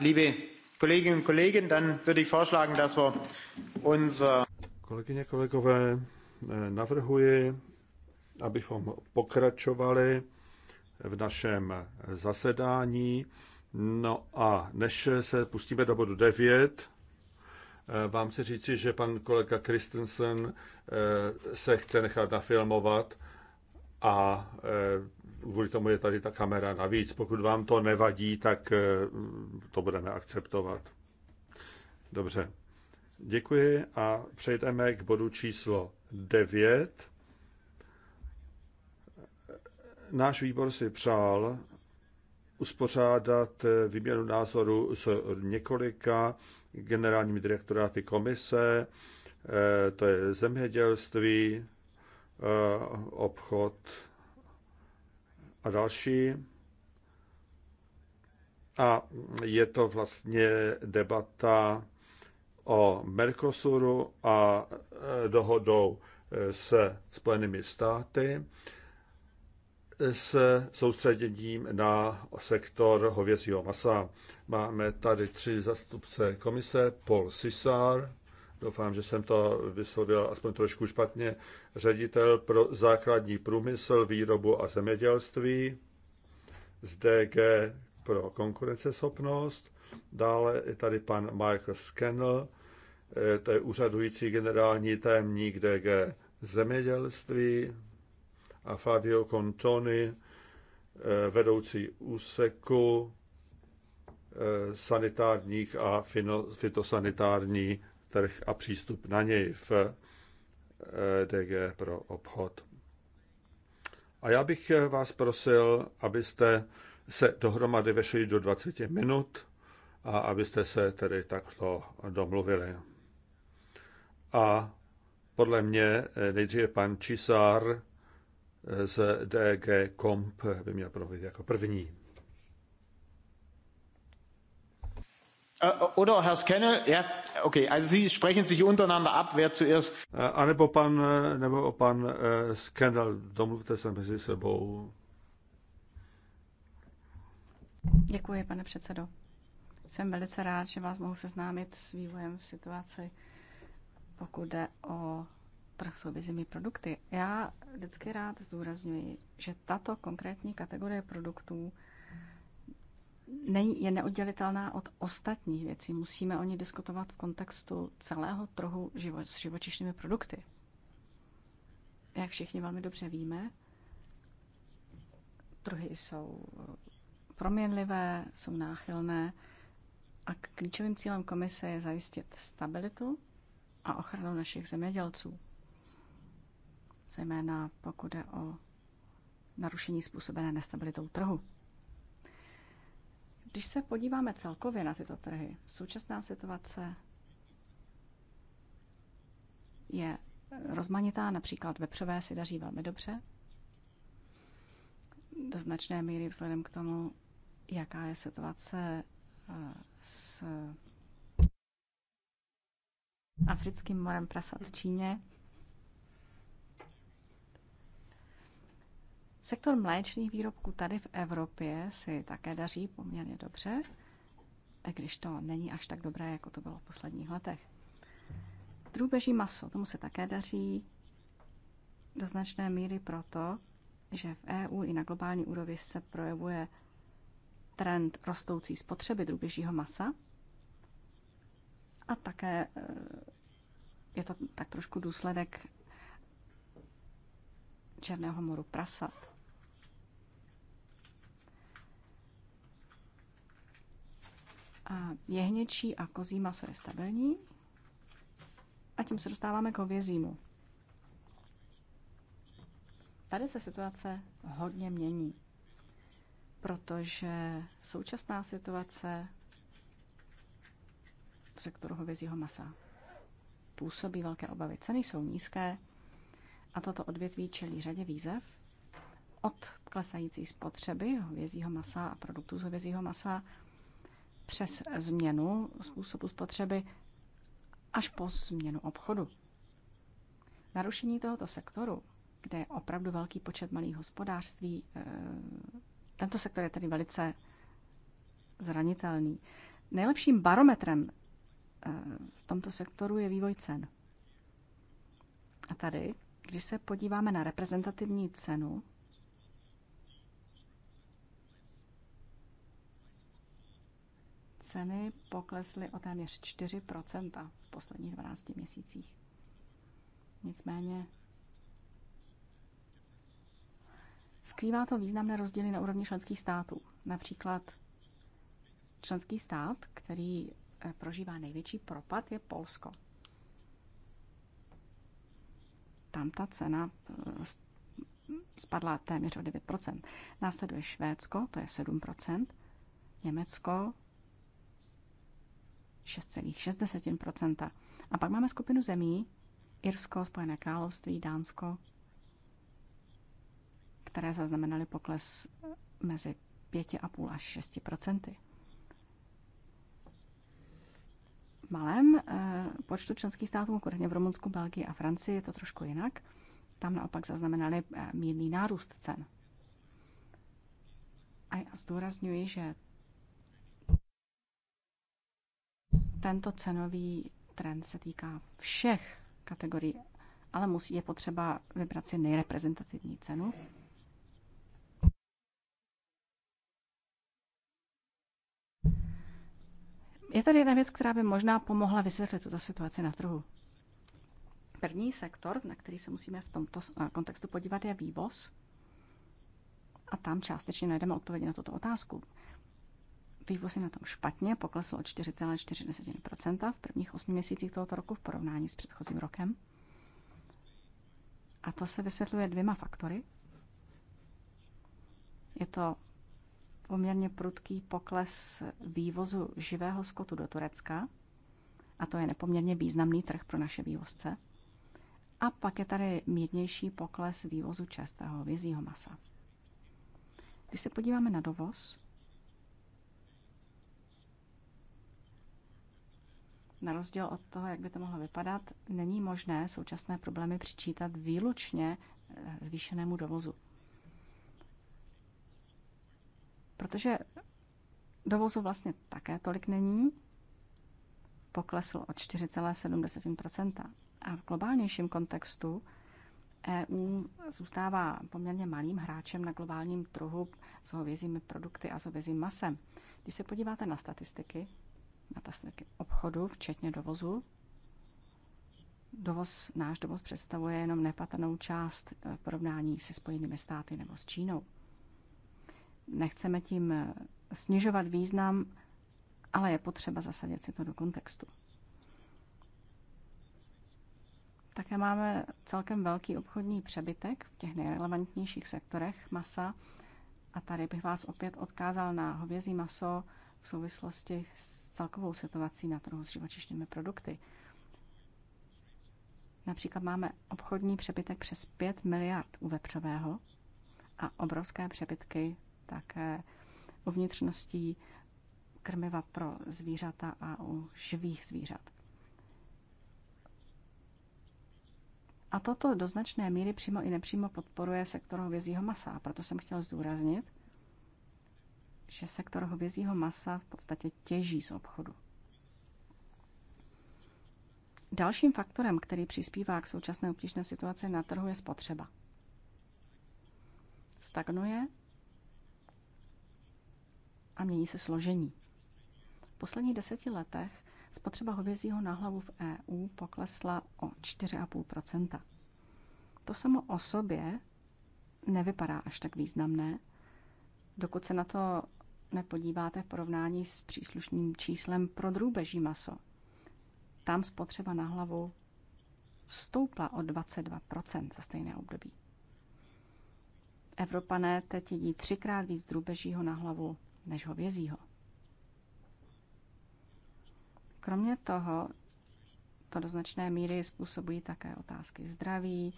liebe Kolleginnen und Kollegen, dann würde ich vorschlagen, dass wir unser... Kolegyně, kolegové, eh, navrhuji, abychom pokračovali v našem zasedání. No a než se pustíme do bodu 9, eh, vám si říci, že pan kolega Christensen eh, se chce nechat nafilmovat a kvůli tomu je tady ta kamera navíc. Pokud vám to nevadí, tak eh, to budeme akceptovat. Dobře. Děkuji a přejdeme k bodu číslo 9. Náš výbor si přál uspořádat eh, výměnu názoru s několika generálními direktoráty komise, eh, to je zemědělství, obchod, a další. A je to vlastně debata o Mercosuru a e, dohodou e, se Spojenými státy e, s soustředěním na sektor hovězího masa. Máme tady tři zastupce komise, Paul Sisar, doufám, že jsem to vyslovil aspoň trošku špatně, ředitel pro základní průmysl, výrobu a zemědělství z DG pro konkurenceschopnost. Dále je tady pan Michael Scannell, eh, to je úřadující generální tajemník DG zemědělství a Fabio Contoni, eh, vedoucí úseku eh, sanitárních a fitosanitární trh a přístup na něj v eh, DG pro obchod. A já bych eh, vás prosil, abyste se dohromady vešli do 20 minut a abyste se tedy takto domluvili. A podle mě eh, nejdříve pan Čisár z DG Komp by měl promluvit jako první. Äh, oder Herr ja, okay, also Sie sprechen sich untereinander ab, wer zuerst... Äh, äh, nebo pan, nebo pan uh, domluvte se mezi sebou. Děkuji, pane předsedo. Jsem velice rád, že vás mohu seznámit s vývojem situace, pokud jde o trh s produkty. Já vždycky rád zdůrazňuji, že tato konkrétní kategorie produktů není, je neoddělitelná od ostatních věcí. Musíme o ní diskutovat v kontextu celého trhu živo, s živočišnými produkty. Jak všichni velmi dobře víme, trhy jsou eh, proměnlivé, jsou náchylné a klíčovým cílem komise je zajistit stabilitu a ochranu našich zemědělců. Zejména pokud je o narušení způsobené nestabilitou trhu. Když se podíváme celkově na tyto trhy, současná situace je rozmanitá, například vepřové si daří velmi dobře, do značné míry vzhledem k tomu, jaká je situace eh, s africkým morem prasat v Číně. Sektor mléčných výrobků tady v Evropě si také daří poměrně dobře, když to není až tak dobré, jako to bylo v posledních letech. Drůbeží maso, tomu se také daří do značné míry proto, že v EU i na globální úrovni se projevuje trend rostoucí spotřeby drůbežího masa a také eh, je to tak trošku důsledek černého moru prasat. A jehněčí a kozí maso je stabilní. A tím se dostáváme k hovězímu. Tady se situace hodně mění, protože současná situace v sektoru hovězího masa působí velké obavy. Ceny jsou nízké a toto odvětví čelí řadě výzev od klesající spotřeby hovězího masa a produktů z hovězího masa přes změnu způsobu spotřeby až po změnu obchodu. Narušení tohoto sektoru, kde je opravdu velký počet malých hospodářství, eh, tento sektor je tedy velice zranitelný. Nejlepším barometrem eh, v tomto sektoru je vývoj cen. A tady, když se podíváme na reprezentativní cenu ceny poklesly o téměř 4 v posledních 12 měsících. Nicméně skrývá to významné rozdíly na úrovni členských států. Například členský stát, který eh, prožívá největší propad, je Polsko. Tam ta cena eh, spadla téměř o 9 Následuje Švédsko, to je 7 Německo 6,6 A pak máme skupinu zemí, Irsko, Spojené království, Dánsko, které zaznamenaly pokles mezi 5,5 až 6 V malém eh, počtu členských států, konkrétně v Rumunsku, Belgii a Francii, je to trošku jinak. Tam naopak zaznamenali eh, mírný nárůst cen. A já zdůraznuju, že Tento cenový trend se týká všech kategorií, ale musí je potřeba vybrat si nejreprezentativní cenu. Je tady jedna věc, která by možná pomohla vysvětlit tuto situaci na trhu. První sektor, na který se musíme v tomto eh, kontextu podívat, je vývoz. A tam částečně najdeme odpovědi na tuto otázku je na tom špatně poklesl o 4,4 v prvních 8 měsících tohoto roku v porovnání s předchozím rokem. A to se vysvětluje dvěma faktory. Je to poměrně prudký pokles vývozu živého skotu do Turecka, a to je nepoměrně významný trh pro naše vývozce. A pak je tady mírnější pokles vývozu čerstvého vězího masa. Když se podíváme na dovoz, na rozdíl od toho, jak by to mohlo vypadat, není možné současné problémy přičítat výlučně eh, zvýšenému dovozu. Protože dovozu vlastně také tolik není, poklesl o 4,7 A v globálnějším kontextu EU zůstává poměrně malým hráčem na globálním trhu s hovězími produkty a s hovězím masem. Když se podíváte na statistiky, na taky obchodu, včetně dovozu. Dovoz, náš dovoz představuje jenom nepatrnou část v eh, porovnání se Spojenými státy nebo s Čínou. Nechceme tím eh, snižovat význam, ale je potřeba zasadit si to do kontextu. Také máme celkem velký obchodní přebytek v těch nejrelevantnějších sektorech masa. A tady bych vás opět odkázal na hovězí maso, v souvislosti s celkovou situací na trhu s živočišnými produkty. Například máme obchodní přebytek přes 5 miliard u vepřového a obrovské přebytky také u vnitřností krmiva pro zvířata a u živých zvířat. A toto do značné míry přímo i nepřímo podporuje sektor hovězího masa. A proto jsem chtěl zdůraznit, že sektor hovězího masa v podstatě těží z obchodu. Dalším faktorem, který přispívá k současné obtížné situaci na trhu, je spotřeba. Stagnuje a mění se složení. V posledních deseti letech spotřeba hovězího na hlavu v EU poklesla o 4,5 To samo o sobě nevypadá až tak významné, dokud se na to nepodíváte v porovnání s příslušným číslem pro drůbeží maso. Tam spotřeba na hlavu stoupla o 22% za stejné období. Evropané teď jedí třikrát víc drůbežího na hlavu než hovězího. Kromě toho, to do značné míry způsobují také otázky zdraví,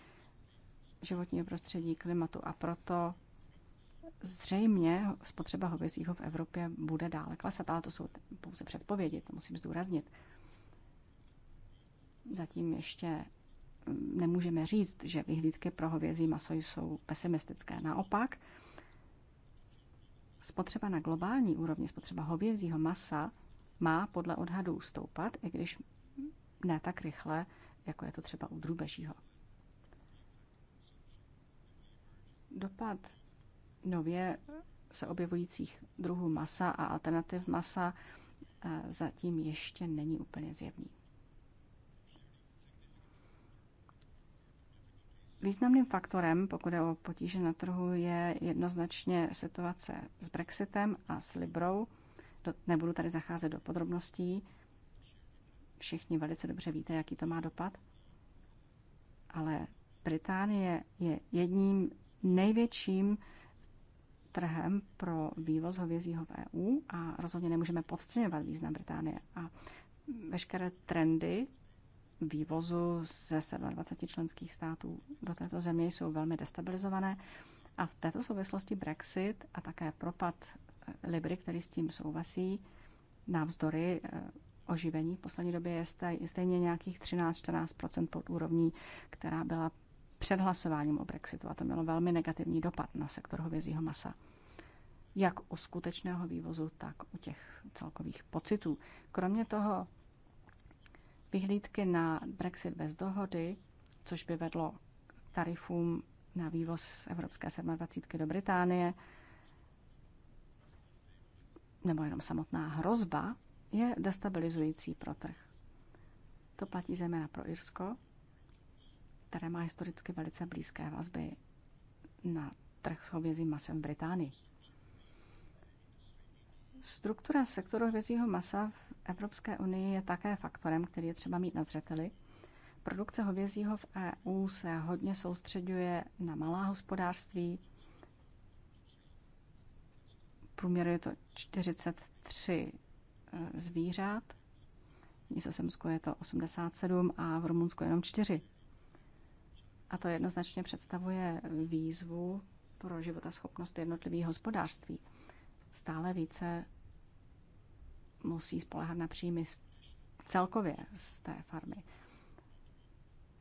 životního prostředí, klimatu a proto zřejmě spotřeba hovězího v Evropě bude dále klesat, ale to jsou pouze předpovědi, to musím zdůraznit. Zatím ještě mm, nemůžeme říct, že vyhlídky pro hovězí maso jsou pesimistické. Naopak, spotřeba na globální úrovni, spotřeba hovězího masa má podle odhadů stoupat, i když ne tak rychle, jako je to třeba u drůbežího. Dopad nově se objevujících druhů masa a alternativ masa eh, zatím ještě není úplně zjevný. Významným faktorem, pokud je o potíže na trhu, je jednoznačně situace s Brexitem a s Librou. nebudu tady zacházet do podrobností. Všichni velice dobře víte, jaký to má dopad. Ale Británie je jedním největším trhem pro vývoz hovězího v EU a rozhodně nemůžeme podceňovat význam Británie. A veškeré trendy vývozu ze 27 členských států do této země jsou velmi destabilizované. A v této souvislosti Brexit a také propad eh, Libry, který s tím souvisí, navzdory eh, oživení v poslední době je stejně nějakých 13-14 pod úrovní, která byla před hlasováním o Brexitu a to mělo velmi negativní dopad na sektor hovězího masa. Jak u skutečného vývozu, tak u těch celkových pocitů. Kromě toho vyhlídky na Brexit bez dohody, což by vedlo k tarifům na vývoz z Evropské 27 do Británie, nebo jenom samotná hrozba, je destabilizující pro trh. To platí zejména pro Irsko, které má historicky velice blízké vazby na trh s hovězím masem v Británii. Struktura sektoru hovězího masa v Evropské unii je také faktorem, který je třeba mít na zřeteli. Produkce hovězího v EU se hodně soustředuje na malá hospodářství. Průměr průměru je to 43 eh, zvířat, v Nizozemsku je to 87 a v Rumunsku jenom 4. A to jednoznačně představuje výzvu pro životaschopnost jednotlivých hospodářství. Stále více musí spolehat na příjmy celkově z té farmy.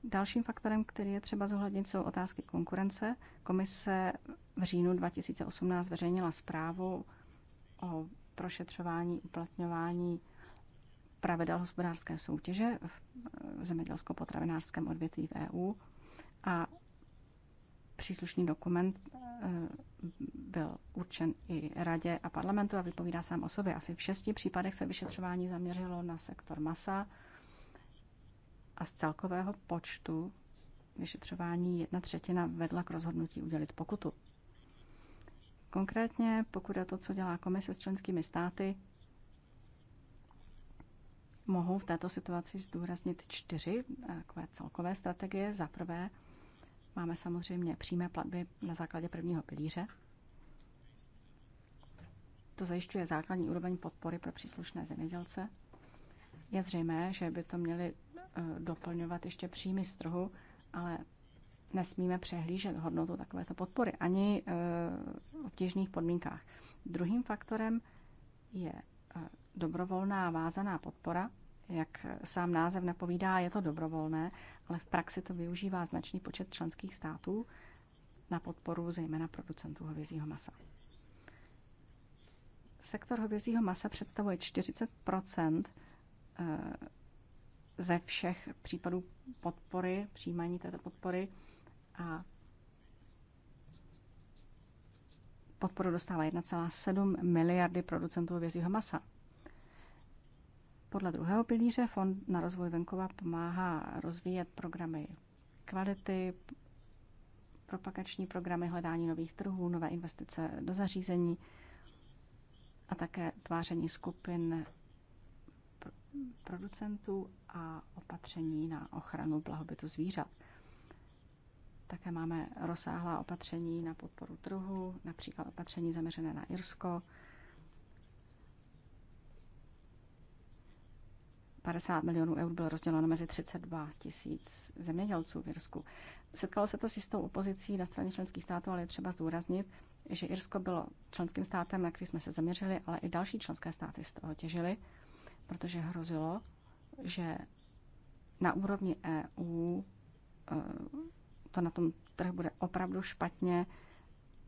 Dalším faktorem, který je třeba zohlednit, jsou otázky konkurence. Komise v říjnu 2018 zveřejnila zprávu o prošetřování uplatňování pravidel hospodářské soutěže v eh, zemědělsko-potravinářském odvětví v EU. Příslušný dokument eh, byl určen i radě a parlamentu a vypovídá sám o sobě. Asi v šesti případech se vyšetřování zaměřilo na sektor masa a z celkového počtu vyšetřování jedna třetina vedla k rozhodnutí udělit pokutu. Konkrétně, pokud je to, co dělá komise s členskými státy, mohou v této situaci zdůraznit čtyři eh, takové celkové strategie. Za prvé, Máme samozřejmě přímé platby na základě prvního pilíře. To zajišťuje základní úroveň podpory pro příslušné zemědělce. Je zřejmé, že by to měly e, doplňovat ještě příjmy z trhu, ale nesmíme přehlížet hodnotu takovéto podpory ani e, v obtížných podmínkách. Druhým faktorem je e, dobrovolná vázaná podpora. Jak sám název napovídá, je to dobrovolné ale v praxi to využívá značný počet členských států na podporu zejména producentů hovězího masa. Sektor hovězího masa představuje 40 eh, ze všech případů podpory, přijímání této podpory a podporu dostává 1,7 miliardy producentů hovězího masa. Podle druhého pilíře Fond na rozvoj venkova pomáhá rozvíjet programy kvality, propagační programy hledání nových trhů, nové investice do zařízení a také tváření skupin producentů a opatření na ochranu blahobytu zvířat. Také máme rozsáhlá opatření na podporu trhu, například opatření zaměřené na Irsko, 50 milionů eur bylo rozděleno mezi 32 tisíc zemědělců v Irsku. Setkalo se to s jistou opozicí na straně členských států, ale je třeba zdůraznit, že Irsko bylo členským státem, na který jsme se zaměřili, ale i další členské státy z toho těžily, protože hrozilo, že na úrovni EU eh, to na tom trh bude opravdu špatně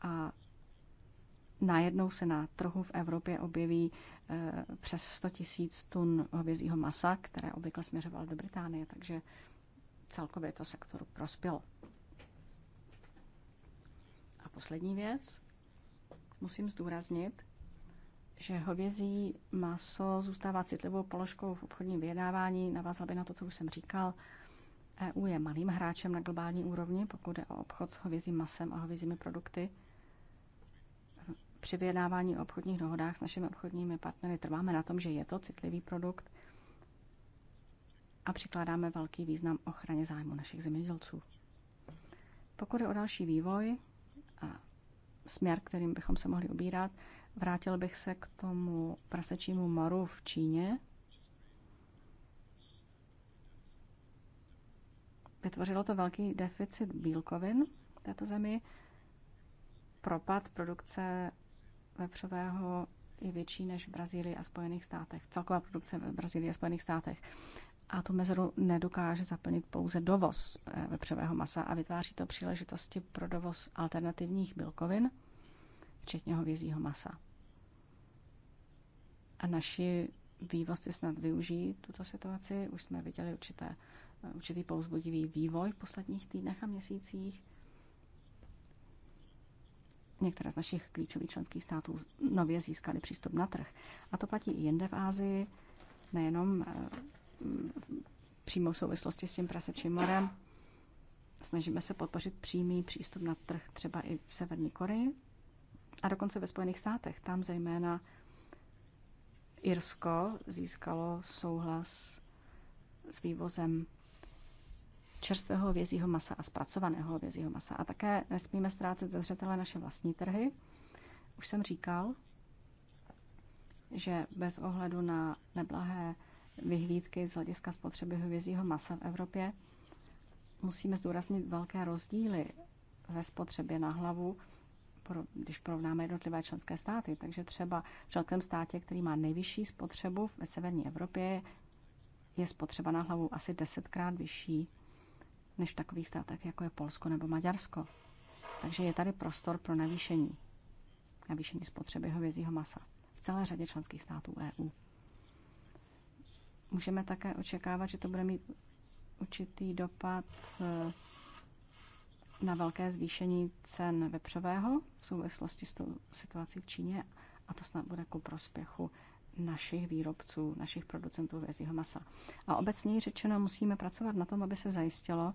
a najednou se na trhu v Evropě objeví eh, přes 100 tisíc tun hovězího masa, které obvykle směřovalo do Británie, takže celkově to sektoru prospělo. A poslední věc, musím zdůraznit, že hovězí maso zůstává citlivou položkou v obchodním vyjednávání. Navázal by na to, co už jsem říkal. EU je malým hráčem na globální úrovni, pokud jde o obchod s hovězím masem a hovězími produkty při vyjednávání o obchodních dohodách s našimi obchodními partnery trváme na tom, že je to citlivý produkt a přikládáme velký význam ochraně zájmu našich zemědělců. Pokud je o další vývoj a směr, kterým bychom se mohli ubírat, vrátil bych se k tomu prasečímu moru v Číně. Vytvořilo to velký deficit bílkovin v této zemi, propad produkce vepřového je větší než v Brazílii a Spojených státech. Celková produkce v Brazílii a Spojených státech. A tu mezeru nedokáže zaplnit pouze dovoz eh, vepřového masa a vytváří to příležitosti pro dovoz alternativních bílkovin, včetně hovězího masa. A naši vývozci snad využijí tuto situaci. Už jsme viděli určité, eh, určitý pouzbudivý vývoj v posledních týdnech a měsících některé z našich klíčových členských států nově získaly přístup na trh. A to platí i jinde v Ázii, nejenom eh, přímo v souvislosti s tím prasečím morem. Snažíme se podpořit přímý přístup na trh třeba i v Severní Koreji a dokonce ve Spojených státech. Tam zejména Irsko získalo souhlas s vývozem čerstvého vězího masa a zpracovaného vězího masa. A také nesmíme ztrácet ze zřetele naše vlastní trhy. Už jsem říkal, že bez ohledu na neblahé vyhlídky z hlediska spotřeby hovězího masa v Evropě musíme zdůraznit velké rozdíly ve spotřebě na hlavu, když porovnáme jednotlivé členské státy. Takže třeba v členském státě, který má nejvyšší spotřebu ve severní Evropě, je spotřeba na hlavu asi desetkrát vyšší než v takových státech, jako je Polsko nebo Maďarsko. Takže je tady prostor pro navýšení, navýšení spotřeby hovězího masa v celé řadě členských států EU. Můžeme také očekávat, že to bude mít určitý dopad eh, na velké zvýšení cen vepřového v souvislosti s tou situací v Číně a to snad bude ku prospěchu našich výrobců, našich producentů vězího masa. A obecně řečeno musíme pracovat na tom, aby se zajistilo,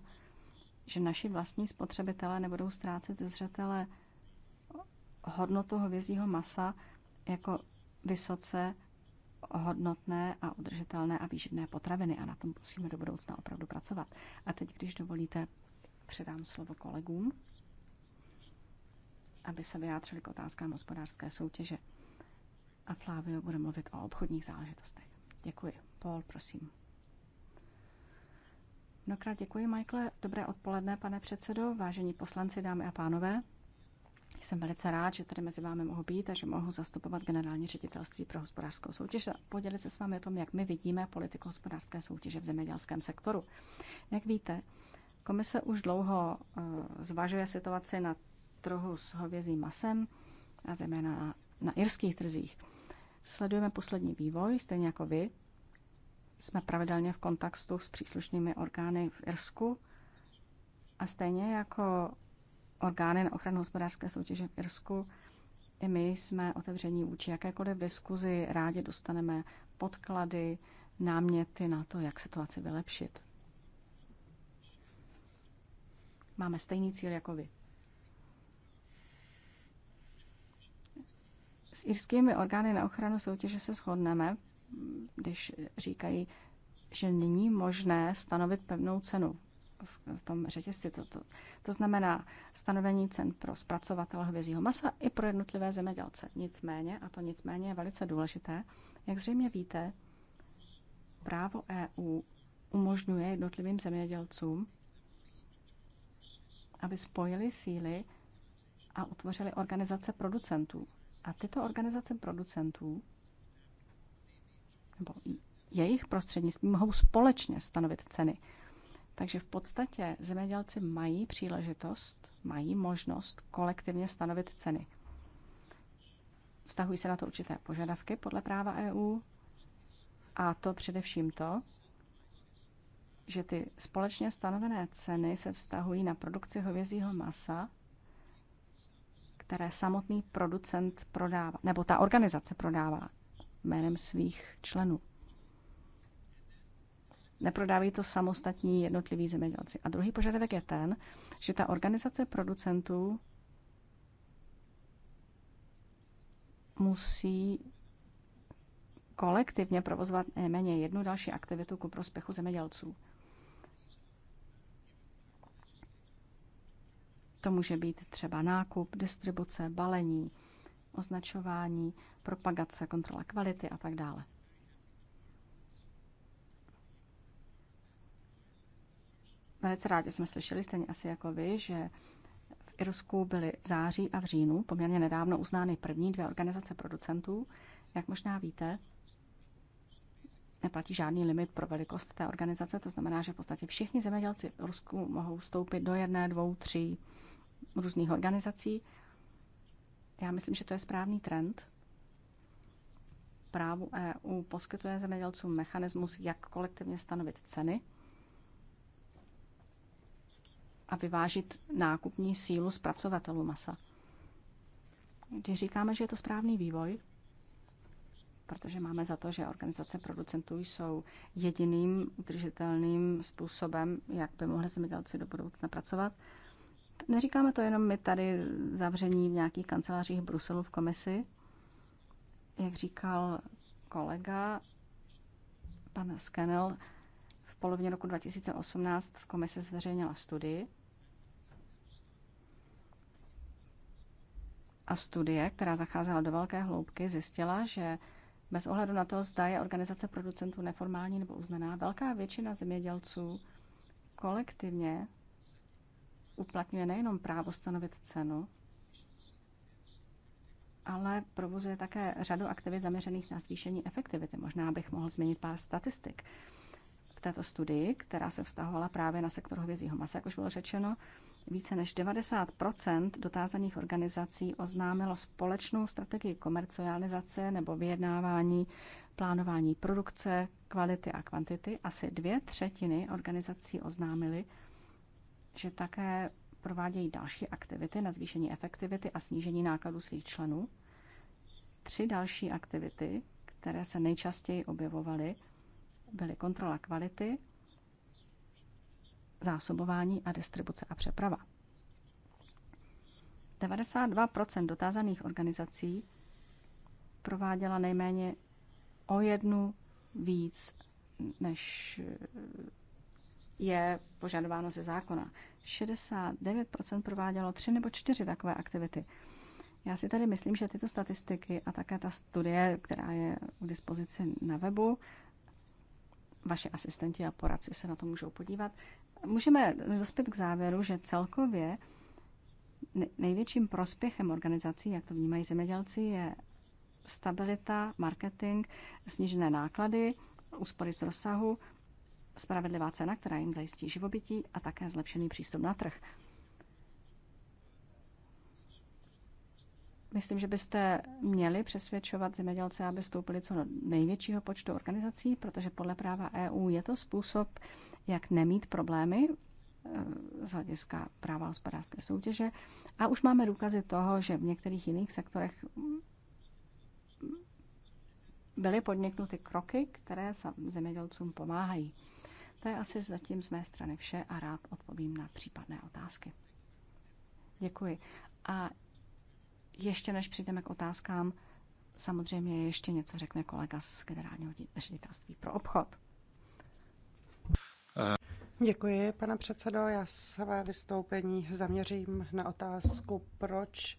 že naši vlastní spotřebitelé nebudou ztrácet ze zřetele hodnotu hovězího masa jako vysoce hodnotné a udržitelné a výživné potraviny a na tom musíme do budoucna opravdu pracovat. A teď, když dovolíte, předám slovo kolegům, aby se vyjádřili k otázkám hospodářské soutěže a Flávio bude mluvit o obchodních záležitostech. Děkuji. Paul, prosím. Mnohokrát děkuji, Michael. Dobré odpoledne, pane předsedo, vážení poslanci, dámy a pánové. Jsem velice rád, že tady mezi vámi mohu být a že mohu zastupovat generální ředitelství pro hospodářskou soutěž a podělit se s vámi o tom, jak my vidíme politiku hospodářské soutěže v zemědělském sektoru. Jak víte, komise už dlouho eh, zvažuje situaci na trhu s hovězím masem a zejména na, na irských trzích. Sledujeme poslední vývoj, stejně jako vy. Jsme pravidelně v kontaktu s příslušnými orgány v Irsku a stejně jako orgány na ochranu hospodářské soutěže v Irsku, i my jsme otevření vůči jakékoliv diskuzi, rádi dostaneme podklady, náměty na to, jak situaci vylepšit. Máme stejný cíl jako vy. S jirskými orgány na ochranu soutěže se shodneme, když říkají, že není možné stanovit pevnou cenu v tom řetězci. To, to, to znamená stanovení cen pro zpracovatele hovězího masa i pro jednotlivé zemědělce. Nicméně, a to nicméně je velice důležité, jak zřejmě víte, právo EU umožňuje jednotlivým zemědělcům, aby spojili síly a utvořili organizace producentů. A tyto organizace producentů nebo jejich prostřednictvím mohou společně stanovit ceny. Takže v podstatě zemědělci mají příležitost, mají možnost kolektivně stanovit ceny. Vztahují se na to určité požadavky podle práva EU a to především to, že ty společně stanovené ceny se vztahují na produkci hovězího masa které samotný producent prodává, nebo ta organizace prodává jménem svých členů. Neprodávají to samostatní jednotliví zemědělci. A druhý požadavek je ten, že ta organizace producentů musí kolektivně provozovat nejméně jednu další aktivitu ku prospěchu zemědělců. To může být třeba nákup, distribuce, balení, označování, propagace, kontrola kvality a tak dále. Velice rádi jsme slyšeli, stejně asi jako vy, že v Irsku byly v září a v říjnu poměrně nedávno uznány první dvě organizace producentů. Jak možná víte, neplatí žádný limit pro velikost té organizace, to znamená, že v podstatě všichni zemědělci v Rusku mohou vstoupit do jedné, dvou, tří různých organizací. Já myslím, že to je správný trend. Právu e EU poskytuje zemědělcům mechanismus, jak kolektivně stanovit ceny a vyvážit nákupní sílu zpracovatelů masa. Když říkáme, že je to správný vývoj, protože máme za to, že organizace producentů jsou jediným udržitelným způsobem, jak by mohli zemědělci do budoucna pracovat, Neříkáme to jenom my tady zavření v nějakých kancelářích v Bruselu v komisi. Jak říkal kolega, pan Skenel, v polovině roku 2018 komise zveřejnila studii. A studie, která zacházela do velké hloubky, zjistila, že bez ohledu na to, zda je organizace producentů neformální nebo uznaná, velká většina zemědělců kolektivně uplatňuje nejenom právo stanovit cenu, ale provozuje také řadu aktivit zaměřených na zvýšení efektivity. Možná bych mohl změnit pár statistik. V této studii, která se vztahovala právě na sektor hovězího masa, jak už bylo řečeno, více než 90 dotázaných organizací oznámilo společnou strategii komercializace nebo vyjednávání plánování produkce, kvality a kvantity. Asi dvě třetiny organizací oznámily, že také provádějí další aktivity na zvýšení efektivity a snížení nákladů svých členů. Tři další aktivity, které se nejčastěji objevovaly, byly kontrola kvality, zásobování a distribuce a přeprava. 92 dotázaných organizací prováděla nejméně o jednu víc než je požadováno ze zákona. 69% provádělo tři nebo čtyři takové aktivity. Já si tady myslím, že tyto statistiky a také ta studie, která je k dispozici na webu, vaše asistenti a poradci se na to můžou podívat, můžeme dospět k závěru, že celkově největším prospěchem organizací, jak to vnímají zemědělci, je stabilita, marketing, snížené náklady, úspory z rozsahu, spravedlivá cena, která jim zajistí živobytí a také zlepšený přístup na trh. Myslím, že byste měli přesvědčovat zemědělce, aby stoupili co největšího počtu organizací, protože podle práva EU je to způsob, jak nemít problémy eh, z hlediska práva hospodářské soutěže. A už máme důkazy toho, že v některých jiných sektorech byly podniknuty kroky, které zemědělcům pomáhají. To je asi zatím z mé strany vše a rád odpovím na případné otázky. Děkuji. A ještě než přijdeme k otázkám, samozřejmě ještě něco řekne kolega z generálního ředitelství pro obchod. Děkuji, pane předsedo. Já své vystoupení zaměřím na otázku, proč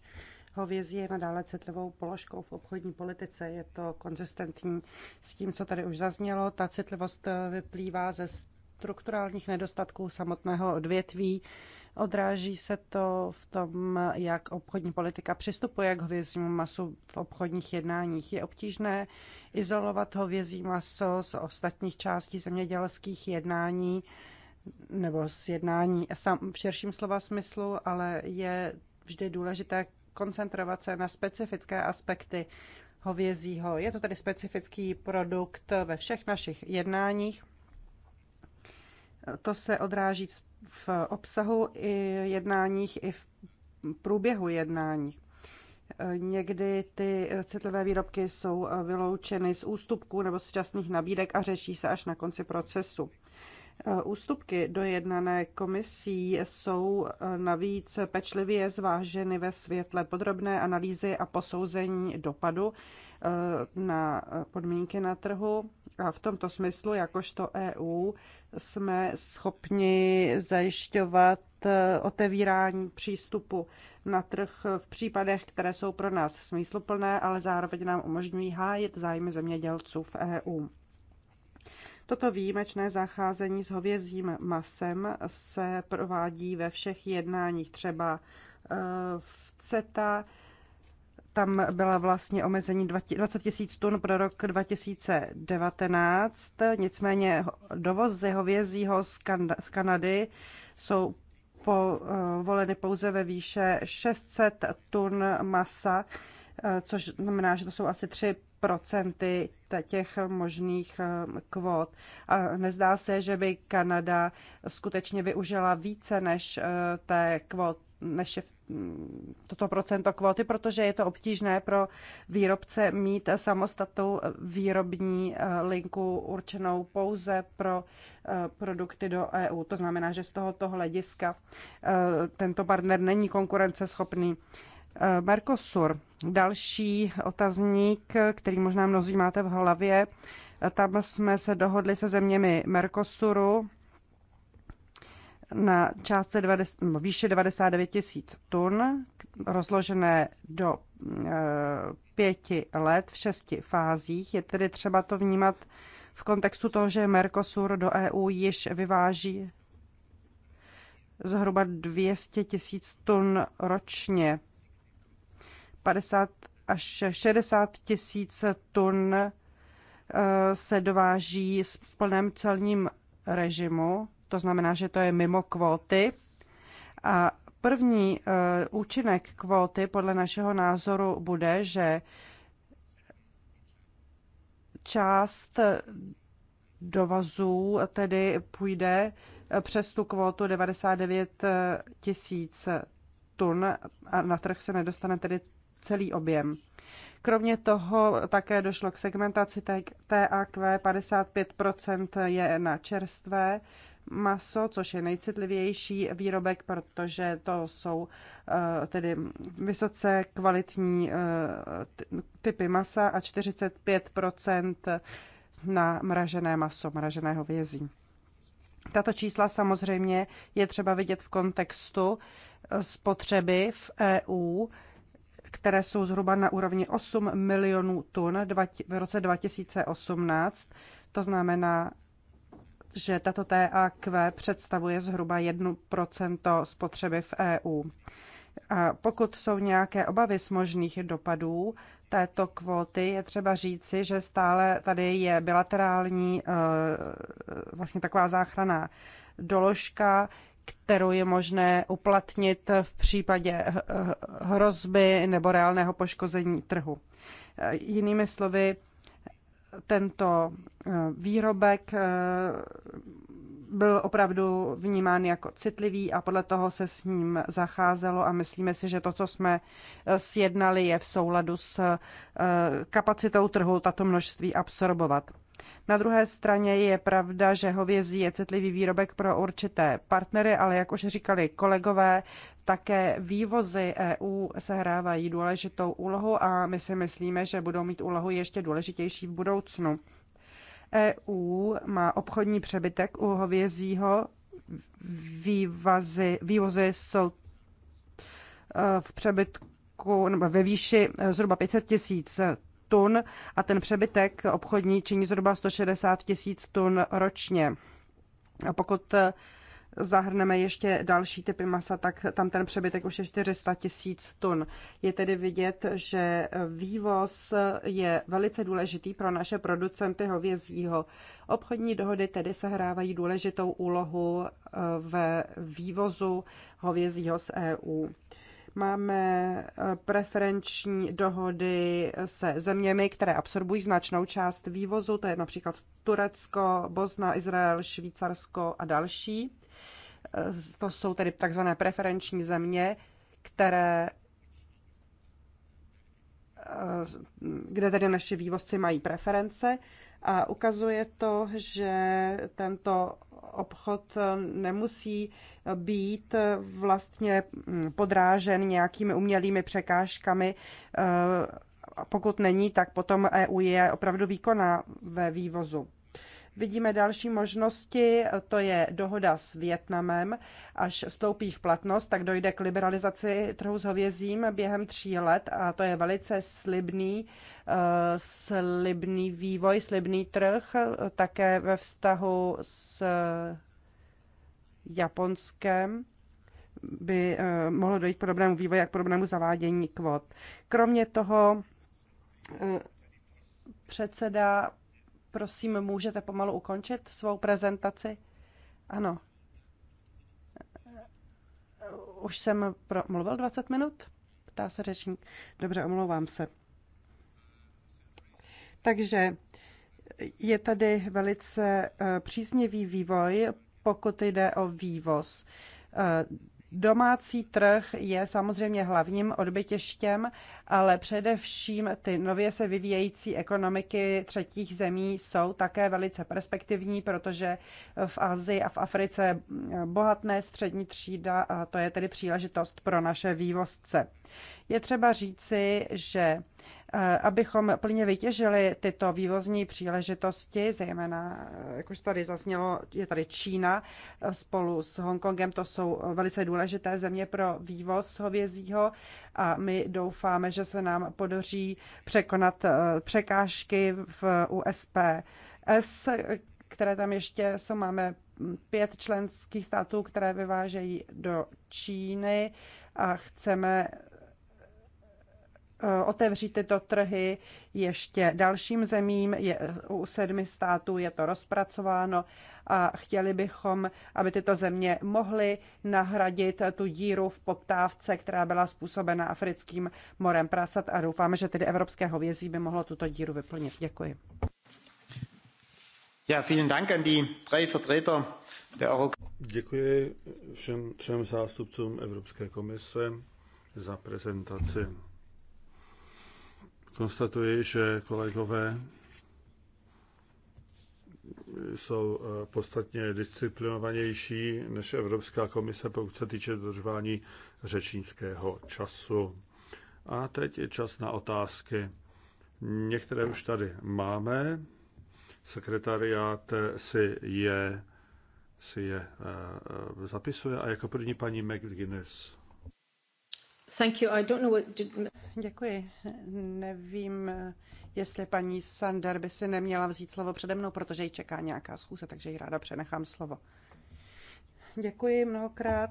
Hovězí je nadále citlivou položkou v obchodní politice. Je to konzistentní s tím, co tady už zaznělo. Ta citlivost eh, vyplývá ze strukturálních nedostatků samotného odvětví. Odráží se to v tom, jak obchodní politika přistupuje k hovězímu masu v obchodních jednáních. Je obtížné izolovat hovězí maso z ostatních částí zemědělských jednání nebo z jednání v širším slova smyslu, ale je vždy důležité koncentrovat se na specifické aspekty hovězího. Je to tedy specifický produkt ve všech našich jednáních. To se odráží v obsahu i jednáních, i v průběhu jednání. Někdy ty citlivé výrobky jsou vyloučeny z ústupků nebo z včasných nabídek a řeší se až na konci procesu. Eh, ústupky dojednané komisí jsou eh, navíc pečlivě zváženy ve světle podrobné analýzy a posouzení dopadu eh, na podmínky na trhu. A v tomto smyslu, jakožto EU, jsme schopni zajišťovat otevírání přístupu na trh v případech, které jsou pro nás smysluplné, ale zároveň nám umožňují hájit zájmy zemědělců v EU. Toto výjimečné zacházení s hovězím masem se provádí ve všech jednáních, třeba eh, v CETA, tam byla vlastně omezení 20 tisíc tun pro rok 2019, nicméně z hovězího z Kanady jsou povoleny eh, pouze ve výše 600 tun masa, eh, což znamená, že to jsou asi 3 procenty těch možných eh, kvót. A nezdá se, že by Kanada skutečně využila více než eh, té kvót, než je mm, toto procento kvóty, protože je to obtížné pro výrobce mít samostatnou eh, výrobní linku určenou pouze pro produkty do EU. To znamená, že z tohoto hlediska tento partner není konkurenceschopný. Eh, Mercosur, další otazník, který možná mnozí máte v hlavě, eh, tam jsme se dohodli se zeměmi Mercosuru na částce 20, výše 99 tisíc tun, rozložené do eh, pěti let v šesti fázích. Je tedy třeba to vnímat v kontextu toho, že Mercosur do EU již vyváží zhruba 200 tisíc tun ročně. 50 až 60 tisíc tun eh, se dováží v plném celním režimu, to znamená, že to je mimo kvóty. A první eh, účinek kvóty podle našeho názoru bude, že část dovazů tedy půjde eh, přes tu kvotu 99 tisíc tun a na trh se nedostane tedy celý objem. Kromě toho také došlo k segmentaci TAQ, 55% je na čerstvé maso, což je nejcitlivější výrobek, protože to jsou eh, tedy vysoce kvalitní eh, typy masa a 45% na mražené maso, mraženého vězí. Tato čísla samozřejmě je třeba vidět v kontextu spotřeby v EU, které jsou zhruba na úrovni 8 milionů tun v roce 2018. To znamená, že tato TAQ představuje zhruba 1% spotřeby v EU. A pokud jsou nějaké obavy z možných dopadů této kvóty, je třeba říci, že stále tady je bilaterální eh, vlastně taková záchrana doložka, kterou je možné uplatnit v případě hrozby nebo reálného poškození trhu. Jinými slovy, tento eh, výrobek eh, byl opravdu vnímán jako citlivý a podle toho se s ním zacházelo a myslíme si, že to, co jsme eh, sjednali, je v souladu s kapacitou trhu tato množství absorbovat. Na druhé straně je pravda, že hovězí je citlivý výrobek pro určité partnery, ale jak už říkali kolegové, také vývozy EU sehrávají důležitou úlohu a my si myslíme, že budou mít úlohu ještě důležitější v budoucnu. EU má obchodní přebytek u hovězího, vývazy, vývozy jsou e, v přebytku nebo ve výši e, zhruba 500 tisíc tun a ten přebytek obchodní činí zhruba 160 tisíc tun ročně. A pokud eh, zahrneme ještě další typy masa, tak tam ten přebytek už je 400 tisíc tun. Je tedy vidět, že eh, vývoz eh, je velice důležitý pro naše producenty hovězího. Obchodní dohody tedy sehrávají důležitou úlohu ve vývozu hovězího z EU. Máme eh, preferenční dohody se zeměmi, které absorbují značnou část vývozu, to je například Turecko, Bosna, Izrael, Švýcarsko a další. Eh, to jsou tedy takzvané preferenční země, které eh, kde tedy naše vývozci mají preference a ukazuje to, že tento obchod nemusí být vlastně mm, podrážen nějakými umělými překážkami. E, pokud není, tak potom EU je opravdu výkonná ve vývozu. Vidíme další možnosti, to je dohoda s Větnamem. Až vstoupí v platnost, tak dojde k liberalizaci trhu s hovězím během tří let a to je velice slibný, eh, slibný vývoj, slibný trh, také ve vztahu s Japonskem by eh, mohlo dojít k podobnému vývoji a k podobnému zavádění kvot. Kromě toho eh, předseda Prosím, můžete pomalu ukončit svou prezentaci? Ano. Už jsem mluvil 20 minut? Ptá se řečník. Dobře, omlouvám se. Takže je tady velice eh, příznivý vývoj, pokud jde o vývoz. Eh, Domácí trh je samozřejmě hlavním odbytěštěm, ale především ty nově se vyvíjející ekonomiky třetích zemí jsou také velice perspektivní, protože v Asii a v Africe bohatné střední třída a to je tedy příležitost pro naše vývozce. Je třeba říci, že Eh, abychom plně vytěžili tyto vývozní příležitosti, zejména, eh, jak už tady zaznělo, je tady Čína eh, spolu s Hongkongem, to jsou velice důležité země pro vývoz hovězího a my doufáme, že se nám podaří překonat překážky v USPS, které tam ještě jsou. Máme hm, pět členských států, které vyvážejí do Číny a chceme Eh, otevřít tyto trhy ještě dalším zemím. Je, u sedmi států je to rozpracováno a chtěli bychom, aby tyto země mohly nahradit tu díru v poptávce, která byla způsobena africkým morem prasat a doufáme, že tedy evropské hovězí by mohlo tuto díru vyplnit. Děkuji. Ja, vielen Dank an die drei Vertreter der Euro Děkuji všem třem zástupcům Evropské komise za prezentaci konstatuji, že kolegové jsou eh, podstatně disciplinovanější než Evropská komise, pokud se týče dodržování řečnického času. A teď je čas na otázky. Některé už tady máme. Sekretariát si je, si je eh, eh, zapisuje a jako první paní McGuinness. Děkuji. Nevím, jestli paní Sander by si neměla vzít slovo přede mnou, protože ji čeká nějaká schůze, takže ji ráda přenechám slovo. Děkuji mnohokrát.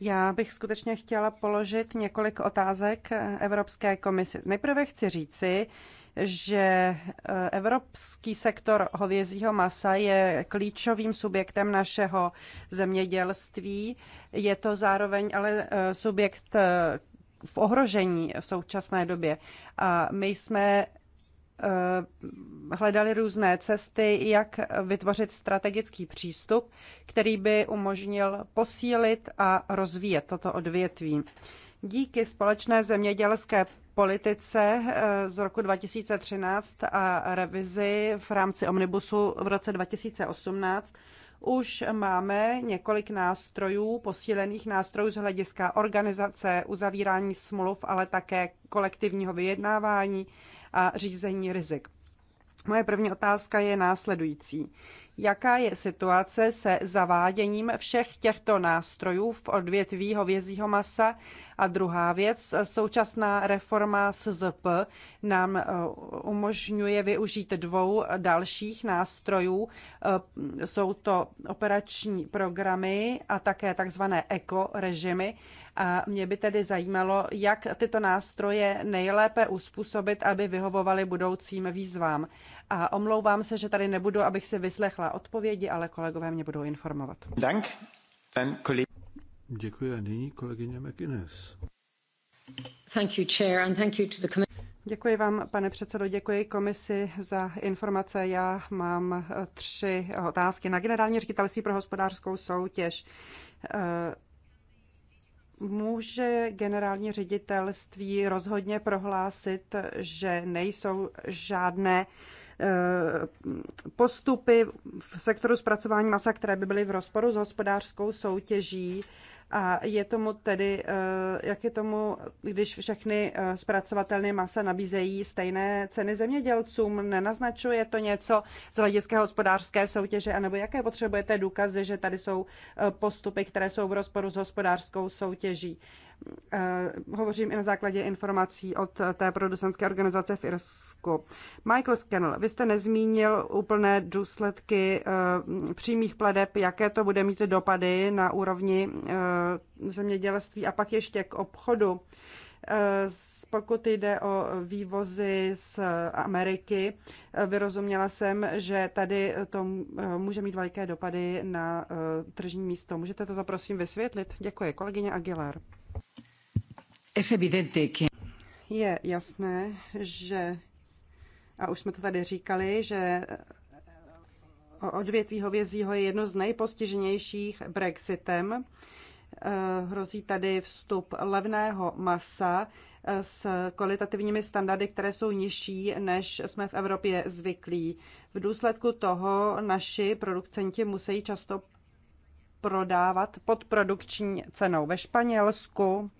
Já bych skutečně chtěla položit několik otázek Evropské komisi. Nejprve chci říci, že eh, evropský sektor hovězího masa je klíčovým subjektem našeho zemědělství. Je to zároveň ale eh, subjekt eh, v ohrožení v současné době. A my jsme hledali různé cesty, jak vytvořit strategický přístup, který by umožnil posílit a rozvíjet toto odvětví. Díky společné zemědělské politice eh, z roku 2013 a revizi v rámci omnibusu v roce 2018 už máme několik nástrojů, posílených nástrojů z hlediska organizace, uzavírání smluv, ale také kolektivního vyjednávání a řízení rizik. Moje první otázka je následující jaká je situace se zaváděním všech těchto nástrojů v odvětví hovězího masa. A druhá věc, současná reforma SZP nám eh, umožňuje využít dvou dalších nástrojů. Eh, jsou to operační programy a také takzvané ekorežimy. A mě by tedy zajímalo, jak tyto nástroje nejlépe uspůsobit, aby vyhovovaly budoucím výzvám. A omlouvám se, že tady nebudu, abych si vyslechla odpovědi, ale kolegové mě budou informovat. Dank. Ten kolik... Děkuji a nyní kolegyně McInnes. Thank you, chair, and thank you to the Děkuji vám, pane předsedo, děkuji komisi za informace. Já mám eh, tři eh, otázky na generální ředitelství pro hospodářskou soutěž. Eh, může generální ředitelství rozhodně prohlásit, že nejsou žádné uh, Eh, postupy v sektoru zpracování masa, které by byly v rozporu s hospodářskou soutěží. A je tomu tedy, eh, jak je tomu, když všechny eh, zpracovatelné masa nabízejí stejné ceny zemědělcům, nenaznačuje to něco z hlediska hospodářské soutěže, anebo jaké potřebujete důkazy, že tady jsou postupy, které jsou v rozporu s hospodářskou soutěží? Eh, hovořím i na základě informací od té producentské organizace v Irsku. Michael Scannell, vy jste nezmínil úplné důsledky eh, přímých pladeb, jaké to bude mít dopady na úrovni eh, zemědělství a pak ještě k obchodu. Pokud jde o vývozy z Ameriky, vyrozuměla jsem, že tady to může mít veliké dopady na tržní místo. Můžete toto prosím vysvětlit? Děkuji, kolegyně Aguilar. Je jasné, že, a už jsme to tady říkali, že eh, odvětví hovězího je jedno z nejpostiženějších Brexitem. Eh, hrozí tady vstup levného masa eh, s kvalitativními standardy, které jsou nižší, než jsme v Evropě zvyklí. V důsledku toho naši producenti musí často prodávat pod produkční cenou ve Španělsku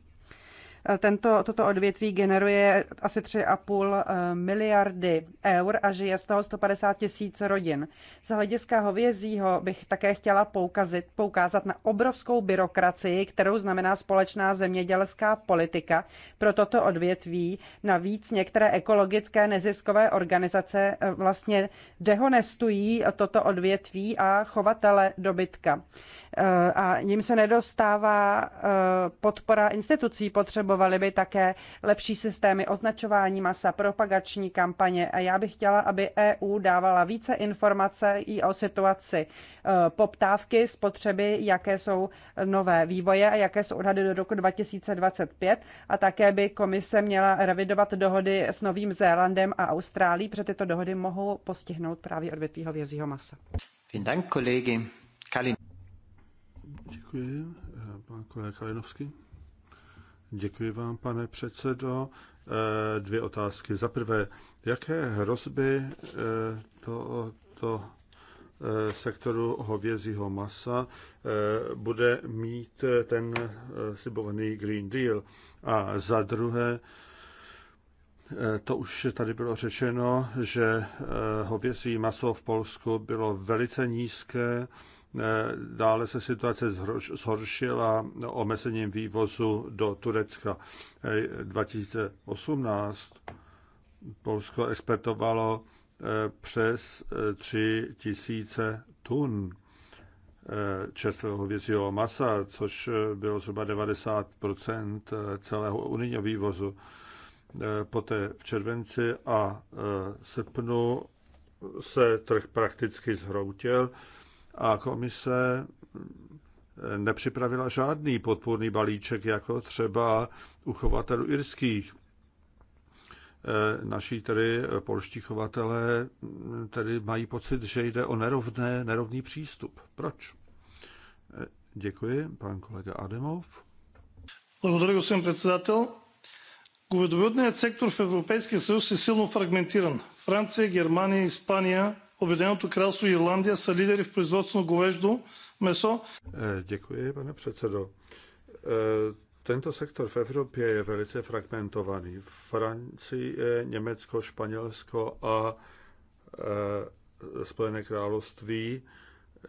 tento, toto odvětví generuje asi 3,5 eh, miliardy eur a žije z toho 150 tisíc rodin. Z hlediska hovězího bych také chtěla poukazit, poukázat na obrovskou byrokracii, kterou znamená společná zemědělská politika pro toto odvětví. Navíc některé ekologické neziskové organizace eh, vlastně dehonestují toto odvětví a chovatele dobytka. Eh, a jim se nedostává podpora institucí potřebu potřebovali by také lepší systémy označování masa, propagační kampaně a já bych chtěla, aby EU dávala více informace i o situaci e, poptávky, spotřeby, jaké jsou nové vývoje a jaké jsou odhady do roku 2025 a také by komise měla revidovat dohody s Novým Zélandem a Austrálií, protože tyto dohody mohou postihnout právě odvětví hovězího masa. Děkuji, e, pan kolega Kalinovský. Děkuji vám, pane předsedo. Eh, dvě otázky. Za prvé, jaké hrozby eh, to, to eh, sektoru hovězího masa bude mít ten slibovaný Green Deal? A za druhé, to už tady bylo řečeno, že hovězí maso v Polsku bylo velice nízké Eh, dále se situace zhoršila omezením vývozu do Turecka 2018. Eh, Polsko expertovalo eh, přes 3 tisíce tun čerstvého hovězího masa, což bylo zhruba 90 celého unijního vývozu. Poté v červenci a srpnu se trh prakticky zhroutil a komise nepřipravila žádný podpůrný balíček, jako třeba uchovatelů irských. E, naši tedy polští chovatelé tedy mají pocit, že jde o nerovné, nerovný přístup. Proč? E, děkuji, pan kolega Ademov. Благодаря, господин председател. Говедоводният сектор в Европейския съюз е силно фрагментиран. Франция, Германия, Испания – Objedinjeното království Irlandie са lídery v производству говежdo meso. Děkuji, pane předsedo. Tento sektor v Evropě je velice fragmentovaný. Francie, Německo, Španělsko a e, Spojené království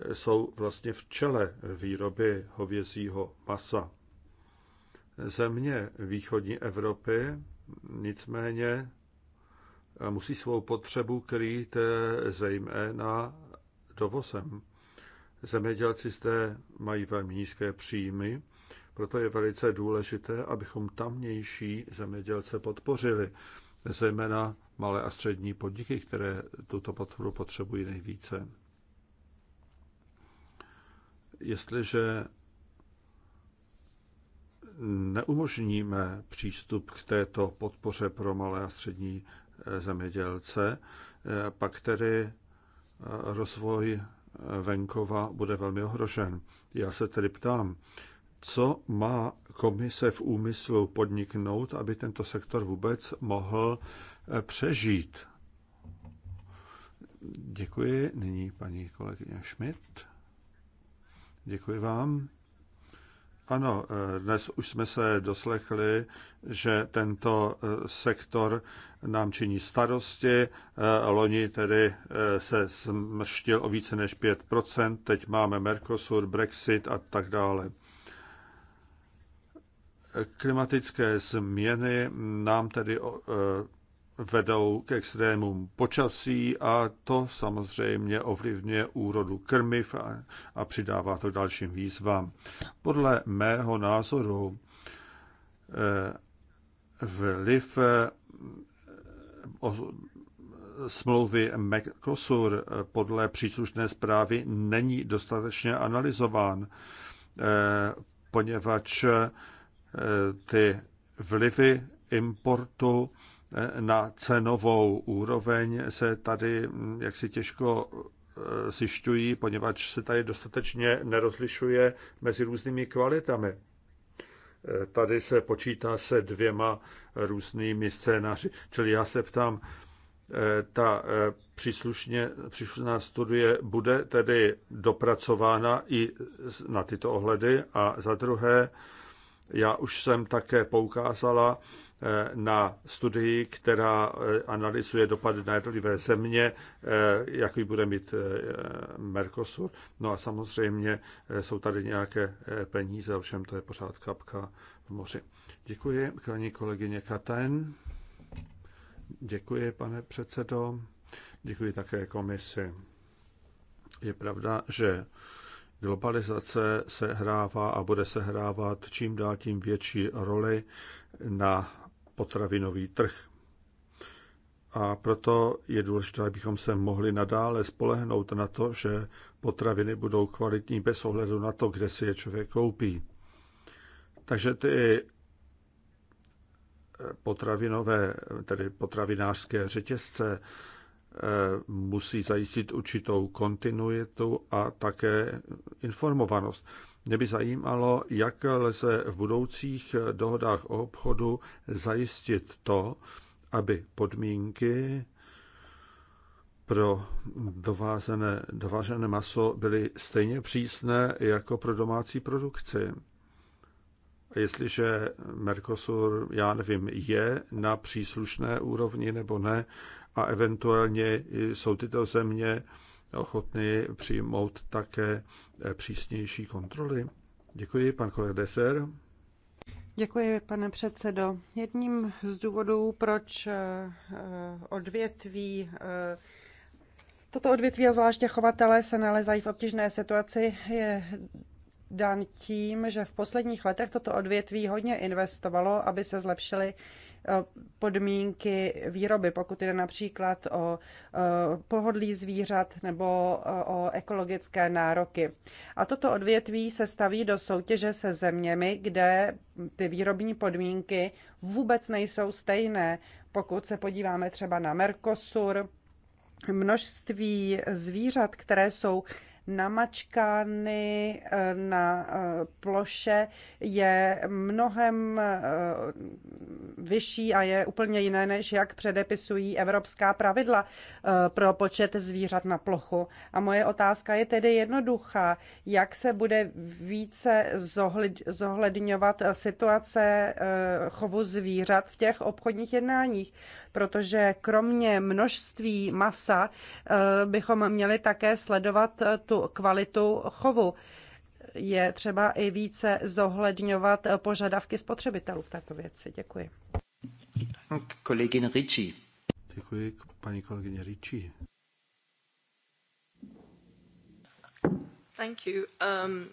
e, jsou vlastně v čele výroby hovězího masa. Země východní Evropy nicméně musí svou potřebu krýt eh, zejména dovozem. Zemědělci zde mají velmi nízké příjmy, proto je velice důležité, abychom tamnější zemědělce podpořili, zejména malé a střední podniky, které tuto podporu potřebují nejvíce. Jestliže neumožníme přístup k této podpoře pro malé a střední zemědělce, eh, pak tedy eh, rozvoj eh, venkova bude velmi ohrožen. Já se tedy ptám, co má komise v úmyslu podniknout, aby tento sektor vůbec mohl přežít? Děkuji. Nyní paní kolegyně Schmidt. Děkuji vám. Ano, eh, dnes už jsme se doslechli, že tento eh, sektor nám činí starosti. Eh, loni tedy se smrštil o více než 5%, teď máme Mercosur, Brexit a tak dále. Klimatické změny nám tedy vedou k extrémům počasí a to samozřejmě ovlivňuje úrodu krmiv a, a přidává to dalším výzvám. Podle mého názoru eh, vliv eh, smlouvy eh, podle příslušné zprávy není dostatečně analyzován, eh, poněvadž ty vlivy importu Eh, na cenovou úroveň se tady mm, jaksi těžko eh, zjišťují, poněvadž se tady dostatečně nerozlišuje mezi různými kvalitami. Eh, tady se počítá se dvěma různými scénáři. Čili já se ptám, ta příslušně, příslušná studie bude tedy dopracována i na tyto ohledy. A za druhé, já už jsem také poukázala Eh, na studii, která eh, analyzuje dopady na jednotlivé země, eh, jaký bude mít Mercosur. No a samozřejmě jsou tady nějaké peníze, ovšem to je pořád kapka v moři. Děkuji, paní kolegyně Katen. Děkuji, pane předsedo. Děkuji také komisi. Je pravda, že globalizace se hrává a bude se hrávat, čím dál tím větší roli na potravinový trh. A proto je důležité, abychom se mohli nadále spolehnout na to, že potraviny budou kvalitní bez ohledu na to, kde si je člověk koupí. Takže ty potravinové, tedy potravinářské řetězce, eh, musí zajistit určitou kontinuitu a také informovanost. Mě by zajímalo, jak lze v budoucích dohodách o obchodu zajistit to, aby podmínky pro dovážené, dovážené maso byly stejně přísné jako pro domácí produkci. Jestliže Mercosur, já nevím, je na příslušné úrovni nebo ne, a eventuálně jsou tyto země ochotny přijmout také eh, přísnější kontroly? Děkuji, pan kolega Deser. Děkuji, pane předsedo. Jedním z důvodů, proč eh, eh, odvětví Toto odvětví a zvláště chovatelé se nalezají v obtížné situaci, je dán tím, že v posledních letech toto odvětví hodně investovalo, aby se zlepšily Eh, podmínky výroby, pokud jde například o eh, pohodlí zvířat nebo eh, o ekologické nároky. A toto odvětví se staví do soutěže se zeměmi, kde ty výrobní podmínky vůbec nejsou stejné. Pokud se podíváme třeba na Mercosur, množství zvířat, které jsou namačkány eh, na eh, ploše, je mnohem eh, vyšší a je úplně jiné, než jak předepisují evropská pravidla pro počet zvířat na plochu. A moje otázka je tedy jednoduchá. Jak se bude více zohledňovat situace chovu zvířat v těch obchodních jednáních? Protože kromě množství masa bychom měli také sledovat tu kvalitu chovu. Je třeba i více zohledňovat požadavky spotřebitelů v této věci. Děkuji. Kolegin Ricci. Děkuji, paní kolegyně Ricci. Thank you. Um...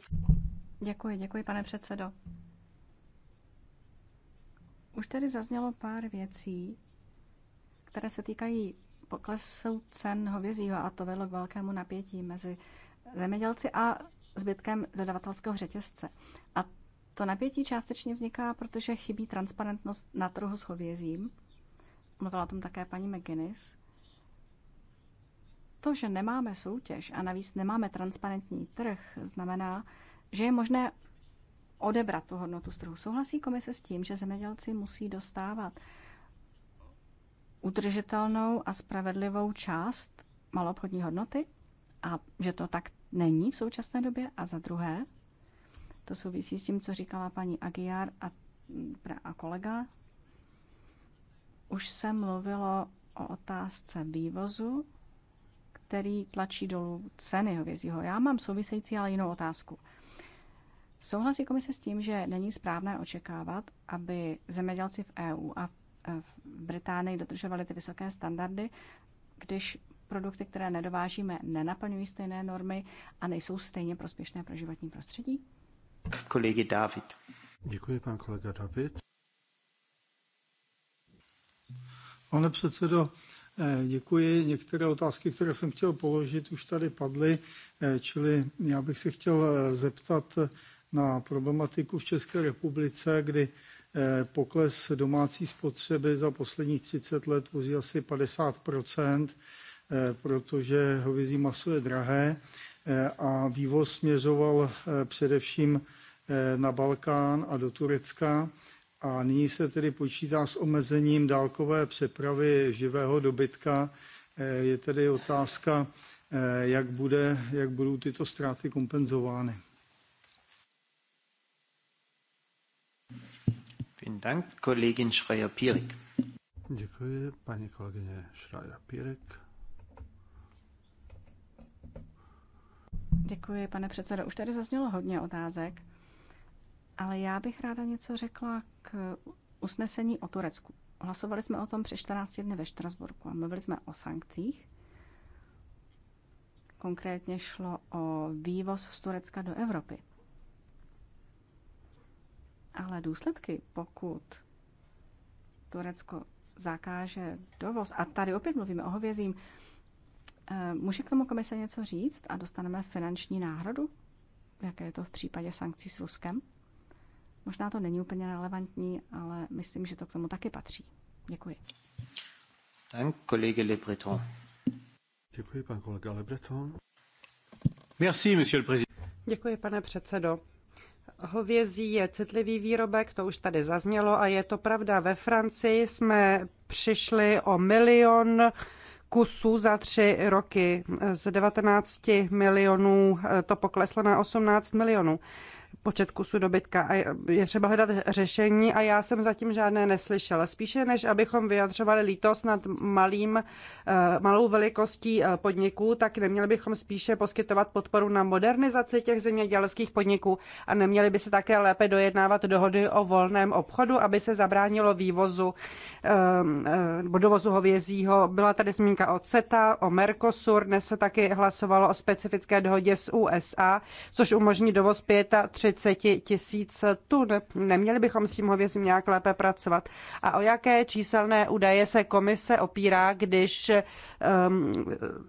Děkuji, děkuji, pane předsedo. Už tady zaznělo pár věcí, které se týkají poklesu cen hovězího a to vedlo k velkému napětí mezi zemědělci a zbytkem dodavatelského řetězce. A to napětí částečně vzniká, protože chybí transparentnost na trhu s hovězím. Mluvila o tom také paní McGuinness. To, že nemáme soutěž a navíc nemáme transparentní trh, znamená, že je možné odebrat tu hodnotu z trhu. Souhlasí komise s tím, že zemědělci musí dostávat udržitelnou a spravedlivou část maloobchodní hodnoty a že to tak není v současné době. A za druhé, to souvisí s tím, co říkala paní Agiar a, a kolega, už se mluvilo o otázce vývozu, který tlačí dolů ceny hovězího. Já mám související, ale jinou otázku. Souhlasí komise s tím, že není správné očekávat, aby zemědělci v EU a v Británii dodržovali ty vysoké standardy, když produkty, které nedovážíme, nenaplňují stejné normy a nejsou stejně prospěšné pro životní prostředí? Kolegy David. Děkuji, pan kolega David. Pane předsedo, eh, děkuji. Některé otázky, které jsem chtěl položit, už tady padly, eh, čili já bych se chtěl eh, zeptat na problematiku v České republice, kdy pokles domácí spotřeby za posledních 30 let vozí asi 50 Eh, protože hovězí maso je drahé eh, a vývoz směřoval eh, především na Balkán a do Turecka. A nyní se tedy počítá s omezením dálkové přepravy živého dobytka. Je tedy otázka, jak, bude, jak budou tyto ztráty kompenzovány. Dank, schreier Děkuji, paní kolegyně schreier pirik Děkuji, pane předsedo. Už tady zaznělo hodně otázek, ale já bych ráda něco řekla k usnesení o Turecku. Hlasovali jsme o tom při 14 dny ve Štrasburku a mluvili jsme o sankcích. Konkrétně šlo o vývoz z Turecka do Evropy. Ale důsledky, pokud Turecko zakáže dovoz, a tady opět mluvíme o hovězím, Eh, může k tomu komise něco říct a dostaneme finanční náhradu? Jaké je to v případě sankcí s Ruskem? Možná to není úplně relevantní, ale myslím, že to k tomu taky patří. Děkuji. Dank, kolega Le Breton. Děkuji, pan kolega Le Breton. Merci, monsieur le président. Děkuji, pane předsedo. Hovězí je citlivý výrobek, to už tady zaznělo a je to pravda. Ve Francii jsme přišli o milion kusů za tři roky. Z 19 milionů eh, to pokleslo na 18 milionů počet kusů dobytka a je třeba hledat řešení a já jsem zatím žádné neslyšela. Spíše než abychom vyjadřovali lítost nad malým, eh, malou velikostí eh, podniků, tak neměli bychom spíše poskytovat podporu na modernizaci těch zemědělských podniků a neměli by se také lépe dojednávat dohody o volném obchodu, aby se zabránilo vývozu ehm, eh, nebo dovozu hovězího. Byla tady zmínka o CETA, o Mercosur, dnes se taky hlasovalo o specifické dohodě s USA, což umožní dovoz 35 40 tisíc tun. Neměli bychom s tím hovězím nějak lépe pracovat. A o jaké číselné údaje se komise opírá, když, ehm,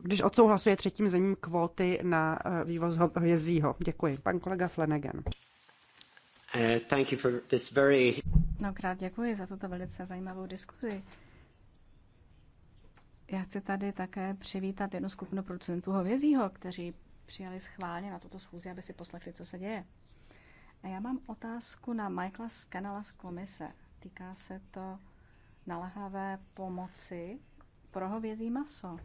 když odsouhlasuje třetím zemím kvóty na eh, vývoz hovězího? Děkuji. Pan kolega Flanagan. Eh, thank you for this very... Mnohokrát děkuji za tuto velice zajímavou diskuzi. Já chci tady také přivítat jednu skupinu producentů hovězího, kteří přijali schválně na tuto schůzi, aby si poslechli, co se děje. A já mám otázku na Michaela Skanala z komise. Týká se to nalahavé pomoci pro hovězí maso.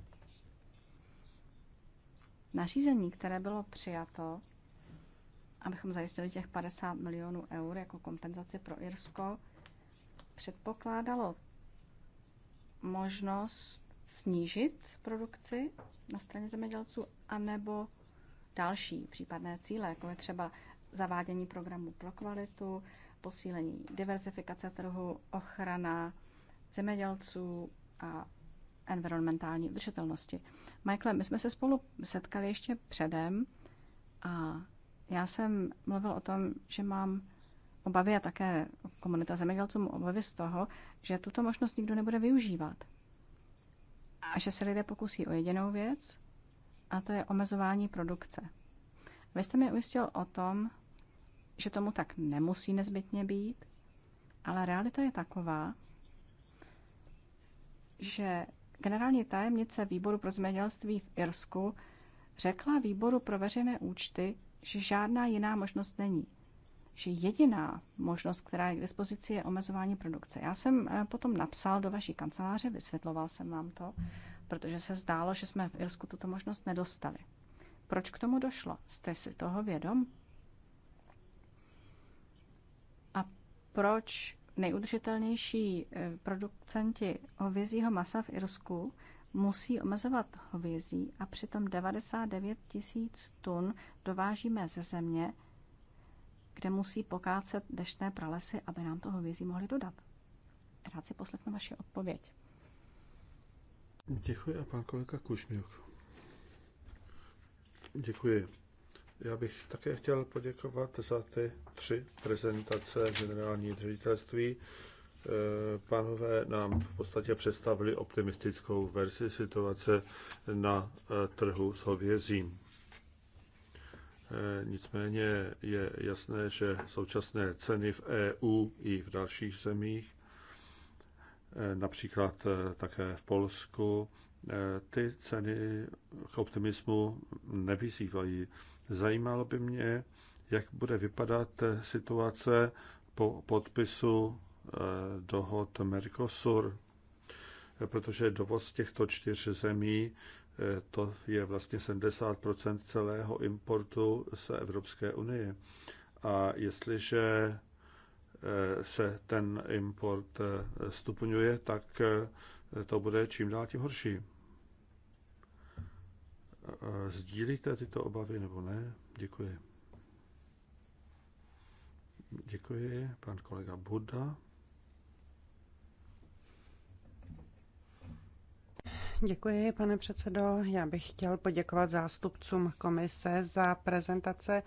Nařízení, které bylo přijato, abychom zajistili těch 50 milionů eur jako kompenzaci pro Irsko, předpokládalo možnost snížit produkci na straně zemědělců, anebo další případné cíle, jako je třeba zavádění programů pro kvalitu, posílení diversifikace trhu, ochrana zemědělců a environmentální udržitelnosti. Michael, my jsme se spolu setkali ještě předem a já jsem mluvil o tom, že mám obavy a také komunita zemědělců obavy z toho, že tuto možnost nikdo nebude využívat. A že se lidé pokusí o jedinou věc, a to je omezování produkce. Vy jste mě ujistil o tom, že tomu tak nemusí nezbytně být, ale realita je taková, že generální tajemnice výboru pro zemědělství v Irsku řekla výboru pro veřejné účty, že žádná jiná možnost není. Že jediná možnost, která je k dispozici, je omezování produkce. Já jsem eh, potom napsal do vaší kanceláře, vysvětloval jsem vám to, protože se zdálo, že jsme v Irsku tuto možnost nedostali. Proč k tomu došlo? Jste si toho vědom? proč nejudržitelnější eh, producenti hovězího masa v Irsku musí omezovat hovězí a přitom 99 tisíc tun dovážíme ze země, kde musí pokácet deštné pralesy, aby nám to hovězí mohli dodat. Rád si poslechnu vaši odpověď. Děkuji a pán kolega Kušňuk. Děkuji. Já bych také chtěl poděkovat za ty tři prezentace generální ředitelství. Eh, pánové nám v podstatě představili optimistickou verzi situace na eh, trhu s hovězím. Eh, nicméně je jasné, že současné ceny v EU i v dalších zemích, například také v Polsku, ty ceny k optimismu nevyzývají Zajímalo by mě, jak bude vypadat eh, situace po podpisu eh, dohod Mercosur, eh, protože dovoz těchto čtyř zemí to je vlastně 70 celého importu z Evropské unie. A jestliže se ten import stupňuje, tak to bude čím dál tím horší. Sdílíte tyto obavy nebo ne? Děkuji. Děkuji, pan kolega Buda. Děkuji, pane předsedo. Já bych chtěl poděkovat zástupcům komise za prezentace.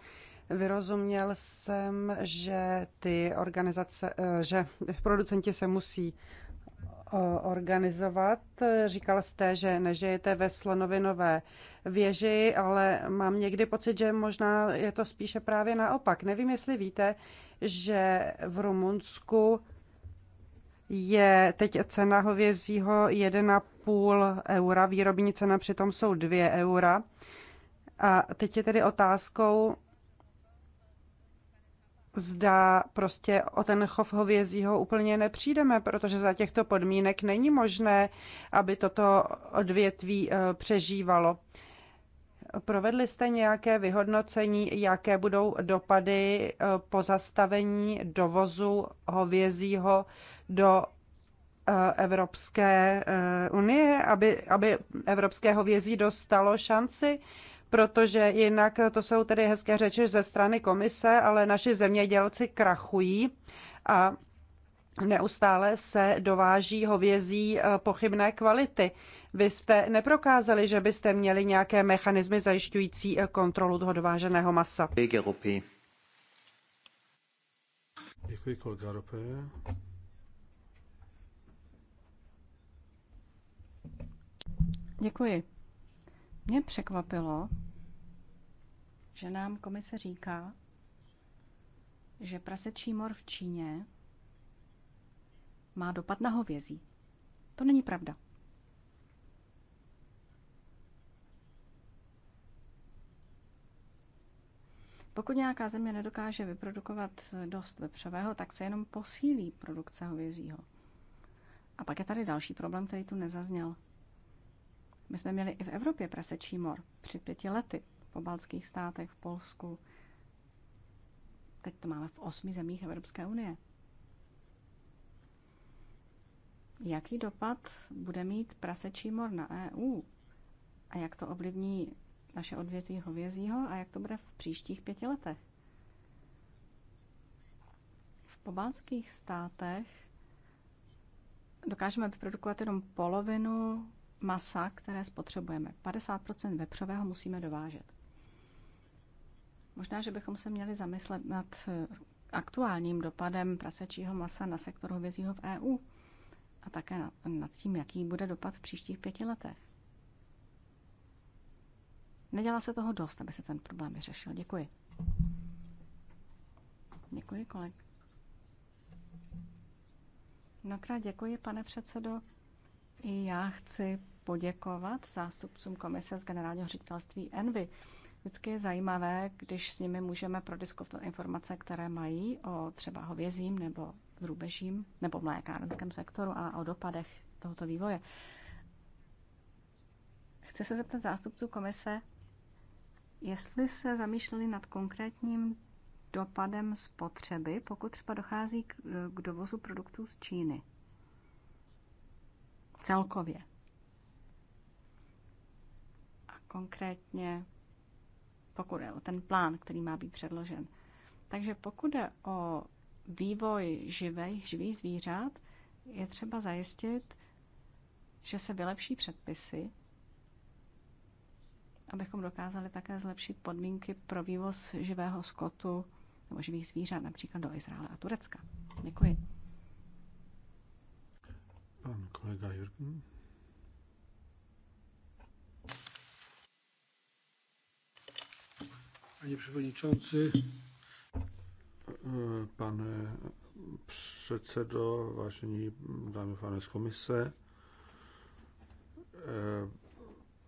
Vyrozuměl jsem, že ty organizace, eh, že producenti se musí organizovat. Říkal jste, že nežijete ve slonovinové věži, ale mám někdy pocit, že možná je to spíše právě naopak. Nevím, jestli víte, že v Rumunsku je teď cena hovězího 1,5 eura, výrobní cena přitom jsou 2 eura. A teď je tedy otázkou, zda prostě o ten chov hovězího úplně nepřijdeme, protože za těchto podmínek není možné, aby toto odvětví eh, přežívalo. Provedli jste nějaké vyhodnocení, jaké budou dopady eh, pozastavení dovozu hovězího do eh, Evropské unie, aby, aby evropské hovězí dostalo šanci? protože jinak to jsou tedy hezké řeči ze strany komise, ale naši zemědělci krachují a Neustále se dováží hovězí eh, pochybné kvality. Vy jste neprokázali, že byste měli nějaké mechanismy zajišťující eh, kontrolu toho dováženého masa. Děkuji, kolega Rope. Děkuji. Mě překvapilo, že nám komise říká, že prasečí mor v Číně má dopad na hovězí. To není pravda. Pokud nějaká země nedokáže vyprodukovat dost vepřového, tak se jenom posílí produkce hovězího. A pak je tady další problém, který tu nezazněl. My jsme měli i v Evropě prasečí mor před pěti lety pobaltských státech, v Polsku. Teď to máme v osmi zemích Evropské unie. Jaký dopad bude mít prasečí mor na EU? A jak to ovlivní naše odvětví hovězího a jak to bude v příštích pěti letech? V pobaltských státech dokážeme vyprodukovat jenom polovinu masa, které spotřebujeme. 50 vepřového musíme dovážet. Možná, že bychom se měli zamyslet nad eh, aktuálním dopadem prasečího masa na sektor hovězího v EU a také nad tím, jaký bude dopad v příštích pěti letech. Nedělá se toho dost, aby se ten problém vyřešil. Děkuji. Děkuji, kolik. Mnohokrát děkuji, pane předsedo. I já chci poděkovat zástupcům komise z generálního ředitelství Envy. Vždycky je zajímavé, když s nimi můžeme prodiskutovat informace, které mají o třeba hovězím nebo drůbežím nebo mlékárenském sektoru a o dopadech tohoto vývoje. Chci se zeptat zástupců komise, jestli se zamýšleli nad konkrétním dopadem spotřeby, pokud třeba dochází k, k dovozu produktů z Číny. Celkově. A konkrétně pokud je o ten plán, který má být předložen. Takže pokud je o vývoj živých, živých zvířat, je třeba zajistit, že se vylepší předpisy, abychom dokázali také zlepšit podmínky pro vývoz živého skotu nebo živých zvířat, například do Izraele a Turecka. Děkuji. Pan kolega Jürgen. Panie przewodniczący, Panie předsedo, vážení dámy a z komise,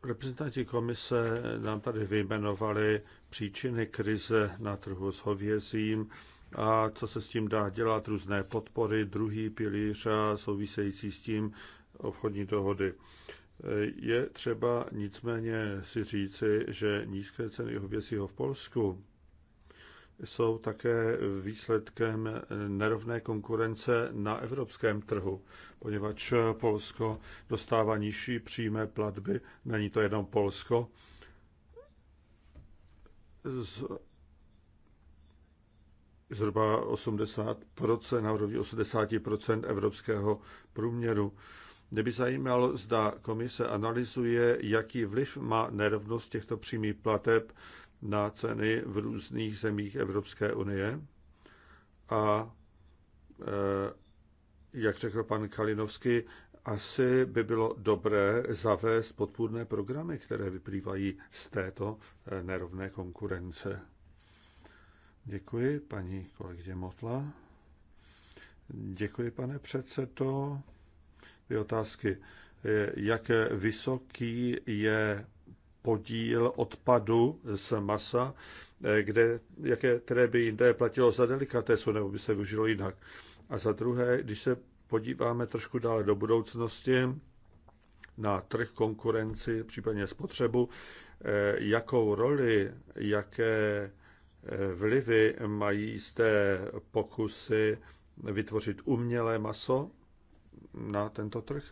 reprezentanti komise nám tady vyjmenovali příčiny krize na trhu s hovězím a co se s tím dá dělat, různé podpory, druhý pilíř a související s tím obchodní dohody. Je třeba nicméně si říci, že nízké ceny hovězího v Polsku jsou také výsledkem nerovné konkurence na evropském trhu, poněvadž Polsko dostává nižší přímé platby, není to jenom Polsko. Z, zhruba 80%, na úrovni 80% evropského průměru. Mě by zajímalo, zda komise analyzuje, jaký vliv má nerovnost těchto přímých plateb na ceny v různých zemích Evropské unie. A eh, jak řekl pan Kalinovský, asi by bylo dobré zavést podpůrné programy, které vyplývají z této eh, nerovné konkurence. Děkuji, paní kolegyně Motla. Děkuji, pane předsedo dvě otázky. Eh, jak vysoký je podíl odpadu z masa, eh, kde, jaké, které by jinde platilo za delikatesu nebo by se využilo jinak. A za druhé, když se podíváme trošku dále do budoucnosti na trh konkurenci, případně spotřebu, eh, jakou roli, jaké vlivy mají zde pokusy vytvořit umělé maso na tento trh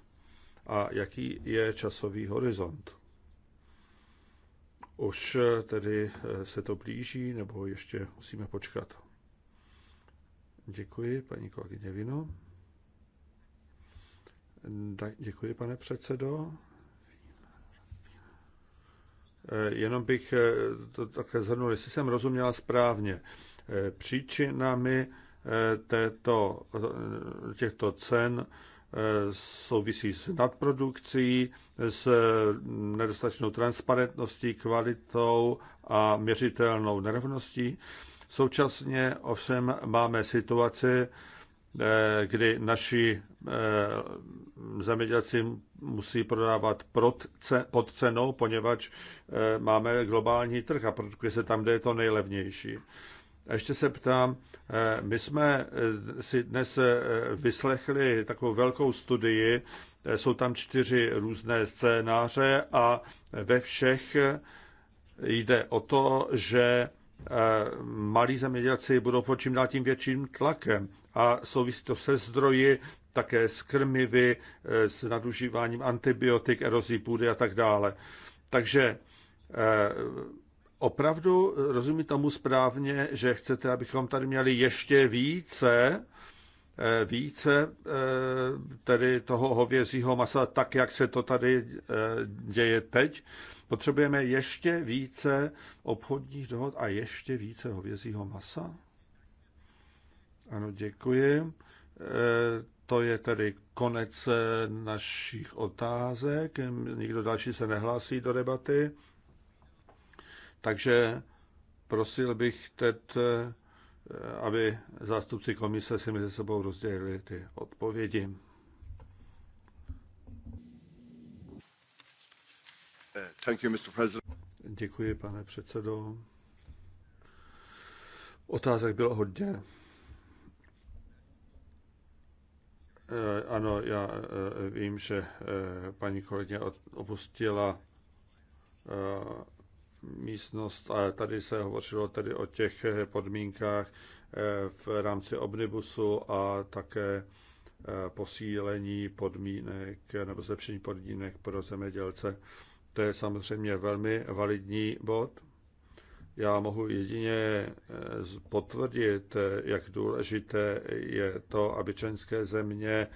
a jaký je časový horizont. Už eh, tedy eh, se to blíží, nebo ještě musíme počkat? Děkuji, paní kolegyně Vino. Děkuji, pane předsedo. Eh, jenom bych to také zhrnul, jestli jsem rozuměla správně. Příčinami této, těchto cen souvisí s nadprodukcí, s nedostatečnou transparentností, kvalitou a měřitelnou nerovností. Současně ovšem máme situaci, eh, kdy naši eh, zemědělci musí prodávat pod cenou, poněvadž eh, máme globální trh a produkuje se tam, kde je to nejlevnější. A ještě se ptám, eh, my jsme eh, si dnes eh, vyslechli takovou velkou studii, jsou tam čtyři různé scénáře a ve všech jde o to, že malí zemědělci budou pod čím dál tím větším tlakem a souvisí to se zdroji, také s krmivy, s nadužíváním antibiotik, erozí půdy a tak dále. Takže opravdu rozumí tomu správně, že chcete, abychom tady měli ještě více, eh, více eh, tedy toho hovězího masa, tak jak se to tady eh, děje teď. Potřebujeme ještě více obchodních dohod a ještě více hovězího masa? Ano, děkuji. To je tedy konec našich otázek. Nikdo další se nehlásí do debaty. Takže prosil bych teď, eh, aby zástupci komise si mezi sebou rozdělili ty odpovědi. Eh, thank you, Mr. Děkuji, pane předsedo. Otázek bylo hodně. Eh, ano, já vím, že paní kolegyně opustila místnost. A tady se hovořilo tedy o těch eh, podmínkách eh, v rámci omnibusu a také eh, posílení podmínek nebo zlepšení podmínek pro zemědělce. To je samozřejmě velmi validní bod. Já mohu jedině potvrdit, jak důležité je to, aby členské země,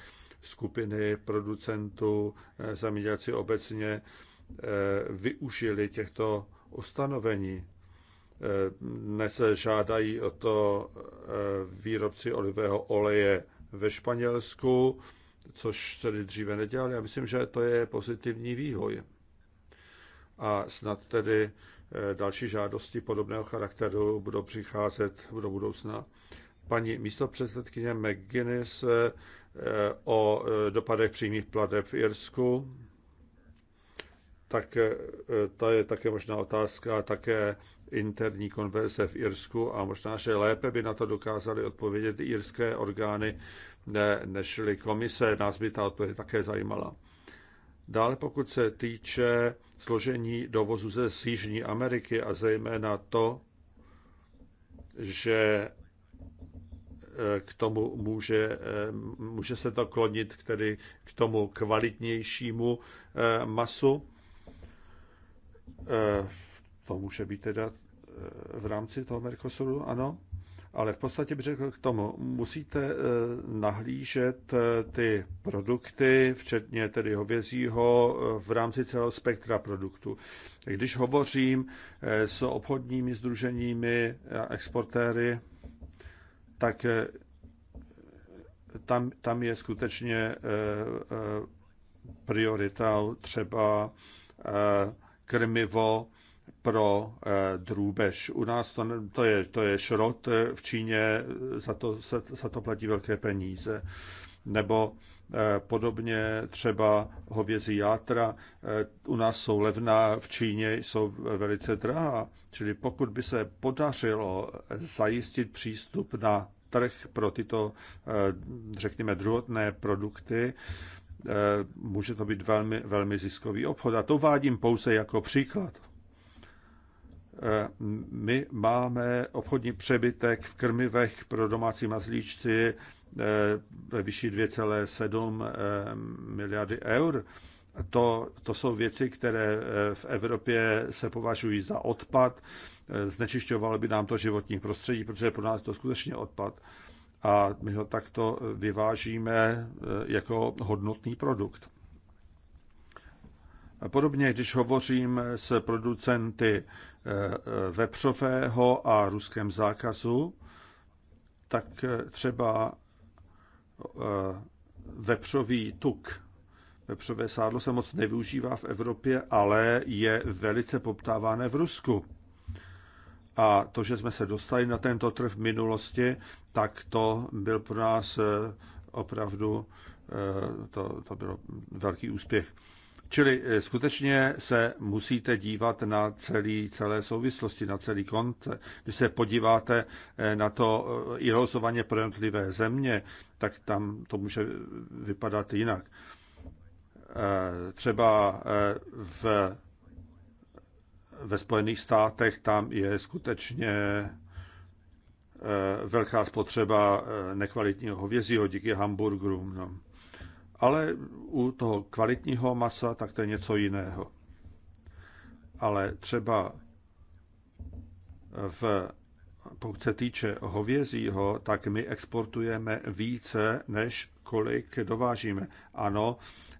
skupiny producentů, zemědělci obecně využili těchto ustanovení. Eh, dnes žádají o to eh, výrobci olivého oleje ve Španělsku, což tedy dříve nedělali. Já myslím, že to je pozitivní vývoj. A snad tedy eh, další žádosti podobného charakteru budou přicházet do budoucna. Paní místopředsedkyně McGuinness o dopadech přímých plateb v Irsku tak eh, to je také možná otázka také interní konverze v Irsku a možná, že lépe by na to dokázali odpovědět irské orgány ne, nežli komise. Nás by ta odpověď také zajímala. Dále pokud se týče složení dovozu ze Jižní Ameriky a zejména to, že eh, k tomu může, eh, může se to klonit k, tedy k tomu kvalitnějšímu masu, Eh, to může být teda eh, v rámci toho Mercosuru, ano, ale v podstatě bych řekl k tomu, musíte eh, nahlížet ty produkty, včetně tedy hovězího, v rámci celého spektra produktů. Když hovořím s obchodními združeními a exportéry, tak tam, tam je skutečně prioritou třeba krmivo pro eh, drůbež. U nás to, to, je, to je šrot, eh, v Číně eh, za to, se, za to platí velké peníze. Nebo podobně třeba hovězí játra. U nás jsou levná, v Číně jsou velice drahá. Čili pokud by se podařilo zajistit přístup na trh pro tyto, řekněme, druhotné produkty, Eh, může to být velmi, velmi ziskový obchod. A to vádím pouze jako příklad. Eh, my máme obchodní přebytek v krmivech pro domácí mazlíčci eh, ve vyšší 2,7 miliardy eur. To, to jsou věci, které v Evropě se považují za odpad. Znečišťovalo by nám to životní prostředí, protože pro nás je to skutečně odpad a my ho takto vyvážíme eh, jako hodnotný produkt. Podobně, když hovořím s producenty eh, eh, vepřového a ruském zákazu, tak třeba vepřový tuk, vepřové sádlo se moc nevyužívá v Evropě, ale je velice poptávané v Rusku. A to, že jsme se dostali na tento trh v minulosti, tak to byl pro nás eh, opravdu eh, to, to byl velký úspěch. Čili eh, skutečně se musíte dívat na celý, celé souvislosti, na celý kont. Když se podíváte na to i rozhovaně pro jednotlivé země, tak tam to může vypadat jinak. Třeba v ve Spojených státech tam je skutečně e, velká spotřeba e, nekvalitního hovězího díky hamburgerům. No. Ale u toho kvalitního masa tak to je něco jiného. Ale třeba v, pokud se týče hovězího, tak my exportujeme více, než kolik dovážíme. Ano,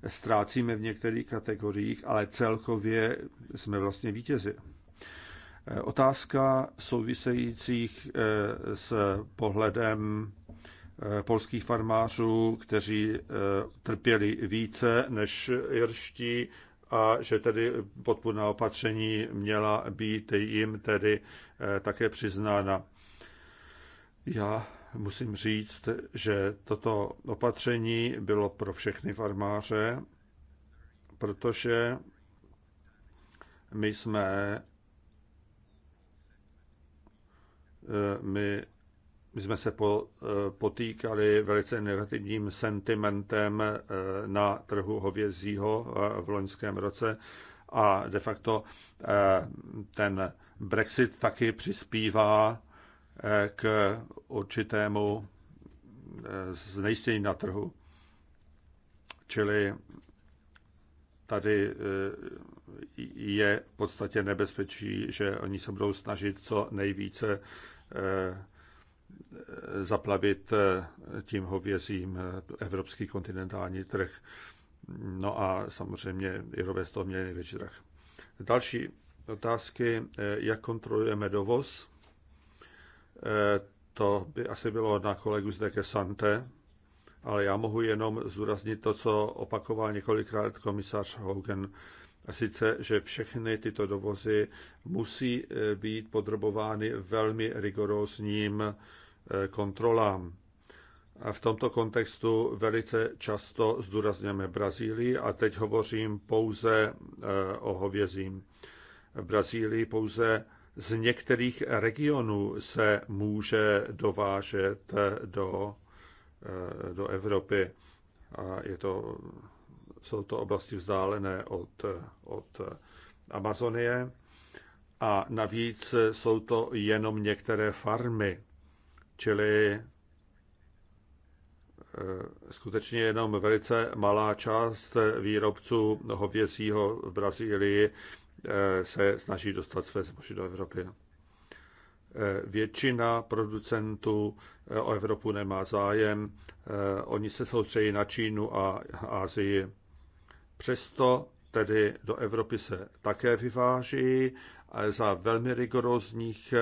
ztrácíme v některých kategoriích, ale celkově jsme vlastně vítězi. Eh, otázka souvisejících eh, s pohledem eh, polských farmářů, kteří trpěli více než jirští a že tedy podpůrná opatření měla být jim tedy také přiznána. Já musím říct, že toto opatření bylo pro všechny farmáře, protože my jsme eh, my, my jsme se po, eh, potýkali velice negativním sentimentem eh, na trhu hovězího v loňském roce a de facto ten Brexit taky přispívá k určitému eh, znejistění na trhu. Čili tady eh, je v podstatě nebezpečí, že oni se budou snažit co nejvíce eh, zaplavit tím hovězím evropský kontinentální trh. No a samozřejmě Irové z toho měli největší trh. Další otázky, jak kontrolujeme dovoz? Eh, to by asi bylo na kolegu Zdeke Sante, ale já mohu jenom zúraznit to, co opakoval několikrát komisař Hogan, a sice, že všechny tyto dovozy musí eh, být podrobovány velmi rigorózním eh, kontrolám. A v tomto kontextu velice často zdůrazněme Brazílii a teď hovořím pouze o hovězím. V Brazílii pouze z některých regionů se může dovážet do, eh, do Evropy. A je to, jsou to oblasti vzdálené od, od Amazonie. A navíc jsou to jenom některé farmy, čili eh, skutečně jenom velice malá část výrobců hovězího v Brazílii Eh, se snaží dostat své zboží do Evropy. Eh, většina producentů eh, o Evropu nemá zájem, oni se soustředí na Čínu a Asii. Přesto tedy do Evropy se také vyváží za velmi rigorózních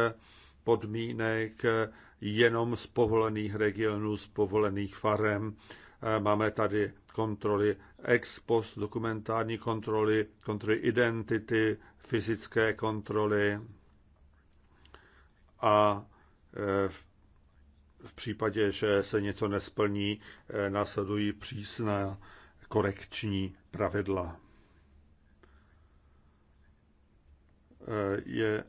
podmínek, jenom z povolených regionů, z povolených farem. Máme tady kontroly ex post, dokumentární kontroly, kontroly identity, fyzické kontroly a e, v případě, že se něco nesplní, e, následují přísná korekční pravidla. E, je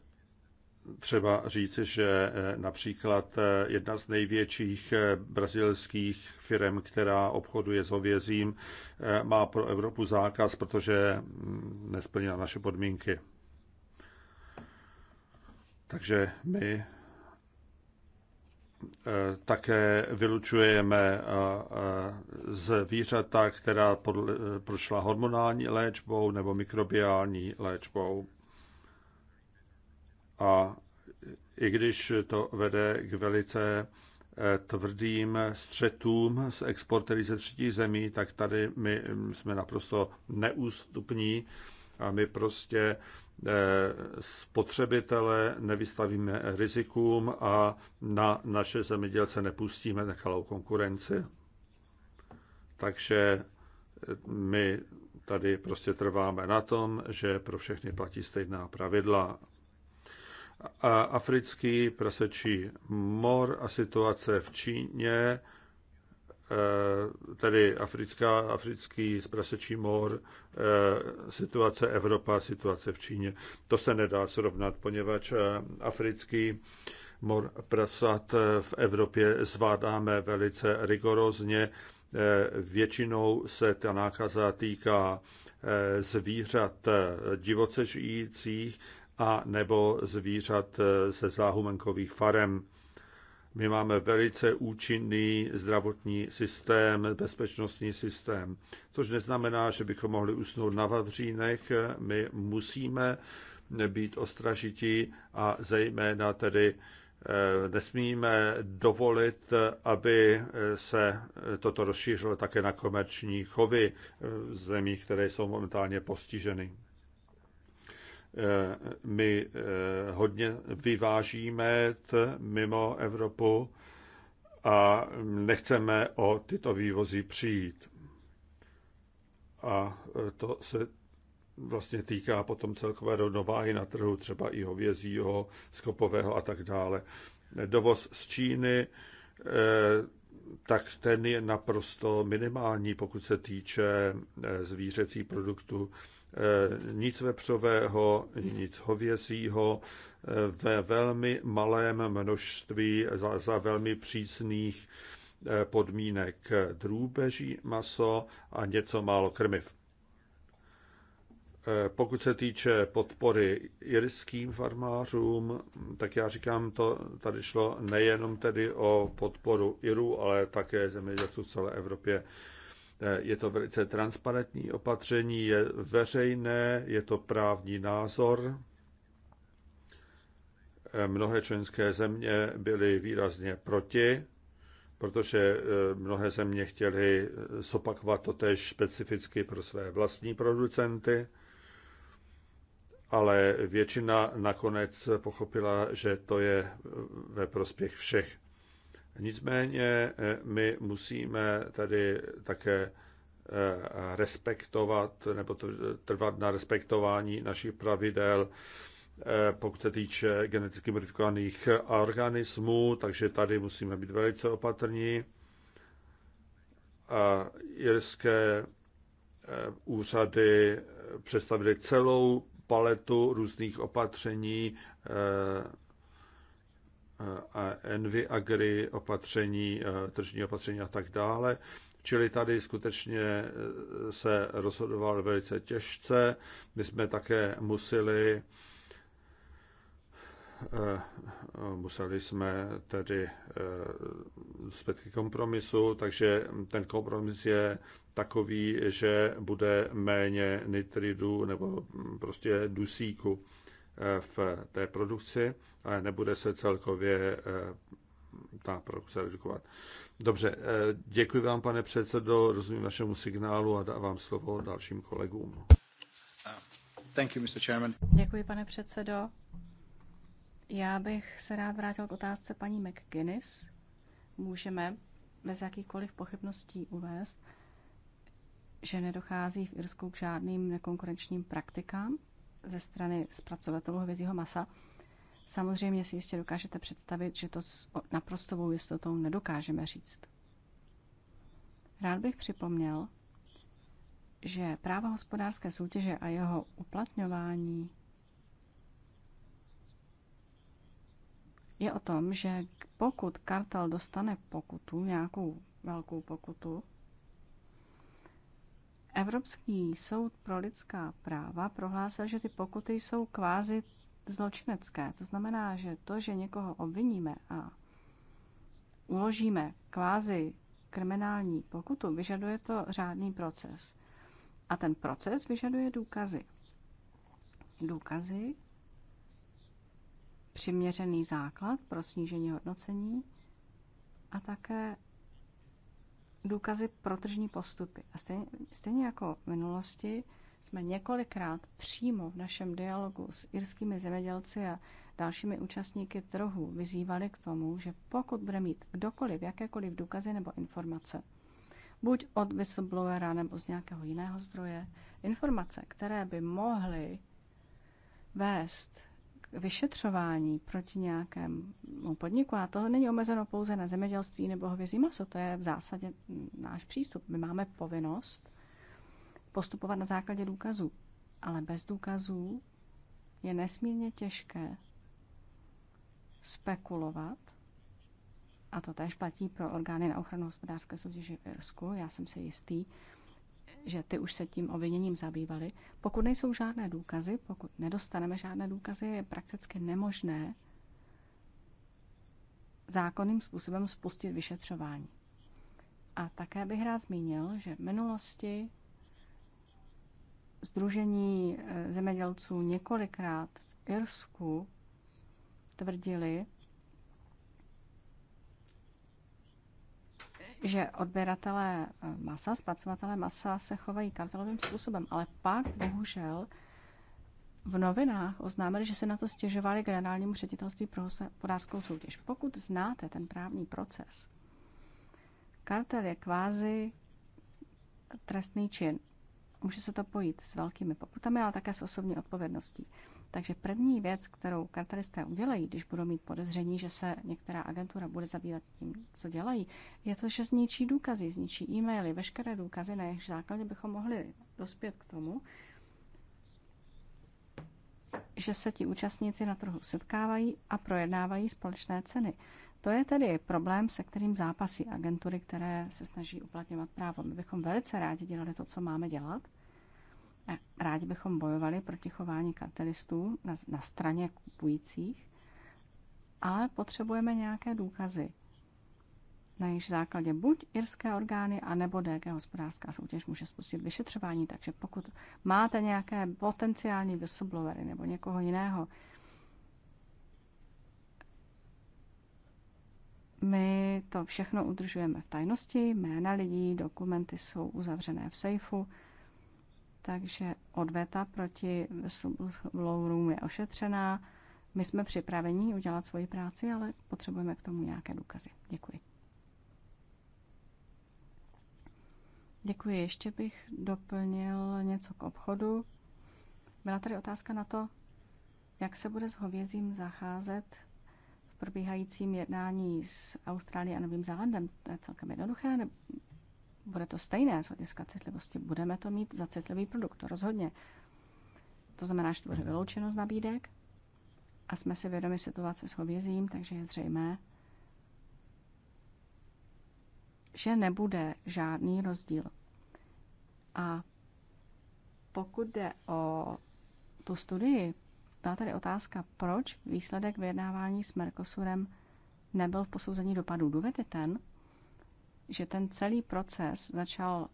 třeba říct, že eh, například eh, jedna z největších eh, brazilských firm, která obchoduje s hovězím, má pro Evropu zákaz, protože mm, nesplnila naše podmínky. Takže my také vylučujeme zvířata, která prošla hormonální léčbou nebo mikrobiální léčbou. A i když to vede k velice eh, tvrdým střetům s exportery ze třetí zemí, tak tady my mm, jsme naprosto neústupní a my prostě eh, spotřebitele nevystavíme rizikům a na naše zemědělce nepustíme nechalou konkurenci. Takže eh, my tady prostě trváme na tom, že pro všechny platí stejná pravidla a africký prasečí mor a situace v Číně, eh, tedy africká, africký prasečí mor, eh, situace Evropa, situace v Číně. To se nedá srovnat, poněvadž eh, africký mor prasat v Evropě zvládáme velice rigorózně. Většinou se ta nákaza týká zvířat divoce žijících, a nebo zvířat eh, ze záhumenkových farem. My máme velice účinný zdravotní systém, bezpečnostní systém, což neznamená, že bychom mohli usnout na Vavřínech. My musíme být ostražití a zejména tedy eh, nesmíme dovolit, aby eh, se toto rozšířilo také na komerční chovy zemí, které jsou momentálně postiženy. Eh, my eh, hodně vyvážíme mimo Evropu a nechceme o tyto vývozy přijít. A eh, to se vlastně týká potom celkové rovnováhy na trhu, třeba i hovězího, skopového a tak dále. Dovoz z Číny, tak ten je naprosto minimální, pokud se týče zvířecí produktů. Eh, nic vepřového, nic hovězího eh, ve velmi malém množství za, za velmi přísných eh, podmínek drůbeží maso a něco málo krmiv. Pokud se týče podpory irským farmářům, tak já říkám, to tady šlo nejenom tedy o podporu Irů, ale také zemědělců v celé Evropě. Eh, je to velice transparentní opatření, je veřejné, je to právní názor. Eh, mnohé členské země byly výrazně proti, protože eh, mnohé země chtěly zopakovat to tež specificky pro své vlastní producenty, ale většina nakonec pochopila, že to je ve prospěch všech. Nicméně eh, my musíme tady také eh, respektovat nebo trvat na respektování našich pravidel, eh, pokud se týče geneticky modifikovaných organismů, takže tady musíme být velice opatrní. A jirské úřady představili celou paletu různých opatření a envy, agri, opatření, eh, tržní opatření a tak dále. Čili tady skutečně eh, se rozhodoval velice těžce. My jsme také museli eh, museli jsme tedy zpět k kompromisu, takže ten kompromis je takový, že bude méně nitridů nebo prostě dusíku Eh, v té produkci, ale nebude se celkově eh, ta produkce redukovat. Dobře, eh, děkuji vám, pane předsedo, rozumím vašemu signálu a dávám slovo dalším kolegům. Uh, thank you, Mr. Chairman. Děkuji, pane předsedo. Já bych se rád vrátil k otázce paní McGuinness. Můžeme bez jakýchkoliv pochybností uvést, že nedochází v Irsku k žádným nekonkurenčním praktikám ze strany zpracovatelů hovězího masa. Samozřejmě si jistě dokážete představit, že to s naprostovou jistotou nedokážeme říct. Rád bych připomněl, že práva hospodářské soutěže a jeho uplatňování je o tom, že pokud kartel dostane pokutu, nějakou velkou pokutu, Evropský soud pro lidská práva prohlásil, že ty pokuty jsou kvázi zločinecké. To znamená, že to, že někoho obviníme a uložíme kvázi kriminální pokutu, vyžaduje to řádný proces. A ten proces vyžaduje důkazy. Důkazy, přiměřený základ pro snížení hodnocení a také důkazy pro tržní postupy. A stejně, stejně jako v minulosti jsme několikrát přímo v našem dialogu s irskými zemědělci a dalšími účastníky trhu vyzývali k tomu, že pokud bude mít kdokoliv jakékoliv důkazy nebo informace, buď od whistleblowera nebo z nějakého jiného zdroje, informace, které by mohly vést vyšetřování proti nějakému podniku, a to není omezeno pouze na zemědělství nebo hovězí maso, to je v zásadě náš přístup. My máme povinnost postupovat na základě důkazů, ale bez důkazů je nesmírně těžké spekulovat. A to též platí pro orgány na ochranu hospodářské soutěže v Irsku. Já jsem si jistý, že ty už se tím obviněním zabývaly. Pokud nejsou žádné důkazy, pokud nedostaneme žádné důkazy, je prakticky nemožné zákonným způsobem spustit vyšetřování. A také bych rád zmínil, že v minulosti Združení eh, zemědělců několikrát v Irsku tvrdili, že odběratelé eh, masa, zpracovatelé masa se chovají kartelovým způsobem, ale pak bohužel v novinách oznámili, že se na to stěžovali generálnímu ředitelství pro hospodářskou soutěž. Pokud znáte ten právní proces, kartel je kvázi trestný čin. Může se to pojít s velkými pokutami, ale také s osobní odpovědností. Takže první věc, kterou kartelisté udělají, když budou mít podezření, že se některá agentura bude zabývat tím, co dělají, je to, že zničí důkazy, zničí e-maily, veškeré důkazy, na jejich základě bychom mohli dospět k tomu, že se ti účastníci na trhu setkávají a projednávají společné ceny. To je tedy problém, se kterým zápasí agentury, které se snaží uplatňovat právo. My bychom velice rádi dělali to, co máme dělat, Rádi bychom bojovali proti chování kartelistů na, na straně kupujících, ale potřebujeme nějaké důkazy, na jejich základě buď irské orgány, anebo DG hospodářská soutěž může spustit vyšetřování. Takže pokud máte nějaké potenciální whistleblowery nebo někoho jiného, My to všechno udržujeme v tajnosti, jména lidí, dokumenty jsou uzavřené v sejfu takže odveta proti whistleblowerům je ošetřená. My jsme připraveni udělat svoji práci, ale potřebujeme k tomu nějaké důkazy. Děkuji. Děkuji. Ještě bych doplnil něco k obchodu. Byla tady otázka na to, jak se bude s hovězím zacházet v probíhajícím jednání s Austrálií a Novým Zélandem. To je celkem jednoduché bude to stejné z hlediska citlivosti. Budeme to mít za citlivý produkt, to rozhodně. To znamená, že to bude vyloučeno z nabídek a jsme si vědomi situace s hovězím, takže je zřejmé, že nebude žádný rozdíl. A pokud jde o tu studii, byla tady otázka, proč výsledek vyjednávání s Mercosurem nebyl v posouzení dopadů. Důvod je ten, že ten celý proces začal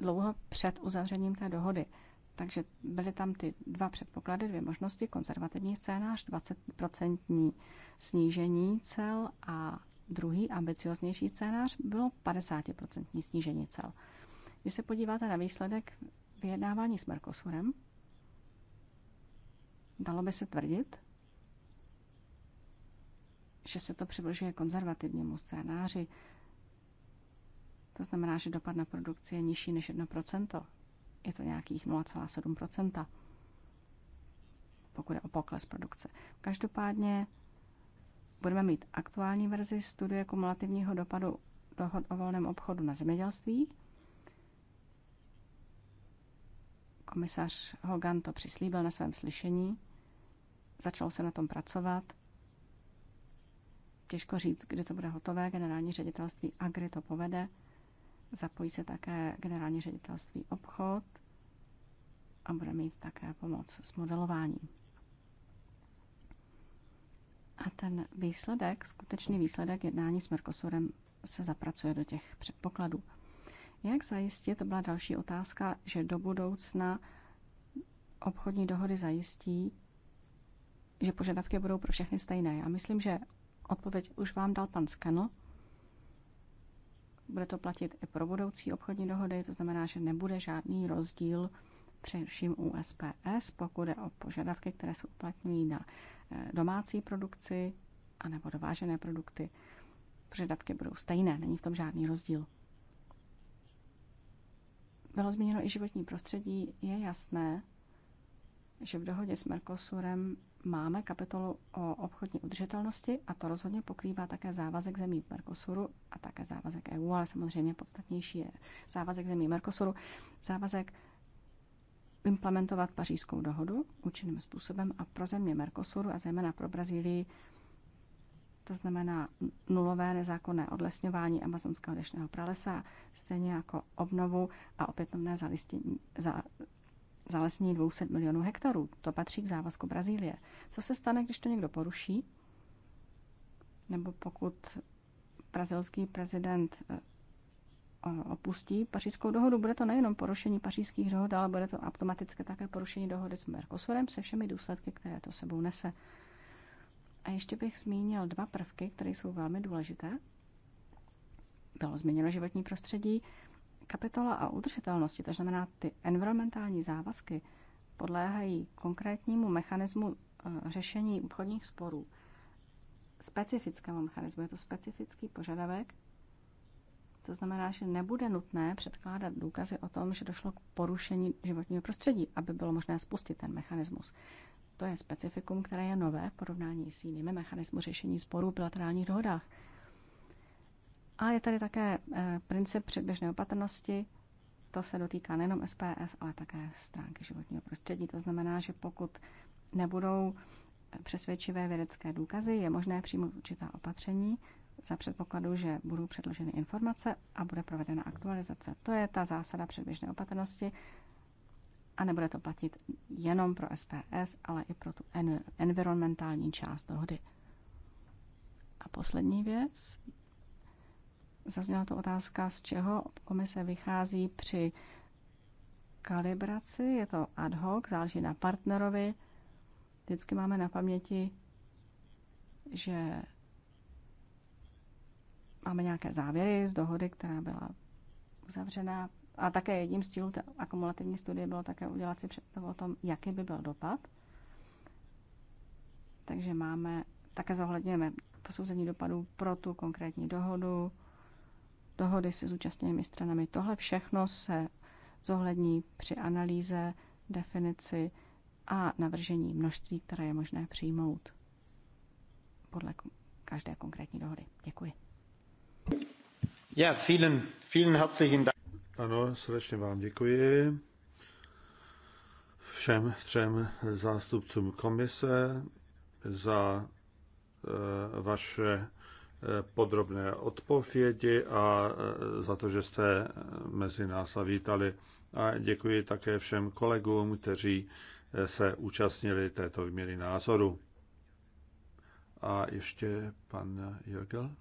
dlouho před uzavřením té dohody. Takže byly tam ty dva předpoklady, dvě možnosti, konzervativní scénář, 20% snížení cel a druhý ambicioznější scénář bylo 50% snížení cel. Když se podíváte na výsledek vyjednávání s Mercosurem, dalo by se tvrdit, že se to přibližuje konzervativnímu scénáři, to znamená, že dopad na produkci je nižší než 1%. Je to nějakých 0,7%, pokud je o pokles produkce. Každopádně budeme mít aktuální verzi studie kumulativního dopadu dohod o volném obchodu na zemědělství. Komisař Hogan to přislíbil na svém slyšení. Začal se na tom pracovat. Těžko říct, kdy to bude hotové. Generální ředitelství Agri to povede. Zapojí se také generální ředitelství obchod a bude mít také pomoc s modelováním. A ten výsledek, skutečný výsledek jednání s Mercosurem se zapracuje do těch předpokladů. Jak zajistit, to byla další otázka, že do budoucna obchodní dohody zajistí, že požadavky budou pro všechny stejné. Já myslím, že odpověď už vám dal pan Skano. Bude to platit i pro budoucí obchodní dohody, to znamená, že nebude žádný rozdíl především u SPS, pokud je o požadavky, které se uplatňují na eh, domácí produkci anebo dovážené produkty. Požadavky budou stejné, není v tom žádný rozdíl. Bylo zmíněno i životní prostředí. Je jasné, že v dohodě s Mercosurem máme kapitolu o obchodní udržitelnosti a to rozhodně pokrývá také závazek zemí Mercosuru a také závazek EU, ale samozřejmě podstatnější je závazek zemí Mercosuru, závazek implementovat pařížskou dohodu účinným způsobem a pro země Mercosuru a zejména pro Brazílii to znamená nulové nezákonné odlesňování amazonského dešného pralesa, stejně jako obnovu a opětovné zalistění, za, zalesnění 200 milionů hektarů. To patří k závazku Brazílie. Co se stane, když to někdo poruší? Nebo pokud brazilský prezident eh, opustí pařížskou dohodu, bude to nejenom porušení pařížských dohod, ale bude to automaticky také porušení dohody s Mercosurem se všemi důsledky, které to sebou nese. A ještě bych zmínil dva prvky, které jsou velmi důležité. Bylo změněno životní prostředí Kapitola o udržitelnosti, to znamená ty environmentální závazky, podléhají konkrétnímu mechanismu eh, řešení obchodních sporů. Specifickému mechanismu je to specifický požadavek. To znamená, že nebude nutné předkládat důkazy o tom, že došlo k porušení životního prostředí, aby bylo možné spustit ten mechanismus. To je specifikum, které je nové v porovnání s jinými mechanismy řešení sporů v bilaterálních dohodách. A je tady také eh, princip předběžné opatrnosti. To se dotýká nejenom SPS, ale také stránky životního prostředí. To znamená, že pokud nebudou eh, přesvědčivé vědecké důkazy, je možné přijmout určitá opatření za předpokladu, že budou předloženy informace a bude provedena aktualizace. To je ta zásada předběžné opatrnosti a nebude to platit jenom pro SPS, ale i pro tu environmentální část dohody. A poslední věc, Zazněla to otázka, z čeho komise vychází při kalibraci. Je to ad hoc, záleží na partnerovi. Vždycky máme na paměti, že máme nějaké závěry z dohody, která byla uzavřená. A také jedním z cílů té akumulativní studie bylo také udělat si představu o tom, jaký by byl dopad. Takže máme, také zohledňujeme posouzení dopadů pro tu konkrétní dohodu, dohody se zúčastněnými stranami. Tohle všechno se zohlední při analýze, definici a navržení množství, které je možné přijmout podle každé konkrétní dohody. Děkuji. Ja, vielen, vielen herzlichen Dank. Ano, srdečně vám děkuji všem třem zástupcům komise za eh, vaše podrobné odpovědi a e, za to, že jste mezi nás vítali. A děkuji také všem kolegům, kteří e, se účastnili této výměny názoru. A ještě pan Jörgel.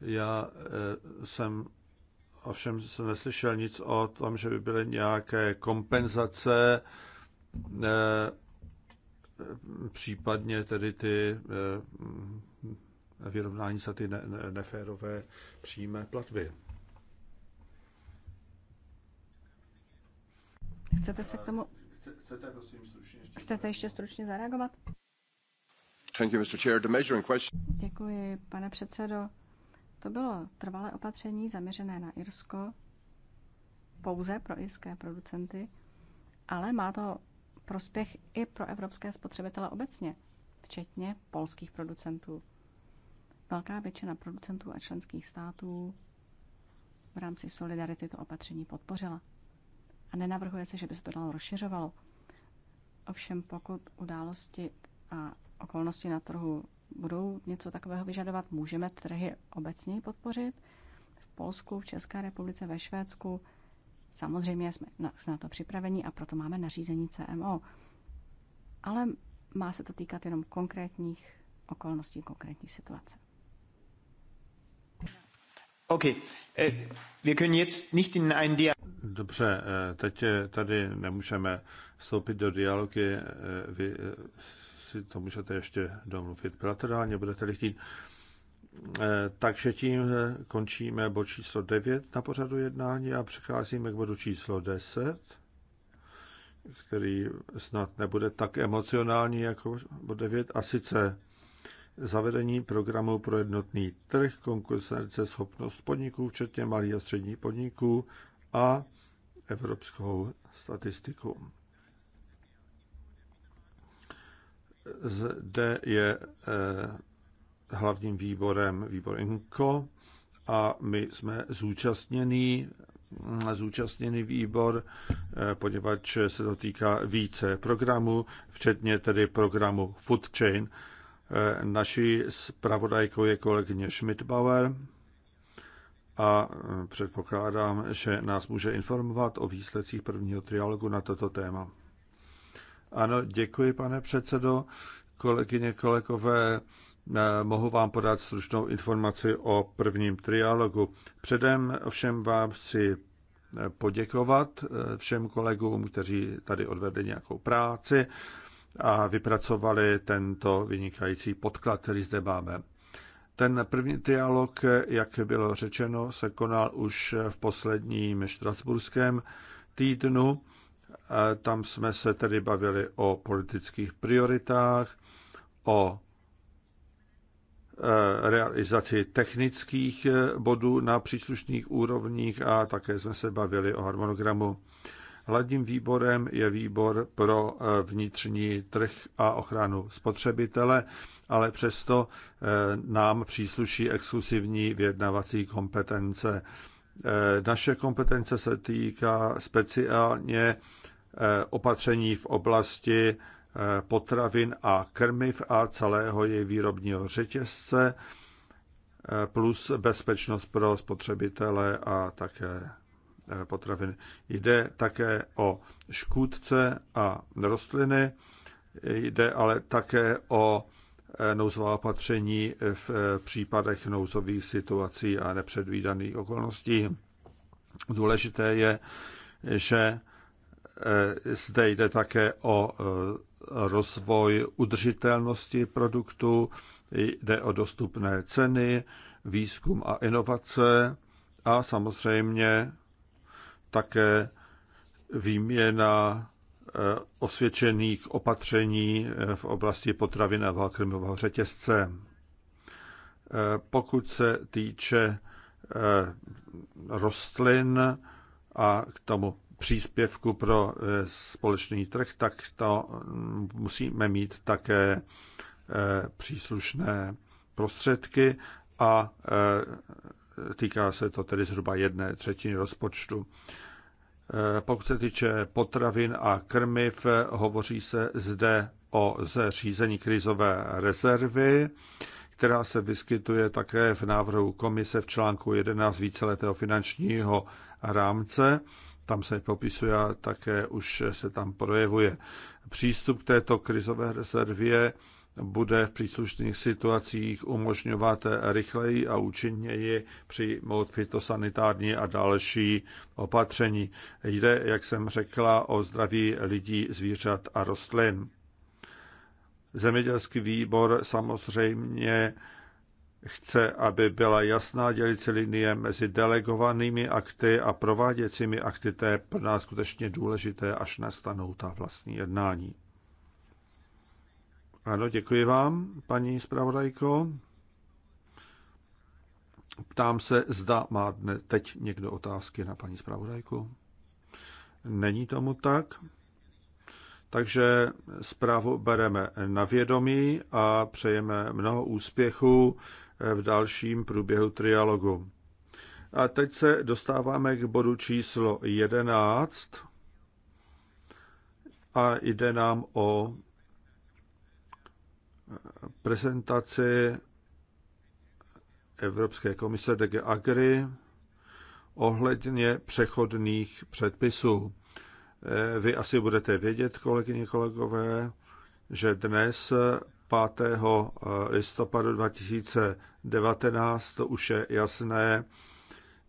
Já e, jsem ovšem jsem neslyšel nic o tom, že by byly nějaké kompenzace případně tedy ty eh, vyrovnání za ty neférové přímé platby. Chcete se k tomu... Chcete, prosím, stručně ještě... Chcete ještě stručně zareagovat? Thank you, Mr. Chair. The measuring question... Děkuji, pane předsedo. To bylo trvalé opatření zaměřené na Irsko, pouze pro irské producenty, ale má to prospěch i pro evropské spotřebitele obecně, včetně polských producentů. Velká většina producentů a členských států v rámci solidarity to opatření podpořila. A nenavrhuje se, že by se to dalo rozšiřovalo. Ovšem, pokud události a okolnosti na trhu budou něco takového vyžadovat, můžeme trhy obecně podpořit. V Polsku, v České republice, ve Švédsku Samozřejmě jsme na, jsme na to připraveni a proto máme nařízení CMO. Ale má se to týkat jenom konkrétních okolností, konkrétní situace. Okay. Eh, wir können jetzt nicht in einen Dialog. Dobře, eh, teď eh, tady nemůžeme vstoupit do dialogy. Vy si to můžete ještě domluvit bilaterálně, budete-li chtít. Eh, takže tím eh, končíme bod číslo 9 na pořadu jednání a přecházíme k bodu číslo 10, který snad nebude tak emocionální jako bod 9, a sice zavedení programu pro jednotný trh, konkurence, schopnost podniků, včetně malých a středních podniků a evropskou statistiku. Zde je eh, hlavním výborem výbor INKO a my jsme zúčastněný, zúčastněný výbor, eh, poněvadž se to týká více programů, včetně tedy programu Food Chain. Eh, naší zpravodajkou je kolegyně Schmidbauer a eh, předpokládám, že nás může informovat o výsledcích prvního trialogu na toto téma. Ano, děkuji, pane předsedo. Kolegyně, kolegové, Eh, mohu vám podat stručnou informaci o prvním trialogu. Předem všem vám chci eh, poděkovat eh, všem kolegům, kteří tady odvedli nějakou práci a vypracovali tento vynikající podklad, který zde máme. Ten první dialog, jak bylo řečeno, se konal už v posledním štrasburském týdnu. Tam jsme se tedy bavili o politických prioritách, o Eh, realizaci technických eh, bodů na příslušných úrovních a také jsme se bavili o harmonogramu. Hladním výborem je výbor pro eh, vnitřní trh a ochranu spotřebitele, ale přesto nám přísluší exkluzivní vyjednavací kompetence. Naše kompetence se týká speciálně opatření v oblasti Eh, potravin a krmiv a celého její výrobního řetězce, eh, plus bezpečnost pro spotřebitele a také eh, potraviny. Jde také o škůdce a rostliny, jde ale také o nouzová opatření v případech nouzových situací a nepředvídaných okolností. Důležité je, že zde jde také o rozvoj udržitelnosti produktu, jde o dostupné ceny, výzkum a inovace a samozřejmě také výměna eh, osvědčených opatření eh, v oblasti potravin a krmiového řetězce. Eh, pokud se týče rostlin a k tomu příspěvku pro eh, společný trh, tak to musíme mít také eh, příslušné prostředky a eh, týká se to tedy zhruba jedné třetiny rozpočtu. Pokud se týče potravin a krmiv, hovoří se zde o zřízení krizové rezervy, která se vyskytuje také v návrhu komise v článku 11 víceletého finančního rámce tam se popisuje a také už se tam projevuje. Přístup k této krizové rezervě bude v příslušných situacích umožňovat rychleji a účinněji přijmout fitosanitární a další opatření. Jde, jak jsem řekla, o zdraví lidí, zvířat a rostlin. Zemědělský výbor samozřejmě chce, aby byla jasná dělicí linie mezi delegovanými akty a prováděcími akty. To je pro nás skutečně důležité, až nastanou ta vlastní jednání. Ano, děkuji vám, paní zpravodajko. Ptám se, zda má dne, teď někdo otázky na paní zpravodajku. Není tomu tak. Takže zprávu bereme na vědomí a přejeme mnoho úspěchů v dalším průběhu trialogu. A teď se dostáváme k bodu číslo 11 a jde nám o prezentaci Evropské komise DG Agri ohledně přechodných předpisů. Vy asi budete vědět, kolegyně, kolegové, že dnes 5. listopadu 2000 19, to už je jasné,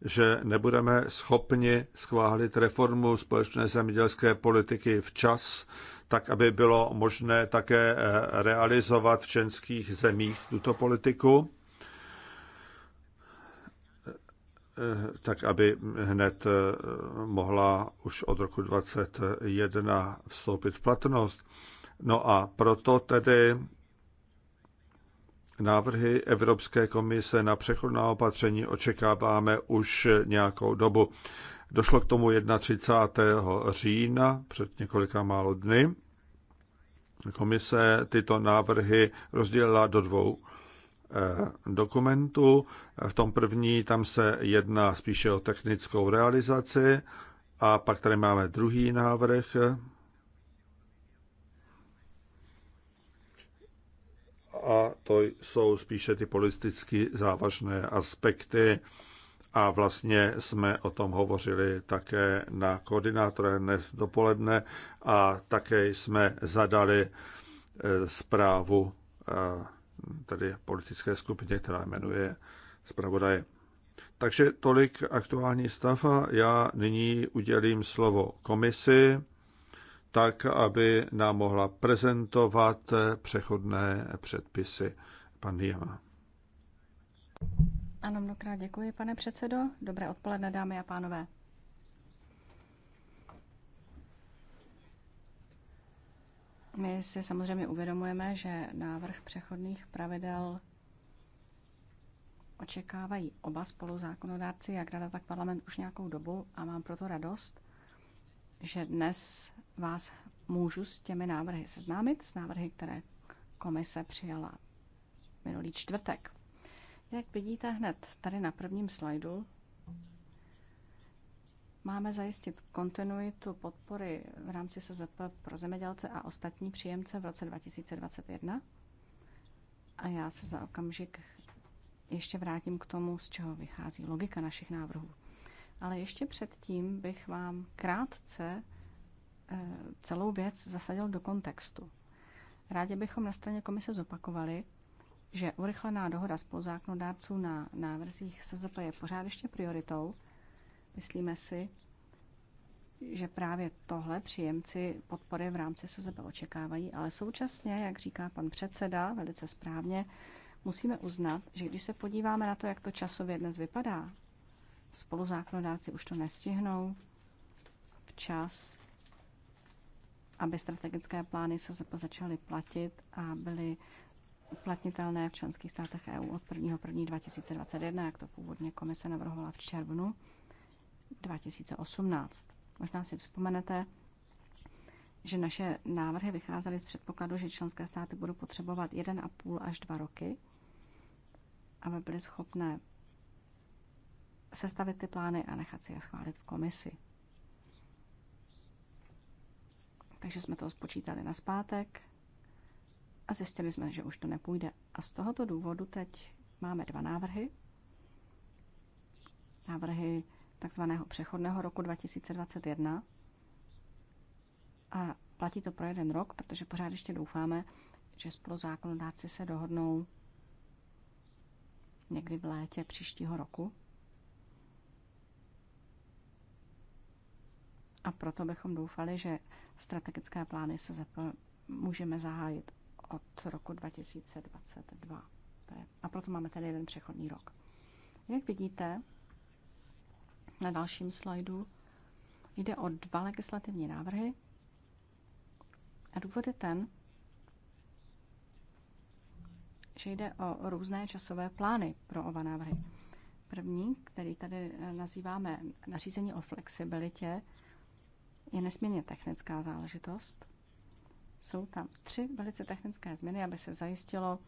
že nebudeme schopni schválit reformu společné zemědělské politiky včas, tak aby bylo možné také eh, realizovat v členských zemích tuto politiku, eh, tak aby hned eh, mohla už od roku 2021 vstoupit v platnost. No a proto tedy Návrhy Evropské komise na přechodná opatření očekáváme už nějakou dobu. Došlo k tomu 31. října, před několika málo dny. Komise tyto návrhy rozdělila do dvou eh, dokumentů. V tom první tam se jedná spíše o technickou realizaci a pak tady máme druhý návrh, a to jsou spíše ty politicky závažné aspekty. A vlastně jsme o tom hovořili také na koordinátore dnes dopoledne a také jsme zadali e, zprávu e, tedy politické skupině, která jmenuje zpravodaje. Takže tolik aktuální stav a já nyní udělím slovo komisi tak, aby nám mohla prezentovat přechodné předpisy. Pan Jema. Ano, mnohokrát děkuji, pane předsedo. Dobré odpoledne, dámy a pánové. My si samozřejmě uvědomujeme, že návrh přechodných pravidel očekávají oba spoluzákonodárci, jak rada, tak parlament už nějakou dobu a mám proto radost, že dnes vás můžu s těmi návrhy seznámit, s návrhy, které komise přijala minulý čtvrtek. Jak vidíte hned tady na prvním slajdu, máme zajistit kontinuitu podpory v rámci SZP pro zemědělce a ostatní příjemce v roce 2021. A já se za okamžik ještě vrátím k tomu, z čeho vychází logika našich návrhů. Ale ještě předtím bych vám krátce eh, celou věc zasadil do kontextu. Rádi bychom na straně komise zopakovali, že urychlená dohoda spoluzákonodárců na návrzích SZP je pořád ještě prioritou. Myslíme si, že právě tohle příjemci podpory v rámci SZP očekávají, ale současně, jak říká pan předseda velice správně, musíme uznat, že když se podíváme na to, jak to časově dnes vypadá, spoluzákonodáci už to nestihnou včas, aby strategické plány se začaly platit a byly uplatnitelné v členských státech EU od 1. 1. 2021, jak to původně komise navrhovala v červnu 2018. Možná si vzpomenete, že naše návrhy vycházely z předpokladu, že členské státy budou potřebovat 1,5 až 2 roky, aby byly schopné sestavit ty plány a nechat si je schválit v komisi. Takže jsme to spočítali na zpátek a zjistili jsme, že už to nepůjde. A z tohoto důvodu teď máme dva návrhy. Návrhy takzvaného přechodného roku 2021. A platí to pro jeden rok, protože pořád ještě doufáme, že spolu zákonodáci se dohodnou někdy v létě příštího roku. A proto bychom doufali, že strategické plány se zapo- můžeme zahájit od roku 2022. A proto máme tady jeden přechodný rok. Jak vidíte na dalším slajdu, jde o dva legislativní návrhy. A důvod je ten, že jde o různé časové plány pro oba návrhy. První, který tady eh, nazýváme nařízení o flexibilitě, je nesmírně technická záležitost. Jsou tam tři velice technické změny, aby se zajistilo,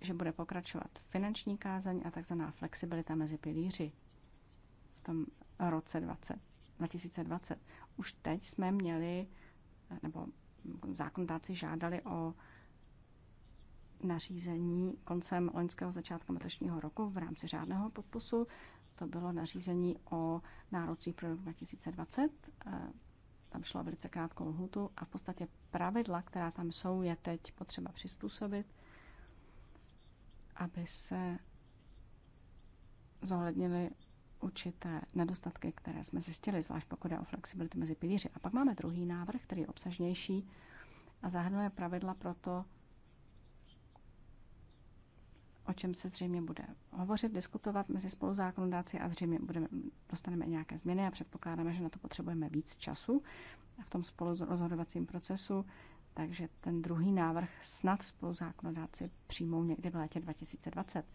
že bude pokračovat finanční kázeň a takzvaná flexibilita mezi pilíři v tom roce 20, 2020. Už teď jsme měli, nebo zákonodáci žádali o nařízení koncem loňského začátku letošního roku v rámci řádného podpisu. To bylo nařízení o nárocích pro rok 2020. Eh, tam šlo o velice krátkou lhutu a v podstatě pravidla, která tam jsou, je teď potřeba přizpůsobit, aby se zohlednili určité nedostatky, které jsme zjistili, zvlášť pokud je o flexibilitu mezi pilíři. A pak máme druhý návrh, který je obsažnější a zahrnuje pravidla pro to, o čem se zřejmě bude hovořit, diskutovat mezi spoluzákonodáci a zřejmě budeme, dostaneme nějaké změny a předpokládáme, že na to potřebujeme víc času v tom spolurozhodovacím procesu, takže ten druhý návrh snad spoluzákonodáci přijmou někdy v létě 2020.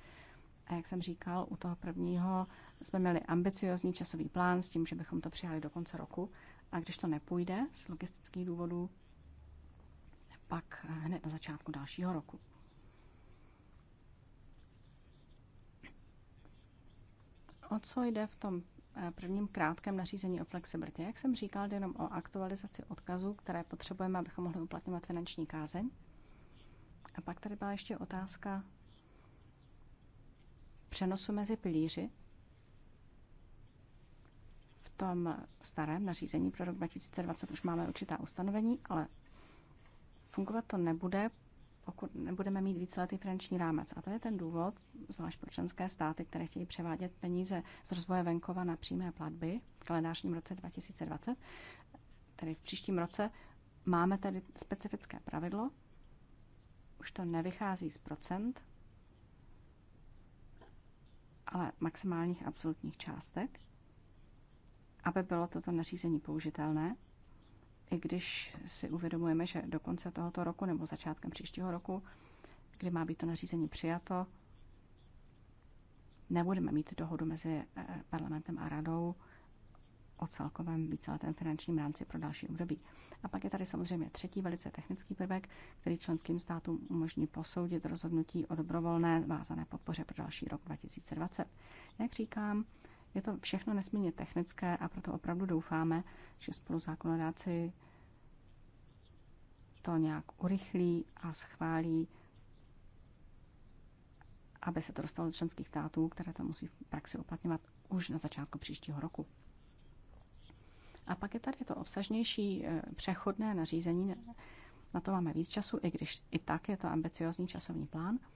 A jak jsem říkal, u toho prvního jsme měli ambiciozní časový plán s tím, že bychom to přijali do konce roku. A když to nepůjde z logistických důvodů, pak hned na začátku dalšího roku. O co jde v tom eh, prvním krátkém nařízení o flexibilitě? Jak jsem říkal, jde jenom o aktualizaci odkazů, které potřebujeme, abychom mohli uplatňovat finanční kázeň. A pak tady byla ještě otázka přenosu mezi pilíři. V tom starém nařízení pro rok 2020 už máme určitá ustanovení, ale fungovat to nebude, pokud nebudeme mít víceletý finanční rámec. A to je ten důvod, zvlášť pro členské státy, které chtějí převádět peníze z rozvoje venkova na přímé platby v kalendářním roce 2020, tedy v příštím roce, máme tady specifické pravidlo. Už to nevychází z procent, ale maximálních absolutních částek, aby bylo toto nařízení použitelné i když si uvědomujeme, že do konce tohoto roku nebo začátkem příštího roku, kdy má být to nařízení přijato, nebudeme mít dohodu mezi eh, parlamentem a radou o celkovém víceletém finančním rámci pro další období. A pak je tady samozřejmě třetí velice technický prvek, který členským státům umožní posoudit rozhodnutí o dobrovolné vázané podpoře pro další rok 2020. Jak říkám, je to všechno nesmírně technické a proto opravdu doufáme, že spolu zákonodáci to nějak urychlí a schválí, aby se to dostalo do členských států, které to musí v praxi uplatňovat už na začátku příštího roku. A pak je tady to obsažnější eh, přechodné nařízení. Na to máme víc času, i když i tak je to ambiciozní časový plán –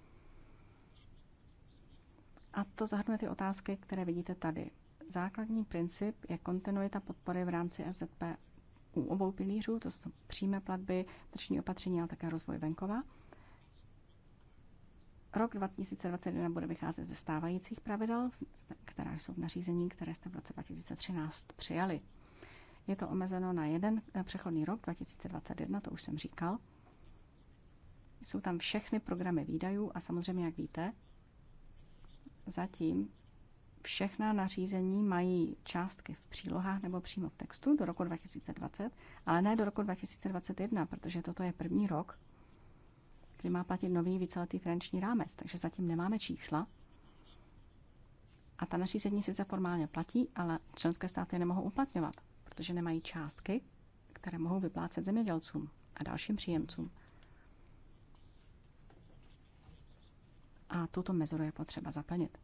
a to zahrnuje ty otázky, které vidíte tady. Základní princip je kontinuita podpory v rámci SZP u obou pilířů, to jsou přímé platby, trční opatření, ale také rozvoj venkova. Rok 2021 bude vycházet ze stávajících pravidel, která jsou v nařízení, které jste v roce 2013 přijali. Je to omezeno na jeden eh, přechodný rok 2021, to už jsem říkal. Jsou tam všechny programy výdajů a samozřejmě, jak víte, Zatím všechna nařízení mají částky v přílohách nebo přímo v textu do roku 2020, ale ne do roku 2021, protože toto je první rok, kdy má platit nový víceletý finanční rámec, takže zatím nemáme čísla. A ta nařízení sice formálně platí, ale členské státy nemohou uplatňovat, protože nemají částky, které mohou vyplácet zemědělcům a dalším příjemcům. a tuto mezeru je potřeba zaplnit.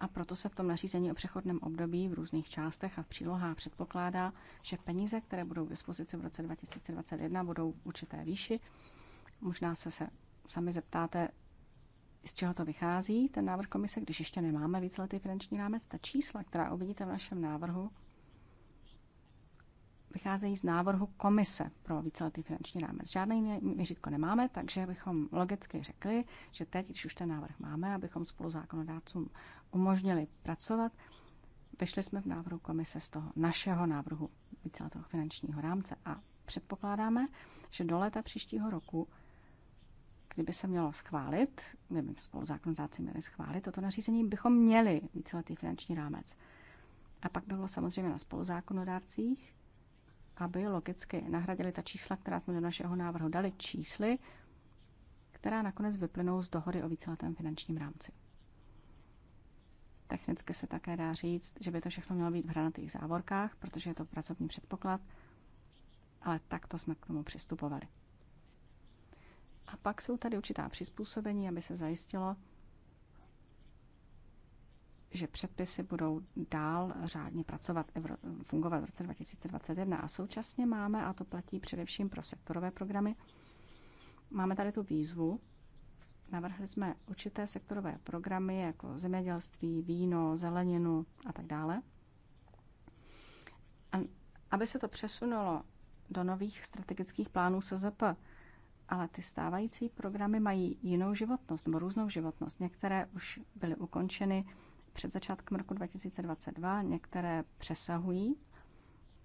A proto se v tom nařízení o přechodném období v různých částech a v přílohách předpokládá, že peníze, které budou k dispozici v roce 2021, budou v určité výši. Možná se, se sami zeptáte, z čeho to vychází, ten návrh komise, když ještě nemáme víceletý finanční rámec. Ta čísla, která uvidíte v našem návrhu, vycházejí z návrhu komise pro víceletý finanční rámec. Žádné jiné měřítko nemáme, takže bychom logicky řekli, že teď, když už ten návrh máme, abychom spolu zákonodácům umožnili pracovat, vyšli jsme v návrhu komise z toho našeho návrhu víceletého finančního rámce a předpokládáme, že do léta příštího roku, kdyby se mělo schválit, kdyby spolu zákonodáci měli schválit toto nařízení, bychom měli víceletý finanční rámec. A pak bylo samozřejmě na spoluzákonodárcích, aby logicky nahradili ta čísla, která jsme do našeho návrhu dali, čísly, která nakonec vyplynou z dohody o víceletém finančním rámci. Technicky se také dá říct, že by to všechno mělo být v hranatých závorkách, protože je to pracovní předpoklad, ale takto jsme k tomu přistupovali. A pak jsou tady určitá přizpůsobení, aby se zajistilo, že předpisy budou dál řádně pracovat, fungovat v roce 2021. A současně máme, a to platí především pro sektorové programy, máme tady tu výzvu. Navrhli jsme určité sektorové programy jako zemědělství, víno, zeleninu a tak dále. A aby se to přesunulo do nových strategických plánů SZP, ale ty stávající programy mají jinou životnost nebo různou životnost. Některé už byly ukončeny před začátkem roku 2022, některé přesahují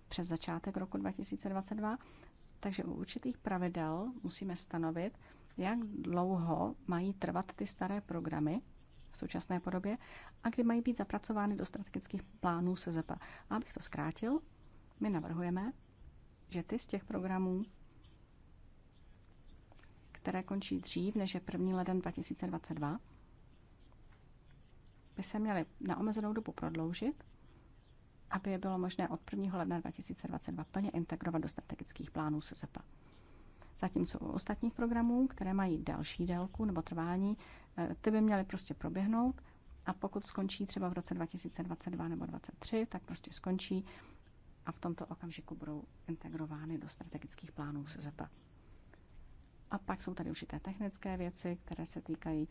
přes začátek roku 2022, takže u určitých pravidel musíme stanovit, jak dlouho mají trvat ty staré programy v současné podobě a kdy mají být zapracovány do strategických plánů SZP. A abych to zkrátil, my navrhujeme, že ty z těch programů, které končí dřív než je 1. leden 2022, by se měly na omezenou dobu prodloužit, aby je bylo možné od 1. ledna 2022 plně integrovat do strategických plánů SZP. Zatímco u ostatních programů, které mají další délku nebo trvání, eh, ty by měly prostě proběhnout a pokud skončí třeba v roce 2022 nebo 2023, tak prostě skončí a v tomto okamžiku budou integrovány do strategických plánů SZP. A pak jsou tady určité technické věci, které se týkají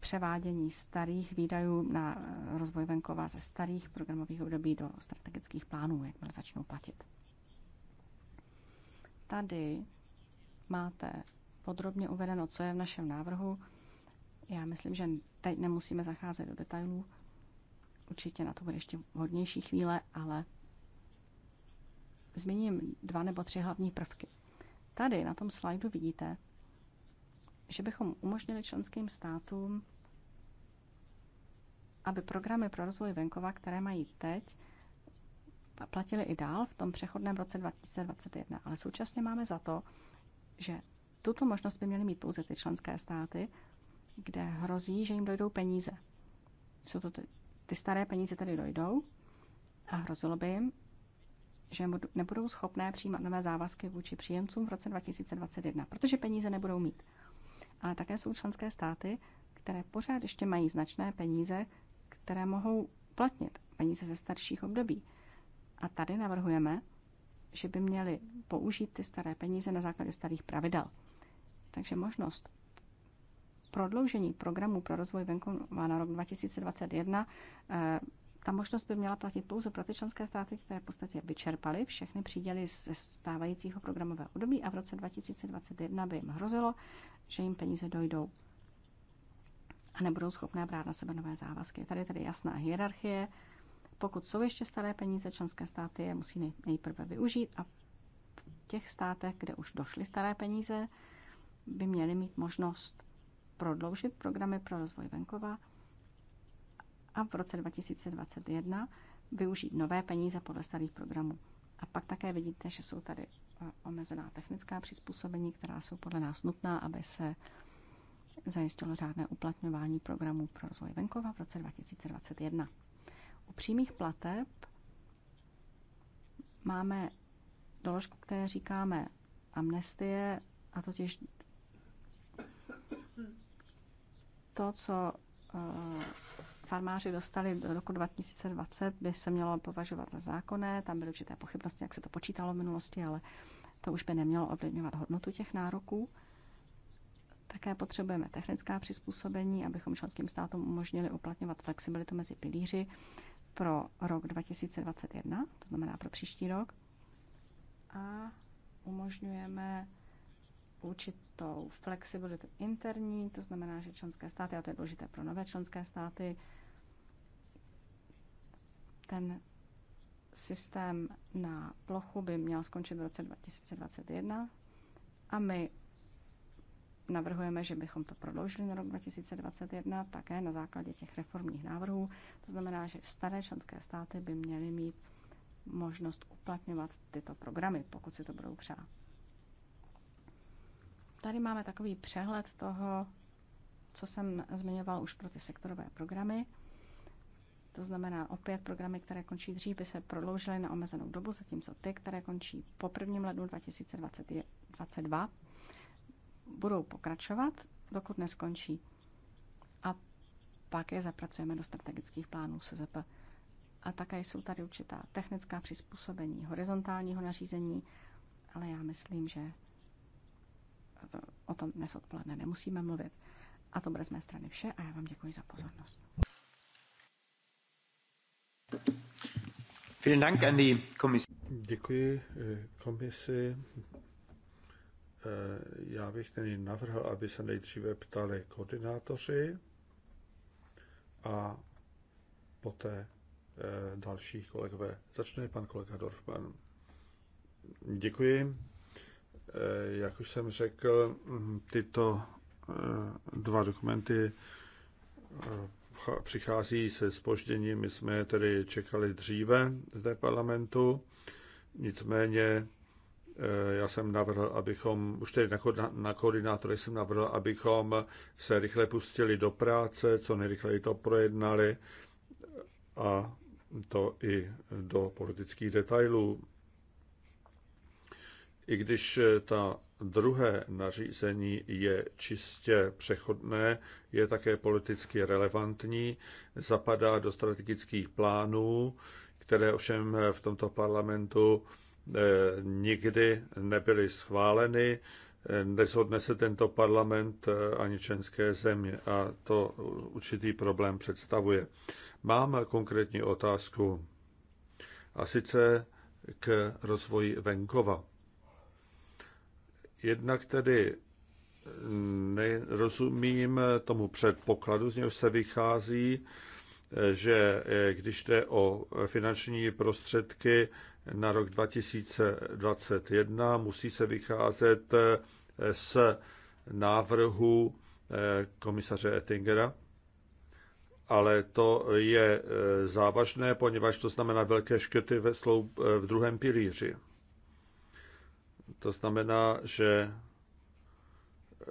převádění starých výdajů na rozvoj venkova ze starých programových období do strategických plánů, jakmile začnou platit. Tady máte podrobně uvedeno, co je v našem návrhu. Já myslím, že teď nemusíme zacházet do detailů. Určitě na to bude ještě hodnější chvíle, ale zmíním dva nebo tři hlavní prvky. Tady na tom slajdu vidíte, že bychom umožnili členským státům, aby programy pro rozvoj venkova, které mají teď, platily i dál v tom přechodném roce 2021. Ale současně máme za to, že tuto možnost by měly mít pouze ty členské státy, kde hrozí, že jim dojdou peníze. Jsou to ty, ty staré peníze tady dojdou a hrozilo by jim, že nebudou schopné přijímat nové závazky vůči příjemcům v roce 2021, protože peníze nebudou mít ale také jsou členské státy, které pořád ještě mají značné peníze, které mohou platnit, peníze ze starších období. A tady navrhujeme, že by měli použít ty staré peníze na základě starých pravidel. Takže možnost prodloužení programu pro rozvoj venkova na rok 2021 eh, ta možnost by měla platit pouze pro ty členské státy, které v podstatě vyčerpaly všechny příděly ze stávajícího programového období a v roce 2021 by jim hrozilo, že jim peníze dojdou a nebudou schopné brát na sebe nové závazky. Tady je tady jasná hierarchie. Pokud jsou ještě staré peníze, členské státy je musí nejprve využít a v těch státech, kde už došly staré peníze, by měly mít možnost prodloužit programy pro rozvoj venkova a v roce 2021 využít nové peníze podle starých programů. A pak také vidíte, že jsou tady eh, omezená technická přizpůsobení, která jsou podle nás nutná, aby se zajistilo řádné uplatňování programů pro rozvoj venkova v roce 2021. U přímých plateb máme doložku, které říkáme amnestie, a totiž to, co eh, farmáři dostali do roku 2020, by se mělo považovat za zákonné. Tam byly určité pochybnosti, jak se to počítalo v minulosti, ale to už by nemělo ovlivňovat hodnotu těch nároků. Také potřebujeme technická přizpůsobení, abychom členským státům umožnili uplatňovat flexibilitu mezi pilíři pro rok 2021, to znamená pro příští rok. A umožňujeme určitou flexibilitu interní, to znamená, že členské státy, a to je důležité pro nové členské státy, ten systém na plochu by měl skončit v roce 2021 a my navrhujeme, že bychom to prodloužili na rok 2021 také na základě těch reformních návrhů. To znamená, že staré členské státy by měly mít možnost uplatňovat tyto programy, pokud si to budou přát. Tady máme takový přehled toho, co jsem zmiňoval už pro ty sektorové programy. To znamená, opět programy, které končí dřív, by se prodloužily na omezenou dobu, zatímco ty, které končí po 1. lednu 2022, budou pokračovat, dokud neskončí. A pak je zapracujeme do strategických plánů SZP. A také jsou tady určitá technická přizpůsobení horizontálního nařízení, ale já myslím, že eh, o tom dnes odpoledne nemusíme mluvit. A to bude z mé strany vše a já vám děkuji za pozornost. Děkuji eh, komisi. Eh, já bych tedy navrhl, aby se nejdříve ptali koordinátoři a poté eh, další kolegové. Začne pan kolega Dorfman. Děkuji. Jak už jsem řekl, mm, tyto dva dokumenty přichází se spožděním. My jsme tedy čekali dříve zde parlamentu, nicméně eh, já jsem navrhl, abychom, už tedy na koordinátory jsem navrhl, abychom se rychle pustili do práce, co nejrychleji to projednali a to i do politických detailů. I když eh, ta druhé nařízení je čistě přechodné, je také politicky relevantní, zapadá do strategických plánů, které ovšem v tomto parlamentu eh, nikdy nebyly schváleny. Nezhodne se tento parlament eh, ani členské země a to určitý problém představuje. Mám konkrétní otázku a sice k rozvoji venkova. Jednak tedy nerozumím tomu předpokladu, z něhož se vychází, že eh, když jde o finanční prostředky na rok 2021, musí se vycházet eh, z návrhu eh, komisaře Ettingera, ale to je závažné, poněvadž to znamená velké škrty ve sloup, v druhém pilíři. To znamená, že eh,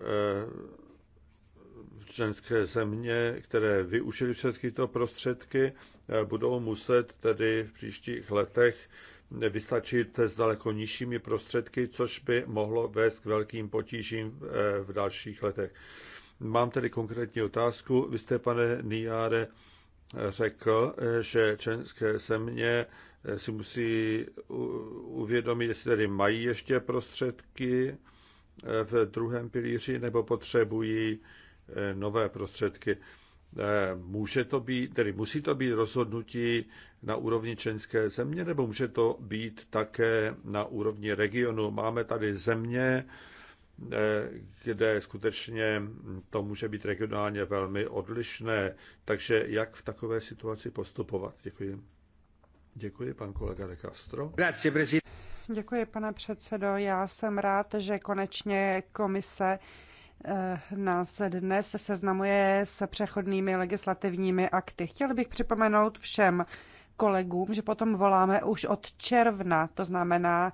členské země, které využili všechny tyto prostředky, eh, budou muset tedy v příštích letech vystačit s daleko nižšími prostředky, což by mohlo vést k velkým potížím eh, v dalších letech. Mám tedy konkrétní otázku. Vy jste, pane Niáre, řekl, že členské země si musí uvědomit, jestli tedy mají ještě prostředky eh, v druhém pilíři nebo potřebují eh, nové prostředky. Eh, může to být, tedy musí to být rozhodnutí na úrovni členské země, nebo může to být také na úrovni regionu. Máme tady země, E, kde skutečně to může být regionálně velmi odlišné. Takže jak v takové situaci postupovat? Děkuji. Děkuji, pan kolega De Castro. Děkuji, pane předsedo. Já jsem rád, že konečně komise e, nás dnes seznamuje s přechodnými legislativními akty. Chtěl bych připomenout všem kolegům, že potom voláme už od června, to znamená,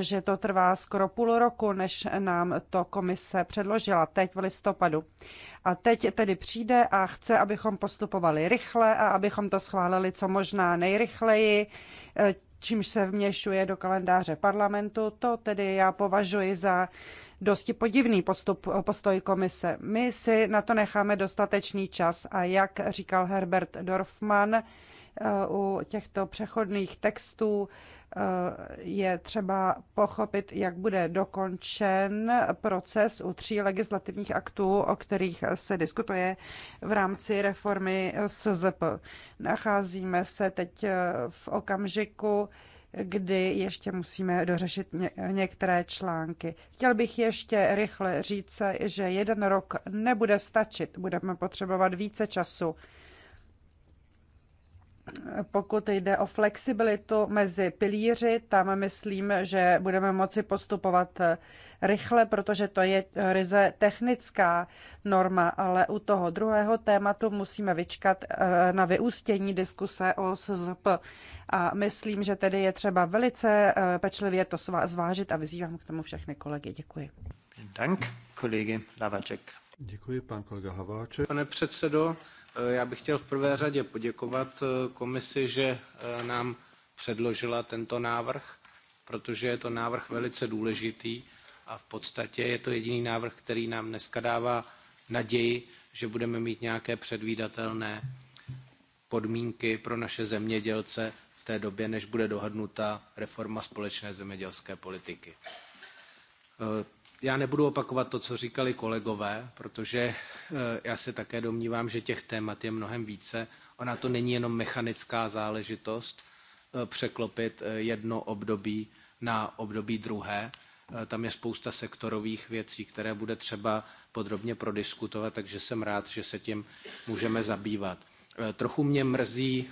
že to trvá skoro půl roku, než nám to komise předložila teď v listopadu. A teď tedy přijde a chce, abychom postupovali rychle a abychom to schválili co možná nejrychleji, eh, čímž se vměšuje do kalendáře parlamentu. To tedy já považuji za dosti podivný postup, eh, postoj komise. My si na to necháme dostatečný čas a jak říkal Herbert Dorfman, eh, u těchto přechodných textů Eh, je třeba pochopit, jak bude dokončen proces u tří legislativních aktů, o kterých se diskutuje v rámci reformy SZP. Nacházíme se teď eh, v okamžiku, kdy ještě musíme dořešit některé články. Chtěl bych ještě rychle říct, že jeden rok nebude stačit, budeme potřebovat více času. Pokud jde o flexibilitu mezi pilíři, tam myslím, že budeme moci postupovat rychle, protože to je ryze technická norma, ale u toho druhého tématu musíme vyčkat eh, na vyústění diskuse o SZP. A myslím, že tedy je třeba velice eh, pečlivě to zvážit a vyzývám k tomu všechny kolegy. Děkuji. Dank, kolegy Lavaček. Děkuji, pan kolega Haváček. Pane předsedo, Eh, já bych chtěl v prvé řadě poděkovat eh, komisi, že eh, nám předložila tento návrh, protože je to návrh velice důležitý a v podstatě je to jediný návrh, který nám dneska dává naději, že budeme mít nějaké předvídatelné podmínky pro naše zemědělce v té době, než bude dohodnuta reforma společné zemědělské politiky. Já nebudu opakovat to, co říkali kolegové, protože eh, já se také domnívám, že těch témat je mnohem více. Ona to není jenom mechanická záležitost eh, překlopit eh, jedno období na období druhé. Tam je spousta sektorových věcí, které bude třeba podrobně prodiskutovat, takže jsem rád, že se tím můžeme zabývat. Trochu mě mrzí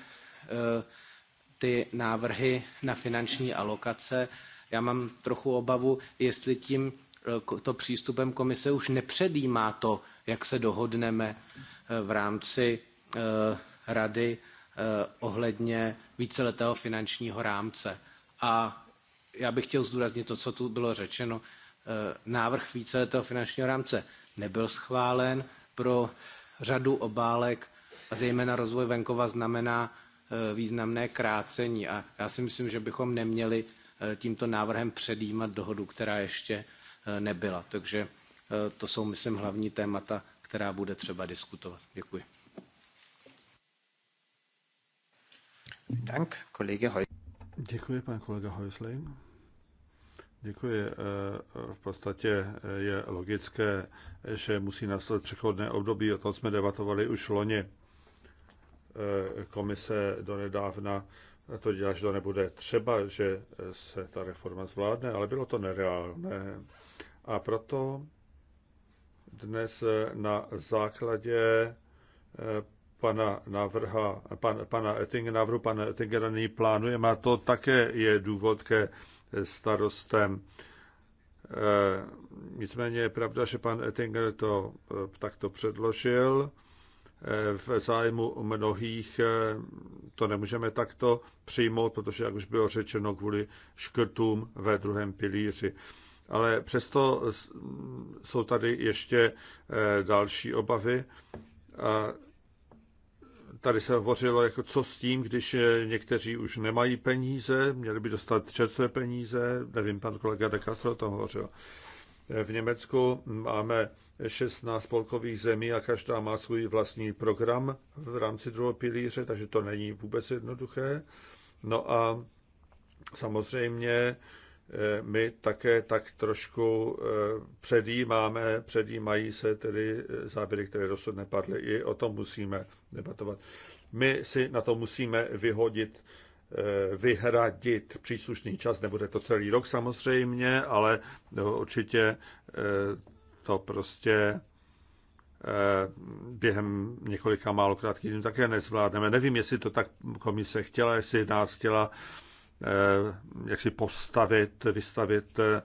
ty návrhy na finanční alokace. Já mám trochu obavu, jestli tím E, to přístupem komise už nepředjímá to, jak se dohodneme e, v rámci e, rady ohledně víceletého finančního rámce. A já bych chtěl zdůraznit to, co tu bylo řečeno. Návrh víceletého finančního rámce nebyl schválen pro řadu obálek a zejména rozvoj venkova znamená významné krácení. A já si myslím, že bychom neměli tímto návrhem předjímat dohodu, která ještě Eh, nebyla. Takže eh, to jsou, myslím, hlavní témata, která bude třeba diskutovat. Děkuji. Dank, kolege Hoj. Děkuji, pan kolega Hojsling. Děkuji. Eh, v podstatě je logické, že musí nastat přechodné období. O tom jsme debatovali už loni. Komise donedávna to dělá, že to nebude třeba, že se ta reforma zvládne, ale bylo to nereálné. A proto dnes na základě eh, pana, navrha, pan, pana Ettinger, návrhu pana Ettingera nyní plánujeme a to také je důvod ke starostem. Eh, nicméně je pravda, že pan Ettinger to eh, takto předložil Eh, v zájmu mnohých eh, to nemůžeme takto přijmout, protože, jak už bylo řečeno, kvůli škrtům ve druhém pilíři. Ale přesto jsou tady ještě eh, další obavy. A tady se hovořilo, jako co s tím, když někteří už nemají peníze, měli by dostat čerstvé peníze, nevím, pan kolega De Castro o tom hovořil. V Německu máme 16 spolkových zemí a každá má svůj vlastní program v rámci druhého pilíře, takže to není vůbec jednoduché. No a samozřejmě eh, my také tak trošku eh, předjímáme, předjímají se tedy eh, závěry, které dosud nepadly. I o tom musíme debatovat. My si na to musíme vyhodit, vyhradit příslušný čas. Nebude to celý rok samozřejmě, ale určitě to prostě eh, během několika málo krátkých dnů také nezvládneme. Nevím, jestli to tak komise chtěla, jestli nás chtěla eh, jak si postavit, vystavit eh,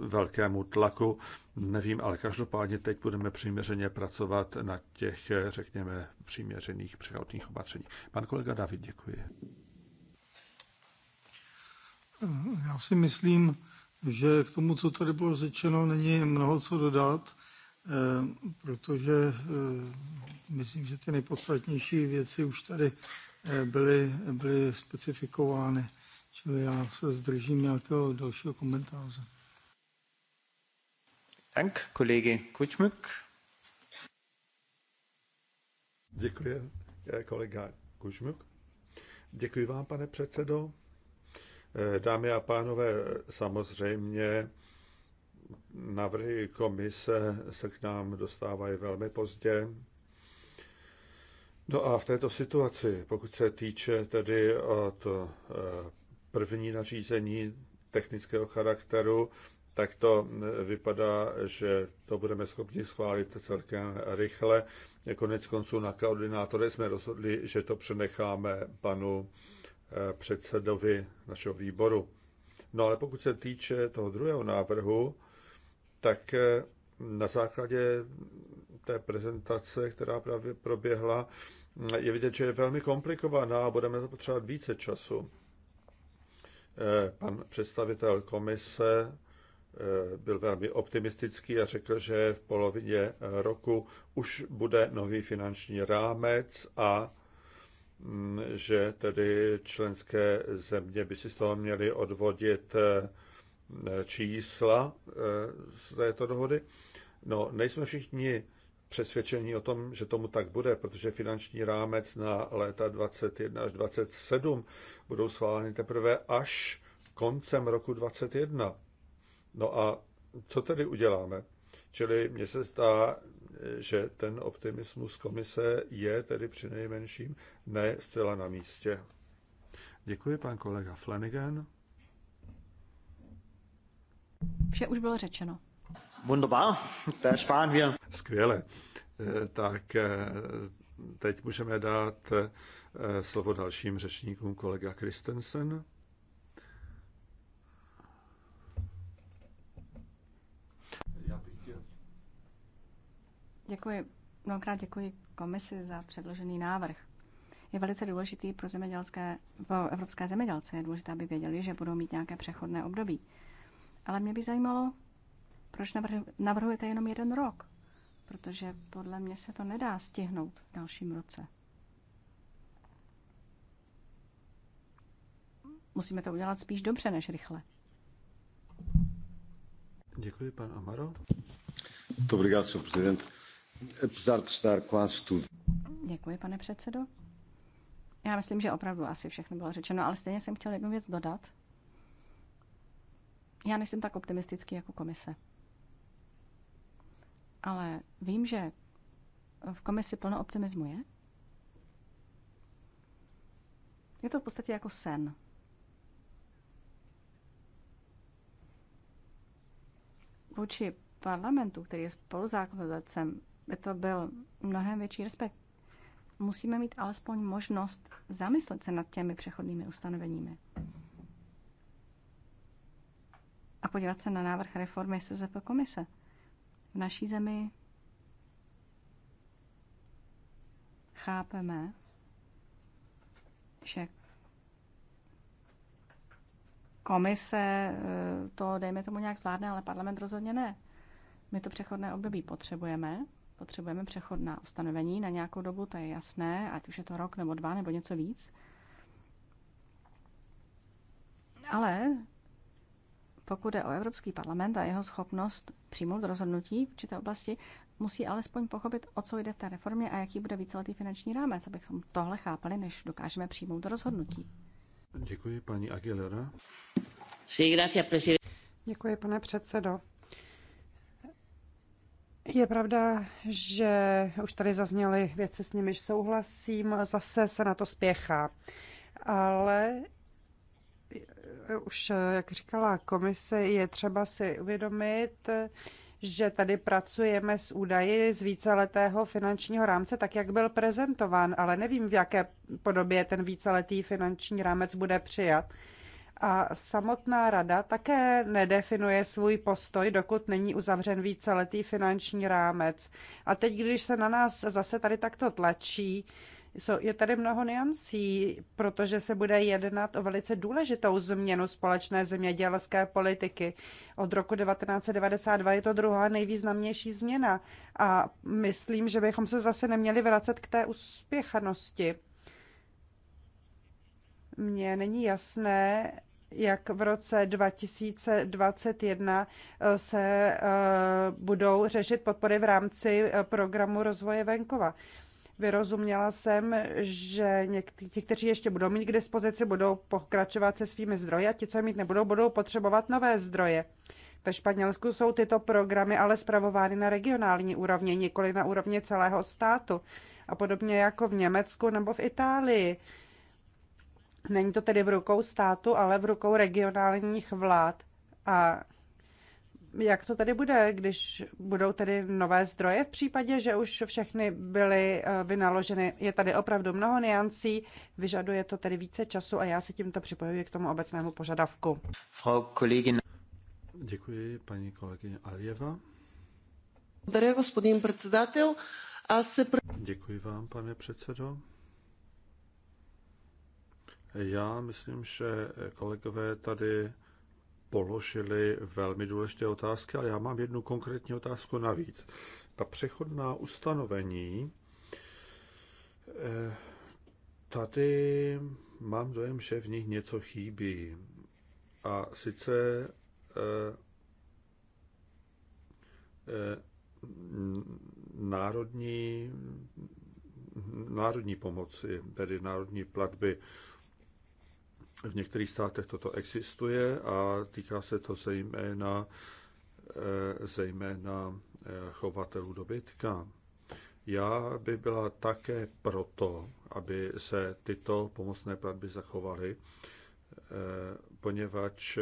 velkému tlaku. Nevím, ale každopádně teď budeme přiměřeně pracovat na těch, řekněme, přiměřených přechodných opatření. Pan kolega David, děkuji. Já si myslím, že k tomu, co tady bylo řečeno, není mnoho co dodat, eh, protože eh, myslím, že ty nejpodstatnější věci už tady eh, byly, byly specifikovány. Čili já se zdržím nějakého dalšího komentáře. Dank, kolegy Kučmuk. Děkuji, kolega Kučmuk. Děkuji vám, pane předsedo. Eh, dámy a pánové, samozřejmě navrhy komise se k nám dostávají velmi pozdě. No a v této situaci, pokud se týče tedy od eh, první nařízení technického charakteru, tak to eh, vypadá, že to budeme schopni schválit celkem rychle. Konec konců na koordinátory jsme rozhodli, že to přenecháme panu Eh, předsedovi našeho výboru. No ale pokud se týče toho druhého návrhu, tak eh, na základě té prezentace, která právě proběhla, eh, je vidět, že je velmi komplikovaná a budeme to potřebovat více času. Pan představitel komise byl velmi optimistický a řekl, že v polovině roku už bude nový finanční rámec a Mm, že tedy členské země by si z toho měly odvodit eh, čísla eh, z této dohody. No, nejsme všichni přesvědčení o tom, že tomu tak bude, protože finanční rámec na léta 21 až 27 budou schváleny teprve až koncem roku 21. No a co tedy uděláme? Čili mně se zdá, že ten optimismus komise je tedy nejmenším ne zcela na místě. Děkuji, pan kolega Flanagan. Vše už bylo řečeno. Wunderbar, da sparen Skvěle. Eh, tak eh, teď můžeme dát eh, slovo dalším řečníkům kolega Kristensen. Děkuji, mnohokrát děkuji komisi za předložený návrh. Je velice důležitý pro, zemědělské, pro evropské zemědělce. Je důležité, aby věděli, že budou mít nějaké přechodné období. Ale mě by zajímalo, proč navrhujete jenom jeden rok? Protože podle mě se to nedá stihnout v dalším roce. Musíme to udělat spíš dobře než rychle. Děkuji, pan Amaro. Dobrý den, prezident. Děkuji, pane předsedo. Já myslím, že opravdu asi všechno bylo řečeno, ale stejně jsem chtěl jednu věc dodat. Já nejsem tak optimistický jako komise. Ale vím, že v komisi plno optimismu je. Je to v podstatě jako sen. Vůči parlamentu, který je spoluzákonodacem, by to byl mnohem větší respekt. Musíme mít alespoň možnost zamyslet se nad těmi přechodnými ustanoveními a podívat se na návrh reformy SZP komise. V naší zemi chápeme, že komise eh, to, dejme tomu, nějak zvládne, ale parlament rozhodně ne. My to přechodné období potřebujeme, Potřebujeme přechodná ustanovení na nějakou dobu, to je jasné, ať už je to rok nebo dva nebo něco víc. Ale pokud je o Evropský parlament a jeho schopnost přijmout rozhodnutí v určité oblasti, musí alespoň pochopit, o co jde v té reformě a jaký bude víceletý finanční rámec, abychom tohle chápali, než dokážeme přijmout rozhodnutí. Děkuji, paní Aguilera. Děkuji, pane předsedo. Je pravda, že už tady zazněly věci, s nimiž souhlasím, zase se na to spěchá. Ale eh, už, eh, jak říkala komise, je třeba si uvědomit, že tady pracujeme s údaji z víceletého finančního rámce, tak jak byl prezentován, ale nevím, v jaké podobě ten víceletý finanční rámec bude přijat a samotná rada také nedefinuje svůj postoj, dokud není uzavřen víceletý finanční rámec. A teď, když se na nás zase tady takto tlačí, je tady mnoho niancí, protože se bude jednat o velice důležitou změnu společné zemědělské politiky. Od roku 1992 je to druhá nejvýznamnější změna a myslím, že bychom se zase neměli vracet k té uspěchanosti. Mně není jasné, jak v roce 2021 eh, se eh, budou řešit podpory v rámci eh, programu rozvoje venkova. Vyrozuměla jsem, že někteří, ti, kteří ještě budou mít k dispozici, budou pokračovat se svými zdroji a ti, co je mít nebudou, budou potřebovat nové zdroje. Ve Španělsku jsou tyto programy ale zpravovány na regionální úrovni, nikoli na úrovni celého státu. A podobně jako v Německu nebo v Itálii. Není to tedy v rukou státu, ale v rukou regionálních vlád. A jak to tedy bude, když budou tedy nové zdroje v případě, že už všechny byly eh, vynaloženy? Je tady opravdu mnoho niancí, vyžaduje to tedy více času a já se tímto připojuji k tomu obecnému požadavku. Frau kolegin... Děkuji, paní kolegyně Aljeva. Děkuji, Děkuji vám, pane předsedo. Já myslím, že kolegové tady položili velmi důležité otázky, ale já mám jednu konkrétní otázku navíc. Ta přechodná ustanovení, eh, tady mám dojem, že v nich něco chybí. A sice eh, eh, národní, národní pomoci, tedy národní platby. V některých státech toto existuje a týká se to zejména, eh, zejména eh, chovatelů dobytka. Já by byla také proto, aby se tyto pomocné platby zachovaly, eh, poněvadž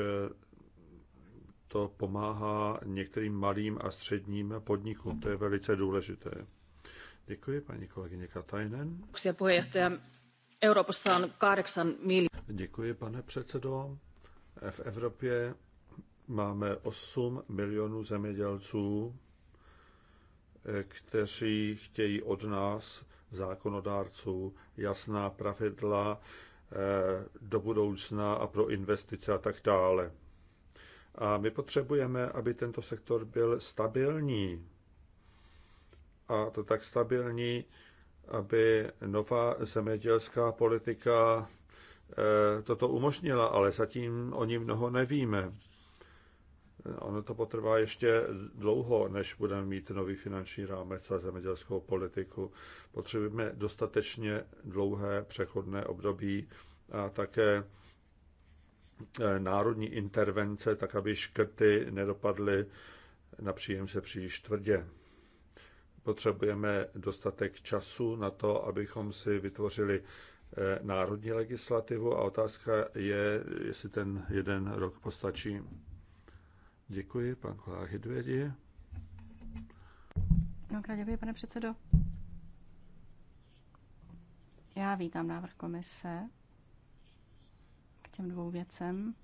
to pomáhá některým malým a středním podnikům. To je velice důležité. Děkuji, paní kolegyně Katajnen. Euroopassa on 8 miljoonaa Děkuji, pane předsedo. V Evropě máme 8 milionů zemědělců, kteří chtějí od nás, zákonodárců, jasná pravidla eh, do budoucna a pro investice a tak dále. A my potřebujeme, aby tento sektor byl stabilní. A to tak stabilní, aby nová zemědělská politika Eh, toto umožnila, ale zatím o ní mnoho nevíme. Eh, ono to potrvá ještě dlouho, než budeme mít nový finanční rámec a zemědělskou politiku. Potřebujeme dostatečně dlouhé přechodné období a také eh, národní intervence, tak aby škrty nedopadly na příjemce příliš tvrdě. Potřebujeme dostatek času na to, abychom si vytvořili Eh, národní legislativu a otázka je, jestli ten jeden rok postačí. Děkuji, pan kolega Hidvědi. Mnohokrát děkuji, pane předsedo. Já vítám návrh komise k těm dvou věcem.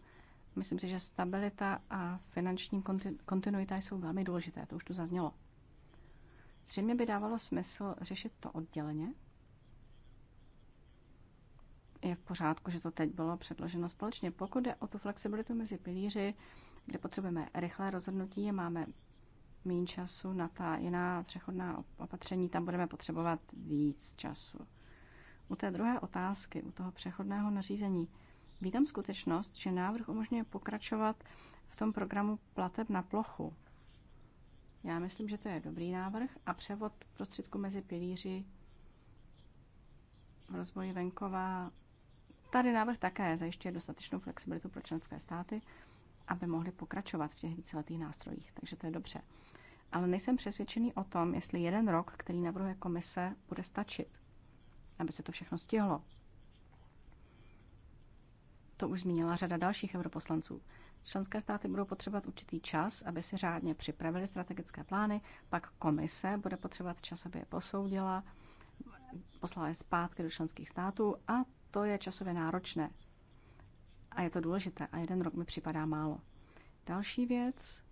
Myslím si, že stabilita a finanční kontinuita jsou velmi důležité, to už tu zaznělo. Zřejmě by dávalo smysl řešit to odděleně, je v pořádku, že to teď bylo předloženo společně. Pokud jde o tu flexibilitu mezi pilíři, kde potřebujeme rychlé rozhodnutí, máme méně času na ta jiná přechodná opatření, tam budeme potřebovat víc času. U té druhé otázky, u toho přechodného nařízení, vítám skutečnost, že návrh umožňuje pokračovat v tom programu plateb na plochu. Já myslím, že to je dobrý návrh a převod prostředku mezi pilíři v rozvoji venkova Tady návrh také zajišťuje dostatečnou flexibilitu pro členské státy, aby mohly pokračovat v těch víceletých nástrojích, takže to je dobře. Ale nejsem přesvědčený o tom, jestli jeden rok, který navrhuje komise, bude stačit, aby se to všechno stihlo. To už zmínila řada dalších europoslanců. Členské státy budou potřebovat určitý čas, aby si řádně připravili strategické plány, pak komise bude potřebovat čas, aby je posoudila, poslala je zpátky do členských států a to je časově náročné. A je to důležité. A jeden rok mi připadá málo. Další věc.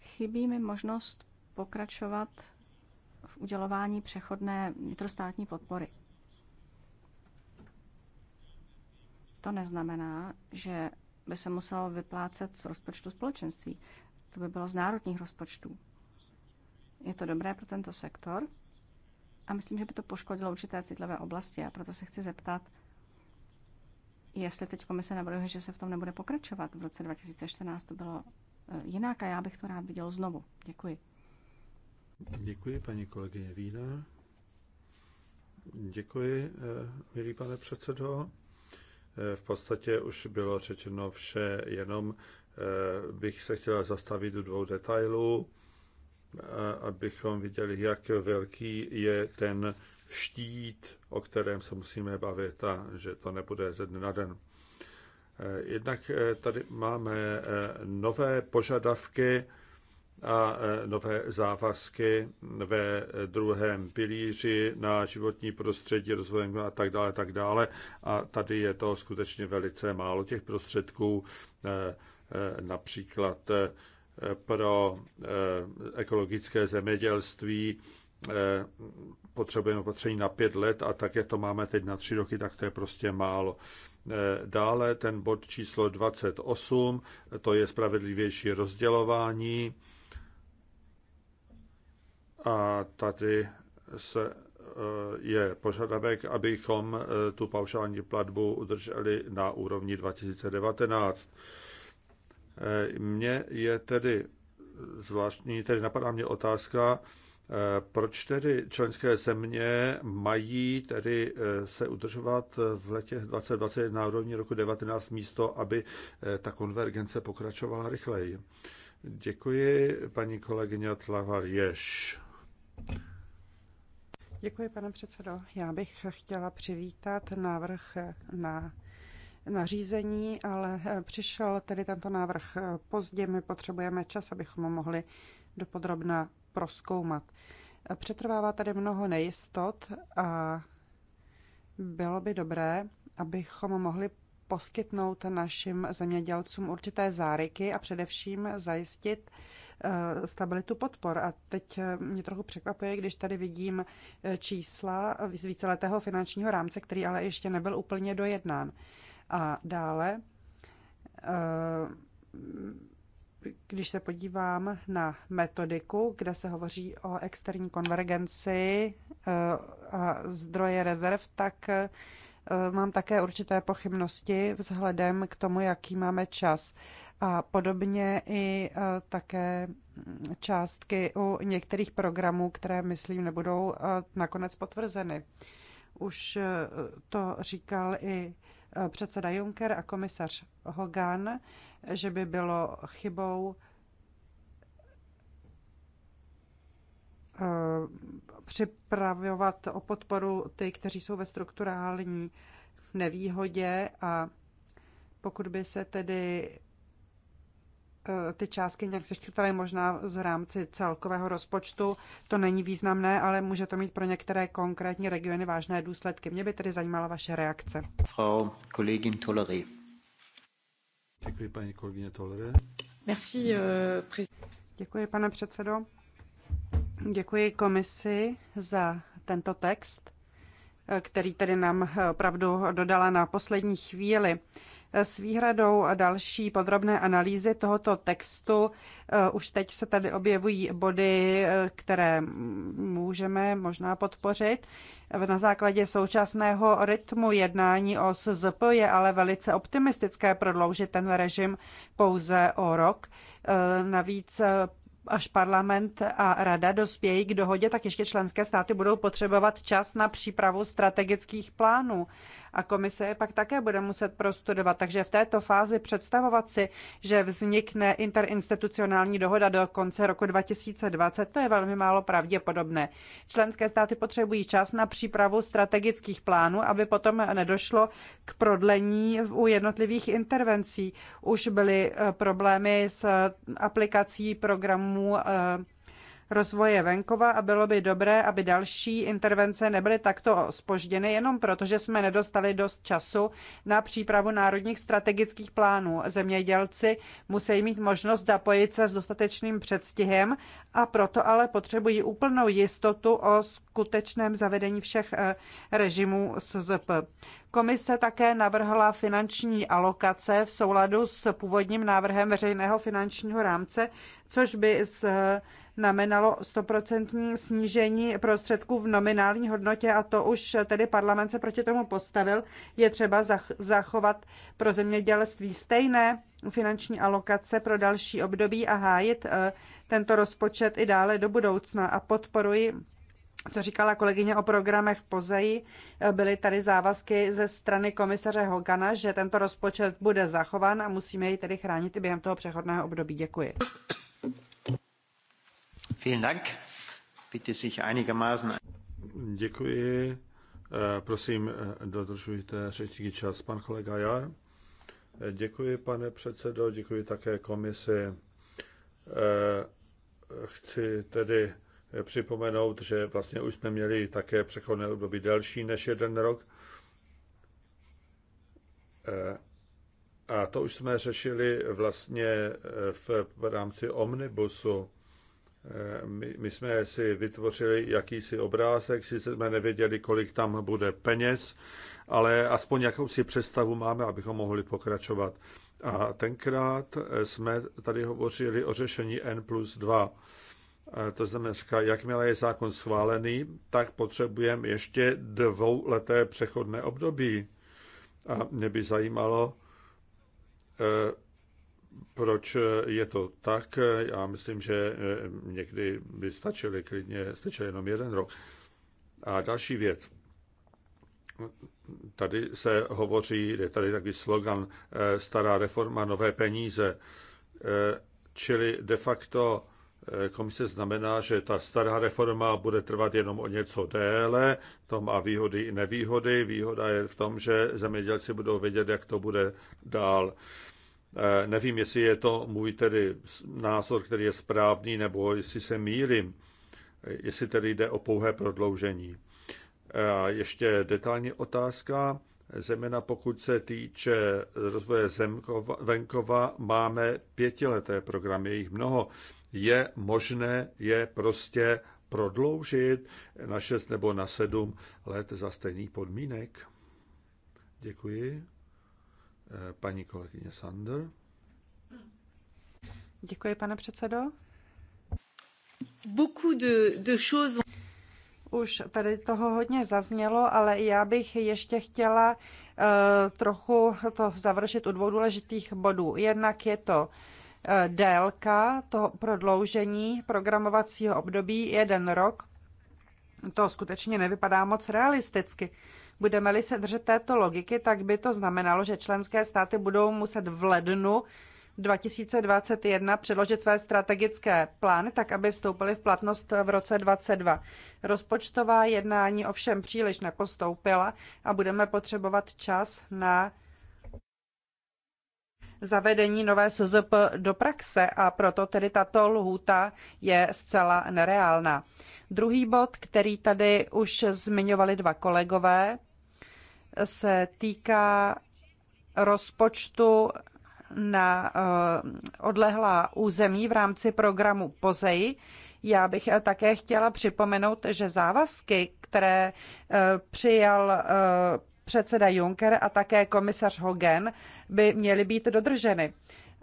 Chybí mi možnost pokračovat v udělování přechodné vnitrostátní podpory. To neznamená, že by se muselo vyplácet z rozpočtu společenství. To by bylo z národních rozpočtů. Je to dobré pro tento sektor a myslím, že by to poškodilo určité citlivé oblasti a proto se chci zeptat, jestli teď komise navrhuje, že se v tom nebude pokračovat. V roce 2014 to bylo eh, jinak a já bych to rád viděl znovu. Děkuji. Děkuji, paní kolegyně Vína. Děkuji, eh, milý pane předsedo. Eh, v podstatě už bylo řečeno vše, jenom bych se chtěla zastavit do dvou detailů abychom viděli, jak velký je ten štít, o kterém se musíme bavit a že to nebude ze dne na den. Eh, jednak eh, tady máme eh, nové požadavky a nové závazky ve druhém pilíři na životní prostředí, rozvoj a tak dále, tak dále. A tady je to skutečně velice málo těch prostředků, například pro eh, ekologické zemědělství eh, potřebujeme opatření na pět let a tak, jak to máme teď na tři roky, tak to je prostě málo. Eh, dále ten bod číslo 28, to je spravedlivější rozdělování. A tady se je požadavek, abychom tu paušální platbu udrželi na úrovni 2019. Eh, mně je tedy zvláštní, tedy napadá mě otázka, eh, proč tedy členské země mají tedy eh, se udržovat v letě 2021 na úrovni roku 19 místo, aby ta konvergence pokračovala rychleji? Děkuji, paní kolegyně Tlavarješ. Děkuji, pane předsedo. Já bych chtěla přivítat návrh na nařízení, ale eh, přišel tedy tento návrh eh, pozdě. My potřebujeme čas, abychom mohli dopodrobna proskoumat. Eh, přetrvává tady mnoho nejistot a bylo by dobré, abychom mohli poskytnout našim zemědělcům určité záryky a především zajistit stabilitu podpor. A teď mě trochu překvapuje, když tady vidím čísla z víceletého finančního rámce, který ale ještě nebyl úplně dojednán. A dále, eh, když se podívám na metodiku, kde se hovoří o externí konvergenci eh, a zdroje rezerv, tak eh, mám také určité pochybnosti vzhledem k tomu, jaký máme čas. A podobně i také částky u některých programů, které, myslím, nebudou nakonec potvrzeny. Už to říkal i předseda Juncker a komisař Hogan, že by bylo chybou eh, připravovat o podporu ty, kteří jsou ve strukturální nevýhodě a pokud by se tedy Eh, ty částky nějak seškrtaly možná z rámci celkového rozpočtu. To není významné, ale může to mít pro některé konkrétní regiony vážné důsledky. Mě by tedy zajímala vaše reakce. Frau Kollegin Tolery. Děkuji, paní kolegyně Tolery. Merci, uh, Děkuji, pane předsedo. Děkuji komisi za tento text, eh, který tedy nám opravdu dodala na poslední chvíli s výhradou další podrobné analýzy tohoto textu. Eh, už teď se tady objevují body, eh, které můžeme možná podpořit. Eh, na základě současného rytmu jednání o SZP je ale velice optimistické prodloužit ten režim pouze o rok. Navíc až parlament a rada dospějí k dohodě, tak ještě členské státy budou potřebovat čas na přípravu strategických plánů a komise je pak také bude muset prostudovat. Takže v této fázi představovat si, že vznikne interinstitucionální dohoda do konce roku 2020, to je velmi málo pravděpodobné. Členské státy potřebují čas na přípravu strategických plánů, aby potom nedošlo k prodlení u jednotlivých intervencí. Už byly eh, problémy s eh, aplikací programů eh, rozvoje venkova a bylo by dobré, aby další intervence nebyly takto spožděny, jenom proto, že jsme nedostali dost času na přípravu národních strategických plánů. Zemědělci musí mít možnost zapojit se s dostatečným předstihem a proto ale potřebují úplnou jistotu o skutečném zavedení všech eh, režimů SZP. Komise také navrhla finanční alokace v souladu s původním návrhem veřejného finančního rámce, což by z znamenalo stoprocentní snížení prostředků v nominální hodnotě a to už tedy parlament se proti tomu postavil. Je třeba zachovat pro zemědělství stejné finanční alokace pro další období a hájit eh, tento rozpočet i dále do budoucna a podporuji co říkala kolegyně o programech POZEI, eh, byly tady závazky ze strany komisaře Hogana, že tento rozpočet bude zachován a musíme jej tedy chránit i během toho přechodného období. Děkuji. Děkuji. Eh, prosím, eh, dodržujte řečnický čas. Pan kolega Jar. Eh, děkuji, pane předsedo, děkuji také komisi. Chci tedy připomenout, že vlastně už jsme měli také přechodné období delší než jeden rok. A to už jsme řešili vlastně v rámci omnibusu. My, my jsme si vytvořili jakýsi obrázek, sice jsme nevěděli, kolik tam bude peněz, ale aspoň jakousi představu máme, abychom mohli pokračovat. A tenkrát jsme tady hovořili o řešení N plus 2. To znamená, že jakmile je zákon schválený, tak potřebujeme ještě dvouleté přechodné období. A mě by zajímalo, eh, proč je to tak? Já myslím, že eh, někdy by stačili klidně, stačil jenom jeden rok. A další věc. Tady se hovoří, je tady takový slogan eh, stará reforma, nové peníze. Eh, čili de facto komise znamená, že ta stará reforma bude trvat jenom o něco déle, to má výhody i nevýhody. Výhoda je v tom, že zemědělci budou vědět, jak to bude dál. Eh, nevím, jestli je to můj tedy názor, který je správný, nebo jestli se mýlím, eh, jestli tedy jde o pouhé prodloužení. Eh, a ještě detailní otázka, zejména pokud se týče rozvoje zemkova, venkova, máme pětileté programy, je jich mnoho. Je možné je prostě prodloužit na šest nebo na sedm let za stejných podmínek? Děkuji paní kolegyně Sander. Děkuji, pane předsedo. Beaucoup de, de choses... Už tady toho hodně zaznělo, ale já bych ještě chtěla uh, trochu to završit u dvou důležitých bodů. Jednak je to uh, délka toho prodloužení programovacího období jeden rok. To skutečně nevypadá moc realisticky. Uh, Budeme-li se držet této logiky, tak by to znamenalo, že členské státy budou muset v lednu 2021 předložit své strategické plány, tak aby vstoupily v platnost v roce 2022. Rozpočtová jednání ovšem příliš nepostoupila a budeme potřebovat čas na zavedení nové SZP do praxe a proto tedy tato lhůta je zcela nereálná. Druhý bod, který tady už zmiňovali dva kolegové, se týká rozpočtu na eh, odlehlá území v rámci programu POZEI. Já bych eh, také chtěla připomenout, že závazky, které eh, přijal předseda Juncker a také komisař Hogan, by měly být dodrženy.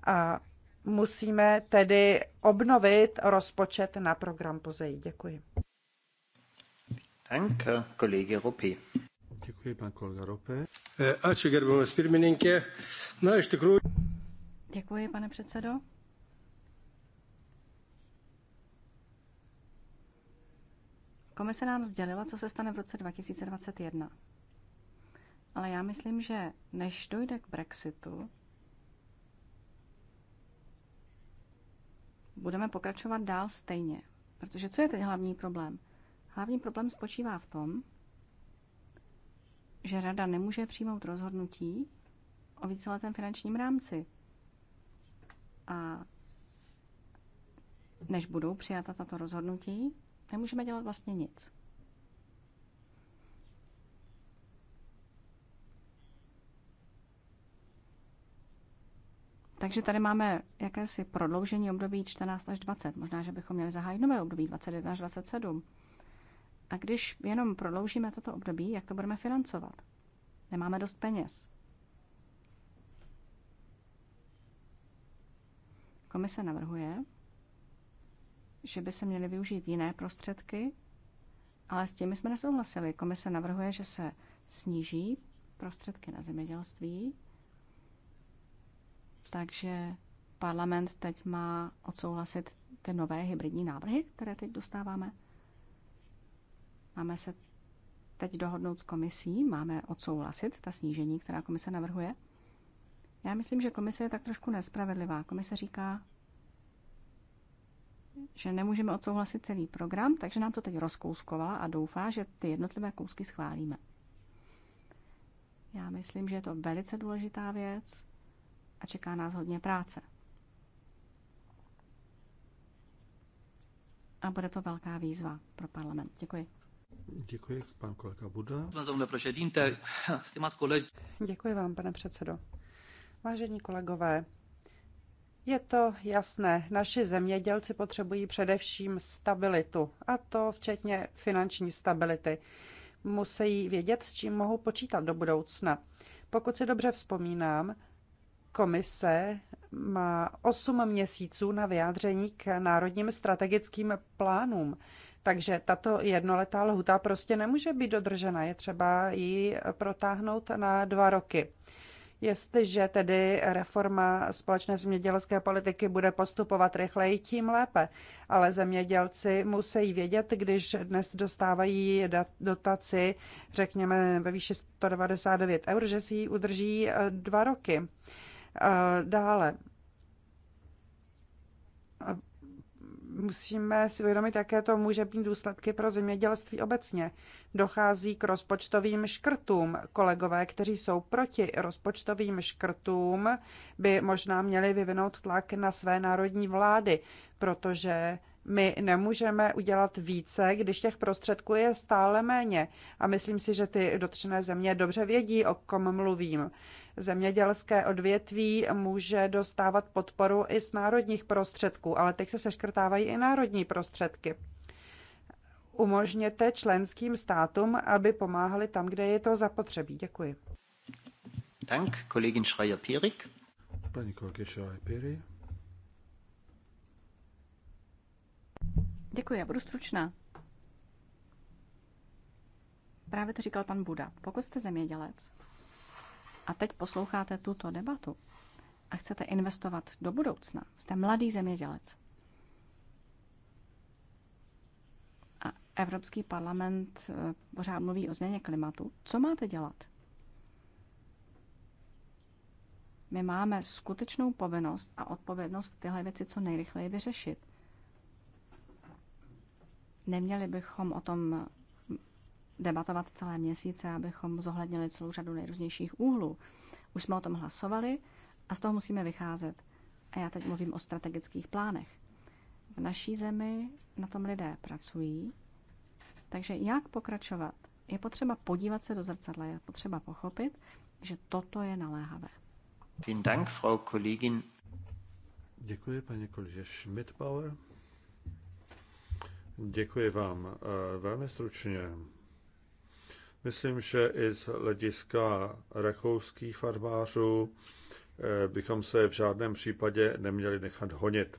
A musíme tedy obnovit rozpočet na program POZEI. Děkuji. Danke, kolege Rupi. Děkuji, pan kolega Rope. E, ačiū, gerbiamas pirmininkė. Na, iš tikrųjų. Děkuji, pane předsedo. Komise nám sdělila, co se stane v roce 2021. Ale já myslím, že než dojde k Brexitu, budeme pokračovat dál stejně. Protože co je teď hlavní problém? Hlavní problém spočívá v tom, že rada nemůže přijmout rozhodnutí o víceletém finančním rámci. A než budou přijata tato rozhodnutí, nemůžeme dělat vlastně nic. Takže tady máme jakési prodloužení období 14 až 20. Možná, že bychom měli zahájit nové období 21 až 27. A když jenom prodloužíme toto období, jak to budeme financovat? Nemáme dost peněz. Komise navrhuje, že by se měly využít jiné prostředky, ale s tím jsme nesouhlasili. Komise navrhuje, že se sníží prostředky na zemědělství, takže parlament teď má odsouhlasit ty nové hybridní návrhy, které teď dostáváme. Máme se teď dohodnout s komisí, máme odsouhlasit ta snížení, která komise navrhuje. Já myslím, že komise je tak trošku nespravedlivá. Komise říká, že nemůžeme odsouhlasit celý program, takže nám to teď rozkouskovala a doufá, že ty jednotlivé kousky schválíme. Já myslím, že je to velice důležitá věc a čeká nás hodně práce. A bude to velká výzva pro parlament. Děkuji. Děkuji, pan kolega Buda. Děkuji vám, pane předsedo. Vážení kolegové, je to jasné, naši zemědělci potřebují především stabilitu, a to včetně finanční stability. Musí vědět, s čím mohou počítat do budoucna. Pokud si dobře vzpomínám, komise má 8 měsíců na vyjádření k národním strategickým plánům. Takže tato jednoletá lhuta prostě nemůže být dodržena, je třeba ji protáhnout na dva roky. Jestliže tedy reforma společné zemědělské politiky bude postupovat rychleji, tím lépe. Ale zemědělci musí vědět, když dnes dostávají dotaci, řekněme ve výši 199 eur, že si ji udrží eh, dva roky. Eh, dále, musíme si uvědomit, jaké to může být důsledky pro zemědělství obecně. Dochází k rozpočtovým škrtům. Kolegové, kteří jsou proti rozpočtovým škrtům, by možná měli vyvinout tlak na své národní vlády, protože my nemůžeme udělat více, když těch prostředků je stále méně. A myslím si, že ty dotčené země dobře vědí, o kom mluvím. Zemědělské odvětví může dostávat podporu i z národních prostředků, ale teď se seškrtávají i národní prostředky. Umožněte členským státům, aby pomáhali tam, kde je to zapotřebí. Děkuji. Dank, kolegin Schreier-Pierik. Paní kolegyně Schreier-Pierik. Děkuji, já budu stručná. Právě to říkal pan Buda. Pokud jste zemědělec a teď posloucháte tuto debatu a chcete investovat do budoucna, jste mladý zemědělec. A Evropský parlament eh, pořád mluví o změně klimatu. Co máte dělat? My máme skutečnou povinnost a odpovědnost tyhle věci co nejrychleji vyřešit Neměli bychom o tom debatovat celé měsíce, abychom zohlednili celou řadu nejrůznějších úhlů. Už jsme o tom hlasovali a z toho musíme vycházet. A já teď mluvím o strategických plánech. V naší zemi na tom lidé pracují, takže jak pokračovat? Je potřeba podívat se do zrcadla, je potřeba pochopit, že toto je naléhavé. Dank, Frau Kollegin. Děkuji, paní kolegyně Schmidbauer. Děkuji vám. Eh, velmi stručně. Myslím, že i z hlediska rakouských farmářů eh, bychom se v žádném případě neměli nechat honit.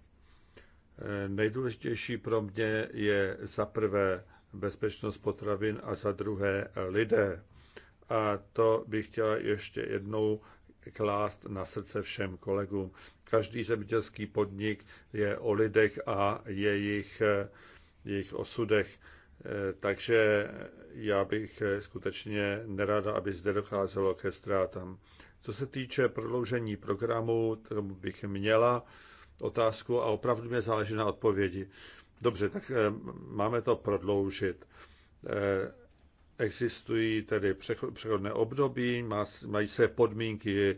Eh, nejdůležitější pro mě je za prvé bezpečnost potravin a za druhé lidé. A to bych chtěla ještě jednou klást na srdce všem kolegům. Každý zemědělský podnik je o lidech a jejich jejich osudech. Eh, takže já bych eh, skutečně nerada, aby zde docházelo ke ztrátám. Co se týče prodloužení programu, tomu bych měla otázku a opravdu mě záleží na odpovědi. Dobře, tak eh, máme to prodloužit. Existují tedy přechodné období, mají se podmínky,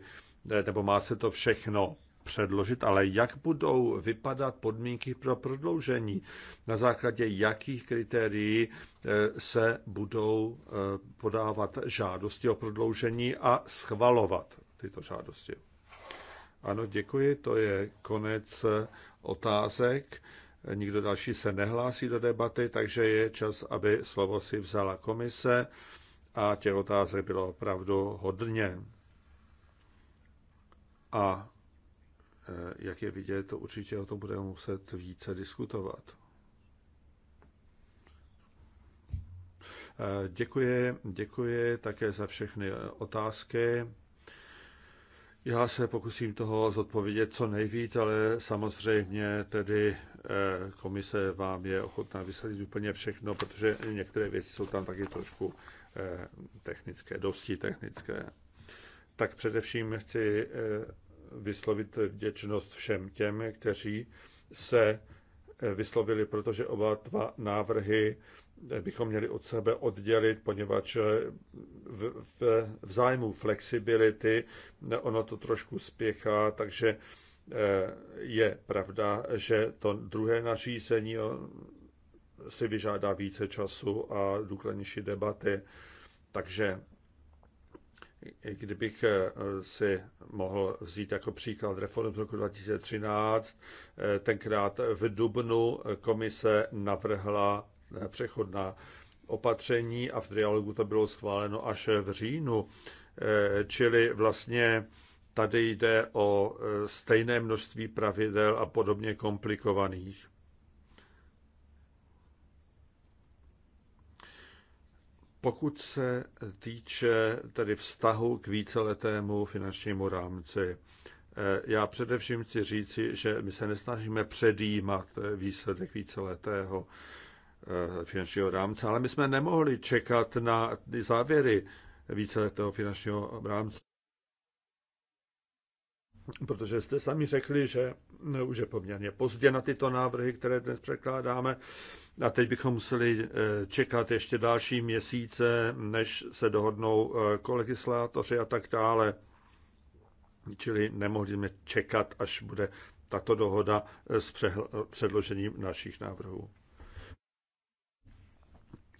nebo má se to všechno předložit, ale jak budou vypadat podmínky pro prodloužení, na základě jakých kritérií eh, se budou eh, podávat žádosti o prodloužení a schvalovat tyto žádosti. Ano, děkuji, to je konec eh, otázek. Nikdo další se nehlásí do debaty, takže je čas, aby slovo si vzala komise a těch otázek bylo opravdu hodně. A Eh, jak je vidět, to určitě o tom budeme muset více diskutovat. Eh, děkuji, děkuji také za všechny otázky. Já se pokusím toho zodpovědět co nejvíc, ale samozřejmě tedy eh, komise vám je ochotná vysvětlit úplně všechno, protože některé věci jsou tam taky trošku technické, dosti technické. Tak především chci vyslovit vděčnost všem těm, kteří se eh, vyslovili, protože oba dva návrhy eh, bychom měli od sebe oddělit, poněvadž eh, v, v, v zájmu flexibility ono to trošku spěchá, takže je pravda, že to druhé nařízení si vyžádá více času a důkladnější debaty. Takže kdybych eh, si mohl vzít jako příklad reformu z roku 2013, eh, tenkrát v Dubnu komise navrhla eh, přechodná opatření a v dialogu to bylo schváleno až v říjnu. Čili vlastně tady jde o stejné množství pravidel a podobně komplikovaných. Pokud se týče tedy vztahu k víceletému finančnímu rámci, eh, já především chci říci, že my se nesnažíme předjímat eh, výsledek víceletého eh, finančního rámce, ale my jsme nemohli čekat na závěry víceletého finančního rámce. Protože jste sami řekli, že no, už je poměrně pozdě na tyto návrhy, které dnes překládáme, a teď bychom museli eh, čekat ještě další měsíce, než se dohodnou eh, kolegislátoři a tak dále. Čili nemohli jsme čekat, až bude tato dohoda eh, s předložením našich návrhů.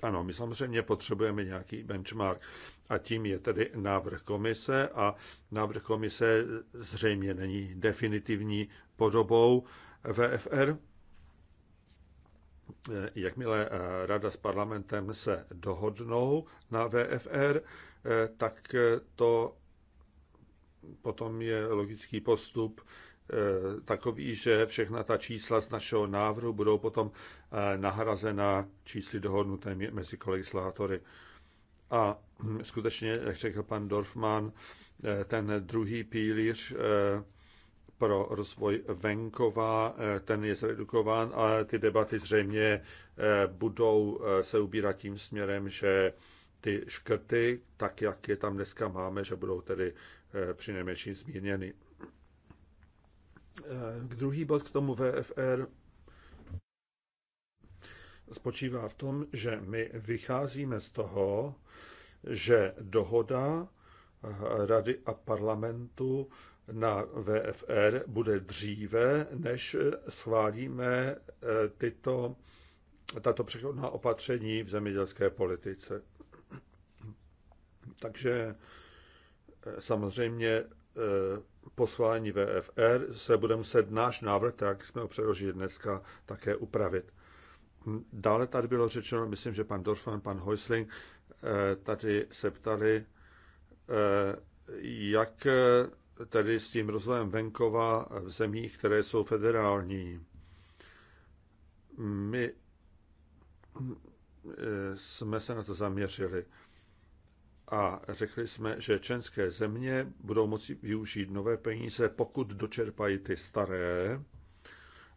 Ano, my samozřejmě potřebujeme nějaký benchmark a tím je tedy návrh komise a návrh komise zřejmě není definitivní podobou VFR, Eh, jakmile eh, Rada s parlamentem se dohodnou na VFR, eh, tak to potom je logický postup takový, že všechna ta čísla z našeho návrhu budou potom nahrazena čísly dohodnuté mezi kolegislátory. A hm, skutečně, jak řekl pan Dorfman, ten druhý pilíř pro rozvoj venkova, eh, ten je zredukován, ale ty debaty zřejmě eh, budou eh, se ubírat tím směrem, že ty škrty, tak jak je tam dneska máme, že budou tedy přinejmenším zmírněny. K druhý bod k tomu VFR spočívá v tom, že my vycházíme z toho, že dohoda Rady a parlamentu na VFR bude dříve, než schválíme eh, tyto, tato přechodná opatření v zemědělské politice. Takže eh, samozřejmě eh, po schválení VFR se bude muset náš návrh, tak jak jsme ho předložili dneska, také upravit. Hm, dále tady bylo řečeno, myslím, že pan Dorfman, pan Heusling, tady se ptali, jak tedy s tím rozvojem venkova v zemích, které jsou federální. My eh, jsme se na to zaměřili a řekli jsme, že členské země budou moci využít nové peníze, pokud dočerpají ty staré.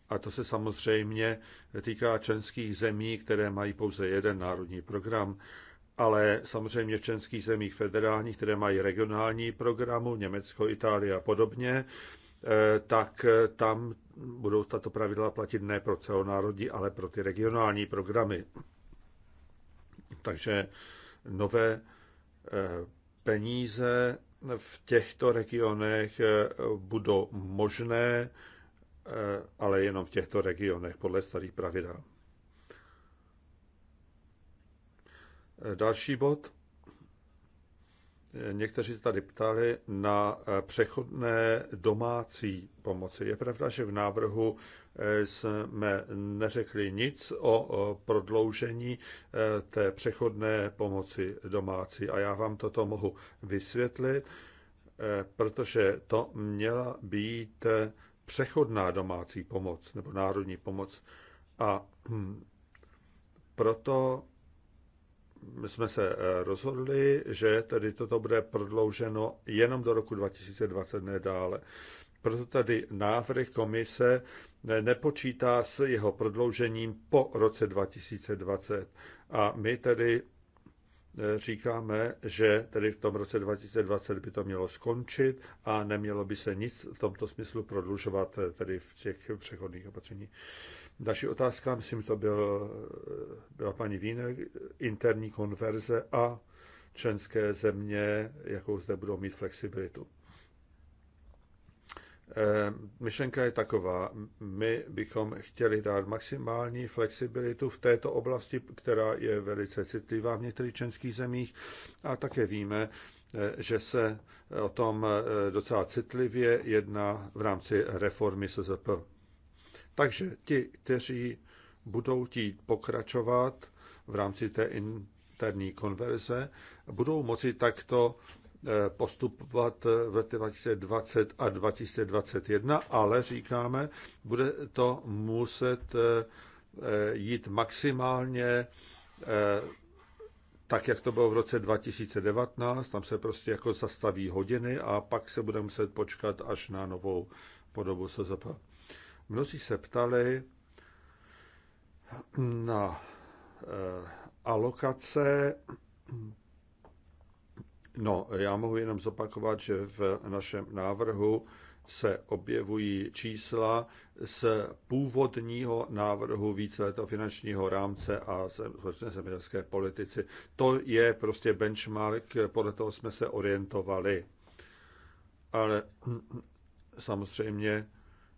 A to se samozřejmě týká členských zemí, které mají pouze jeden národní program ale samozřejmě v členských zemích federálních, které mají regionální programu, Německo, Itálie a podobně, eh, tak eh, tam budou tato pravidla platit ne pro celonárodní, ale pro ty regionální programy. Takže nové eh, peníze v těchto regionech budou možné, ale jenom v těchto regionech podle starých pravidel. Další bod. Někteří se tady ptali na eh, přechodné domácí pomoci. Je pravda, že v návrhu eh, jsme neřekli nic o prodloužení eh, té přechodné pomoci domácí. A já vám toto mohu vysvětlit, protože to měla být přechodná domácí pomoc nebo národní pomoc. A hm, proto my jsme se eh, rozhodli, že tedy toto bude prodlouženo jenom do roku 2020, ne dále. Proto tady návrh komise eh, nepočítá s jeho prodloužením po roce 2020. A my tedy eh, říkáme, že tedy v tom roce 2020 by to mělo skončit a nemělo by se nic v tomto smyslu prodlužovat tedy v těch přechodných opatřeních. Další otázka, myslím, že to byl, byla paní Vínek, interní konverze a členské země, jakou zde budou mít flexibilitu. Eh, myšlenka je taková, my bychom chtěli dát maximální flexibilitu v této oblasti, která je velice citlivá v některých členských zemích a také víme, eh, že se eh, o tom docela citlivě jedná v rámci reformy SZP. Takže ti, kteří budou chtít pokračovat v rámci té interní konverze, budou moci takto eh, postupovat v roce 2020 a 2021, ale říkáme, bude to muset eh, eh, jít maximálně tak, jak to bylo v roce 2019, tam se prostě jako zastaví hodiny a pak se bude muset počkat až na novou podobu SZP. Mnozí se ptali na eh, alokace. No, já mohu jenom zopakovat, že v našem návrhu se objevují čísla z původního návrhu víceletého finančního rámce a společné zemědělské politici. To je prostě benchmark, podle toho jsme se orientovali. Ale samozřejmě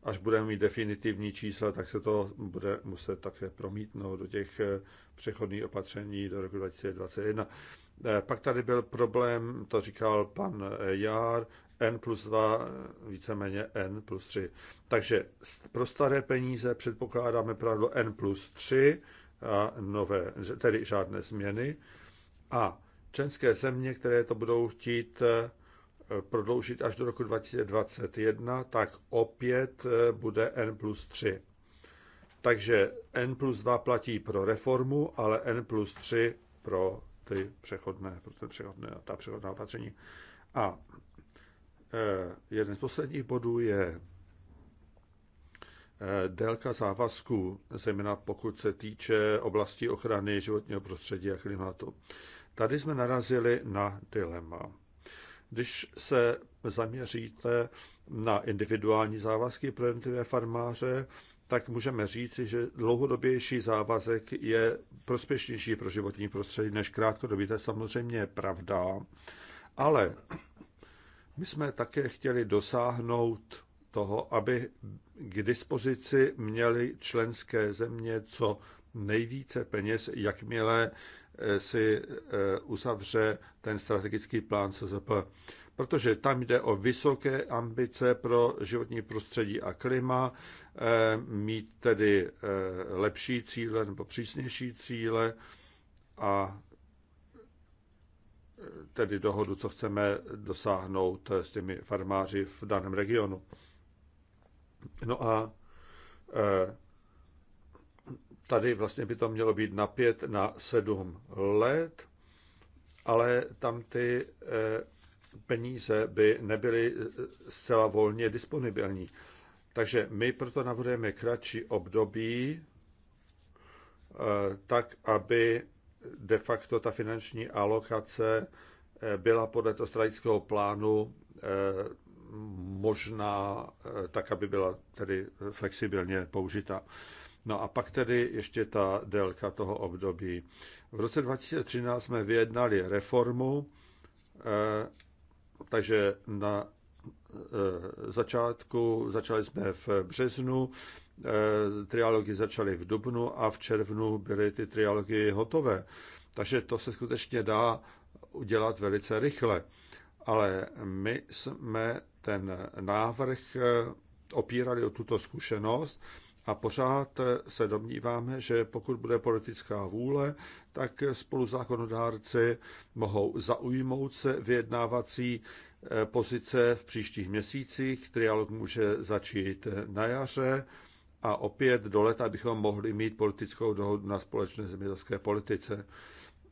až budeme mít definitivní čísla, tak se to bude muset také promítnout do těch eh, přechodných opatření do roku 2021. Eh, pak tady byl problém, to říkal pan eh, Jár, N plus 2, víceméně N plus 3. Takže pro staré peníze předpokládáme pravdu N plus 3 a nové, tedy žádné změny. A členské země, které to budou chtít Eh, prodloužit až do roku 2021, tak opět eh, bude N plus 3. Takže N plus 2 platí pro reformu, ale N plus 3 pro ty přechodné, pro ten přechodné, ta přechodná opatření. A eh, jeden z posledních bodů je délka závazků, zejména pokud se týče oblasti ochrany životního prostředí a klimatu. Tady jsme narazili na dilema. Když se zaměříte na individuální závazky pro jednotlivé farmáře, tak můžeme říci, že dlouhodobější závazek je prospěšnější pro životní prostředí než krátkodobý. To je samozřejmě pravda, ale my jsme také chtěli dosáhnout toho, aby k dispozici měly členské země co nejvíce peněz, jakmile Eh, si eh, uzavře ten strategický plán CZP. Protože tam jde o vysoké ambice pro životní prostředí a klima, eh, mít tedy lepší cíle nebo přísnější cíle a tedy dohodu, co chceme dosáhnout s těmi farmáři v daném regionu. No a Tady vlastně by to mělo být na pět, na sedm let, ale tam ty eh, peníze by nebyly eh, zcela volně disponibilní. Takže my proto navrhujeme kratší období, eh, tak aby de facto ta finanční alokace byla podle toho strategického plánu možná tak, aby byla tedy flexibilně použita. No a pak tedy ještě ta délka toho období. V roce 2013 jsme vyjednali reformu, eh, takže na eh, začátku, začali jsme v březnu, eh, triálogy začaly v dubnu a v červnu byly ty triálogy hotové. Takže to se skutečně dá udělat velice rychle. Ale my jsme ten návrh opírali o tuto zkušenost a pořád se domníváme, že pokud bude politická vůle, tak zákonodárci mohou zaujmout se vyjednávací eh, pozice v příštích měsících. Trialog může začít na jaře a opět do leta bychom mohli mít politickou dohodu na společné zemědělské politice.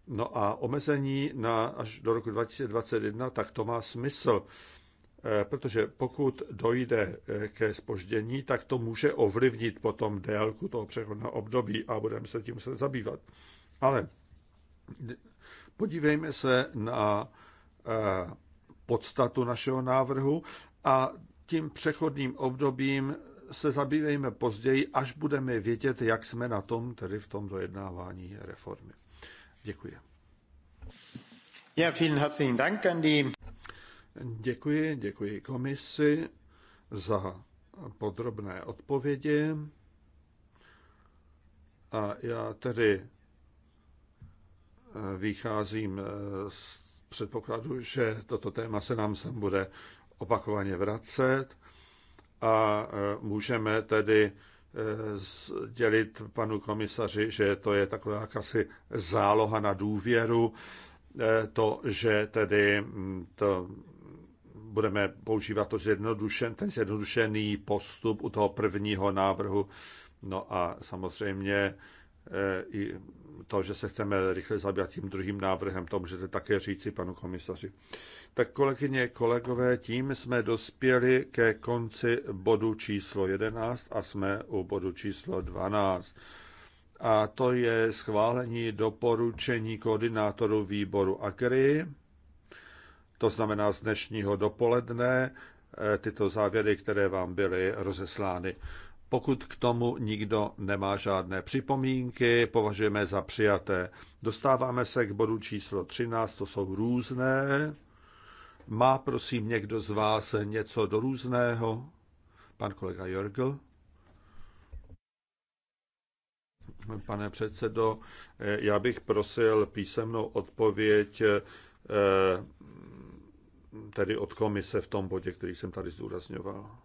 No a omezení na až do roku 2021, tak to má smysl Eh, protože pokud dojde eh, ke spoždění, tak to může ovlivnit potom délku toho přechodného období a budeme se tím muset zabývat. Ale podívejme se na eh, podstatu našeho návrhu a tím přechodným obdobím se zabývejme později, až budeme vědět, jak jsme na tom, tedy v tom dojednávání reformy. Děkuji. Ja, vielen herzlichen Dank an die Děkuji, děkuji komisi za podrobné odpovědi. A já tedy eh, vycházím eh, z předpokladu, že toto téma se nám sem bude opakovaně vracet a eh, můžeme tedy sdělit panu komisaři, že to je taková jakási záloha na důvěru, to, že tedy mm, to budeme používat to zjednodušen, ten zjednodušený postup u toho prvního návrhu. No a samozřejmě eh, i to, že se chceme rychle zabývat tím druhým návrhem, to můžete také říci panu komisaři. Tak kolegyně, kolegové, tím jsme dospěli ke konci bodu číslo 11 a jsme u bodu číslo 12. A to je schválení doporučení koordinátorů výboru AGRI to znamená z dnešního dopoledne, eh, tyto závěry, které vám byly rozeslány. Pokud k tomu nikdo nemá žádné připomínky, považujeme za přijaté. Dostáváme se k bodu číslo 13, to jsou různé. Má prosím někdo z vás něco do různého? Pan kolega Jörgl? Pane předsedo, eh, já bych prosil písemnou odpověď eh, tedy od komise v tom bodě, který jsem tady zdůrazňoval.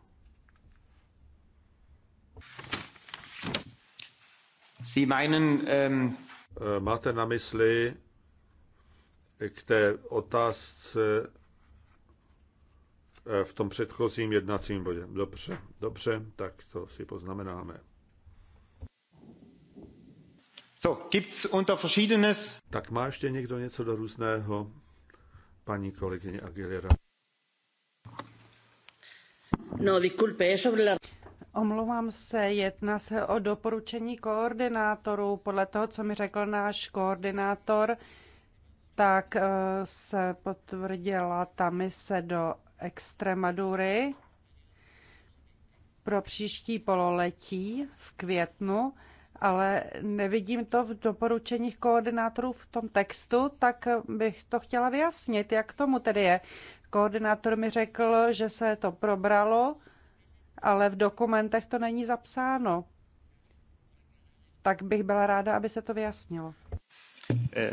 Sie meinen, um... Máte na mysli k té otázce eh, v tom předchozím jednacím bodě. Dobře, dobře, tak to si poznamenáme. So, gibt's unter verschiedenes... Tak má ještě někdo něco do různého? paní kolegyně Aguilera. No, disculpe, es sobre la... Omlouvám se, jedná se o doporučení koordinátorů. Podle toho, co mi řekl náš koordinátor, tak eh, se potvrdila ta mise do Extremadury pro příští pololetí v květnu ale nevidím to v doporučeních koordinátorů v tom textu, tak bych to chtěla vyjasnit, jak tomu tedy je. Koordinátor mi řekl, že se to probralo, ale v dokumentech to není zapsáno. Tak bych byla ráda, aby se to vyjasnilo. Eh,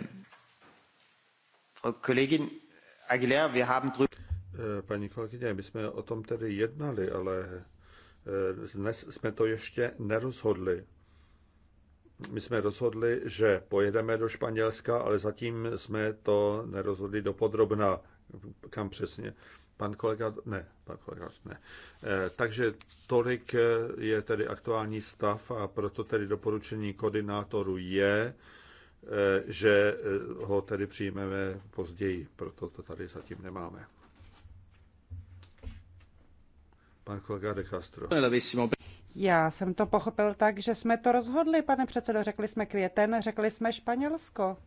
Kolegin Aguilera, wir haben eh, Paní kolegyně, my jsme o tom tedy jednali, ale eh, dnes jsme to ještě nerozhodli. My jsme rozhodli, že pojedeme do Španělska, ale zatím jsme to nerozhodli dopodrobna, kam přesně. Pan kolega, ne, pan kolega, ne. Eh, takže tolik eh, je tedy aktuální stav a proto tedy doporučení koordinátoru je, eh, že ho tedy přijmeme později, proto to tady zatím nemáme. Pan kolega De Castro. Já jsem to pochopil tak, že jsme to rozhodli, pane předsedo. Řekli jsme květen, řekli jsme Španělsko.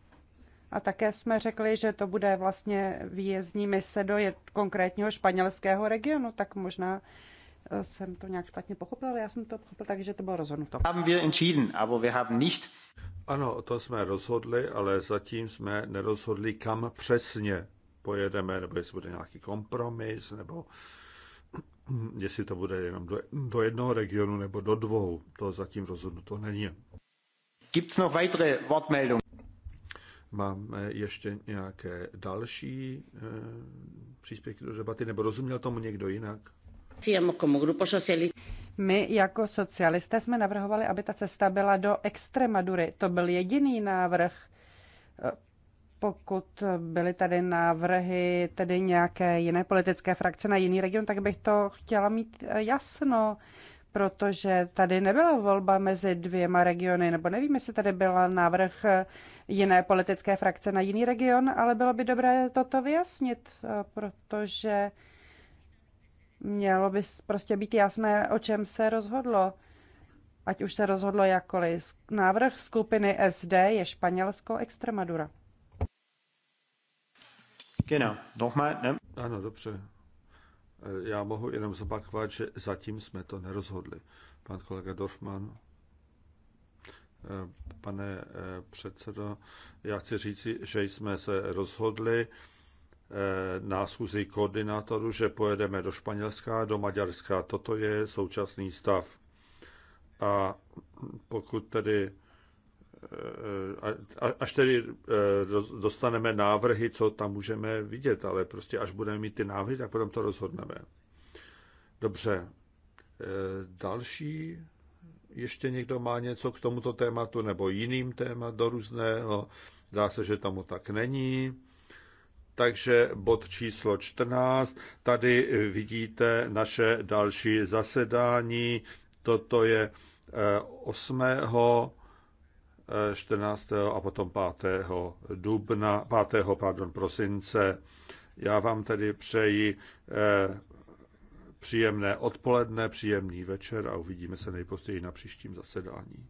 A také jsme řekli, že to bude vlastně výjezdní mise do konkrétního španělského regionu, tak možná eh, jsem to nějak špatně pochopil, ale já jsem to pochopil tak, že to bylo rozhodnuto. Haben wir entschieden, aber wir haben nicht. Ano, to jsme rozhodli, ale zatím jsme nerozhodli, kam přesně pojedeme, nebo jestli bude nějaký kompromis, nebo Hm, jestli to bude jenom do, do jednoho regionu nebo do dvou, to zatím rozhodnuto není. Gibt's noch weitere Wortmeldungen? Máme eh, ještě nějaké další e, příspěvky do debaty, nebo rozuměl tomu někdo jinak? My jako socialisté jsme navrhovali, aby ta cesta byla do Extremadury. To byl jediný návrh eh, pokud byly tady návrhy tedy nějaké jiné politické frakce na jiný region, tak bych to chtěla mít jasno, protože tady nebyla volba mezi dvěma regiony, nebo nevím, jestli tady byl návrh jiné politické frakce na jiný region, ale bylo by dobré toto vyjasnit, protože mělo by prostě být jasné, o čem se rozhodlo ať už se rozhodlo jakkoliv. Návrh skupiny SD je Španělsko Extremadura. Genau, no. nochmal, ne? Ano, dobře. E, já mohu jenom zopakovat, že zatím jsme to nerozhodli. Pan kolega Dorfman. E, pane e, předsedo, já chci říci, že jsme se rozhodli na schůzi koordinátoru, že pojedeme do Španělska, do Maďarska. Toto je současný stav. A pokud tedy Eh, eh, až tedy eh, dostaneme návrhy, co tam můžeme vidět, ale prostě až budeme mít ty návrhy, tak potom to rozhodneme. Dobře. Další ještě někdo má něco k tomuto tématu nebo jiným témat do různého. Dá se, že tomu tak není. Takže bod číslo 14. Tady vidíte naše další zasedání. Toto je 8. 14. a potom 5. dubna, 5. Pardon, prosince. Já vám tedy přeji eh, příjemné odpoledne, příjemný večer a uvidíme se nejpozději na příštím zasedání.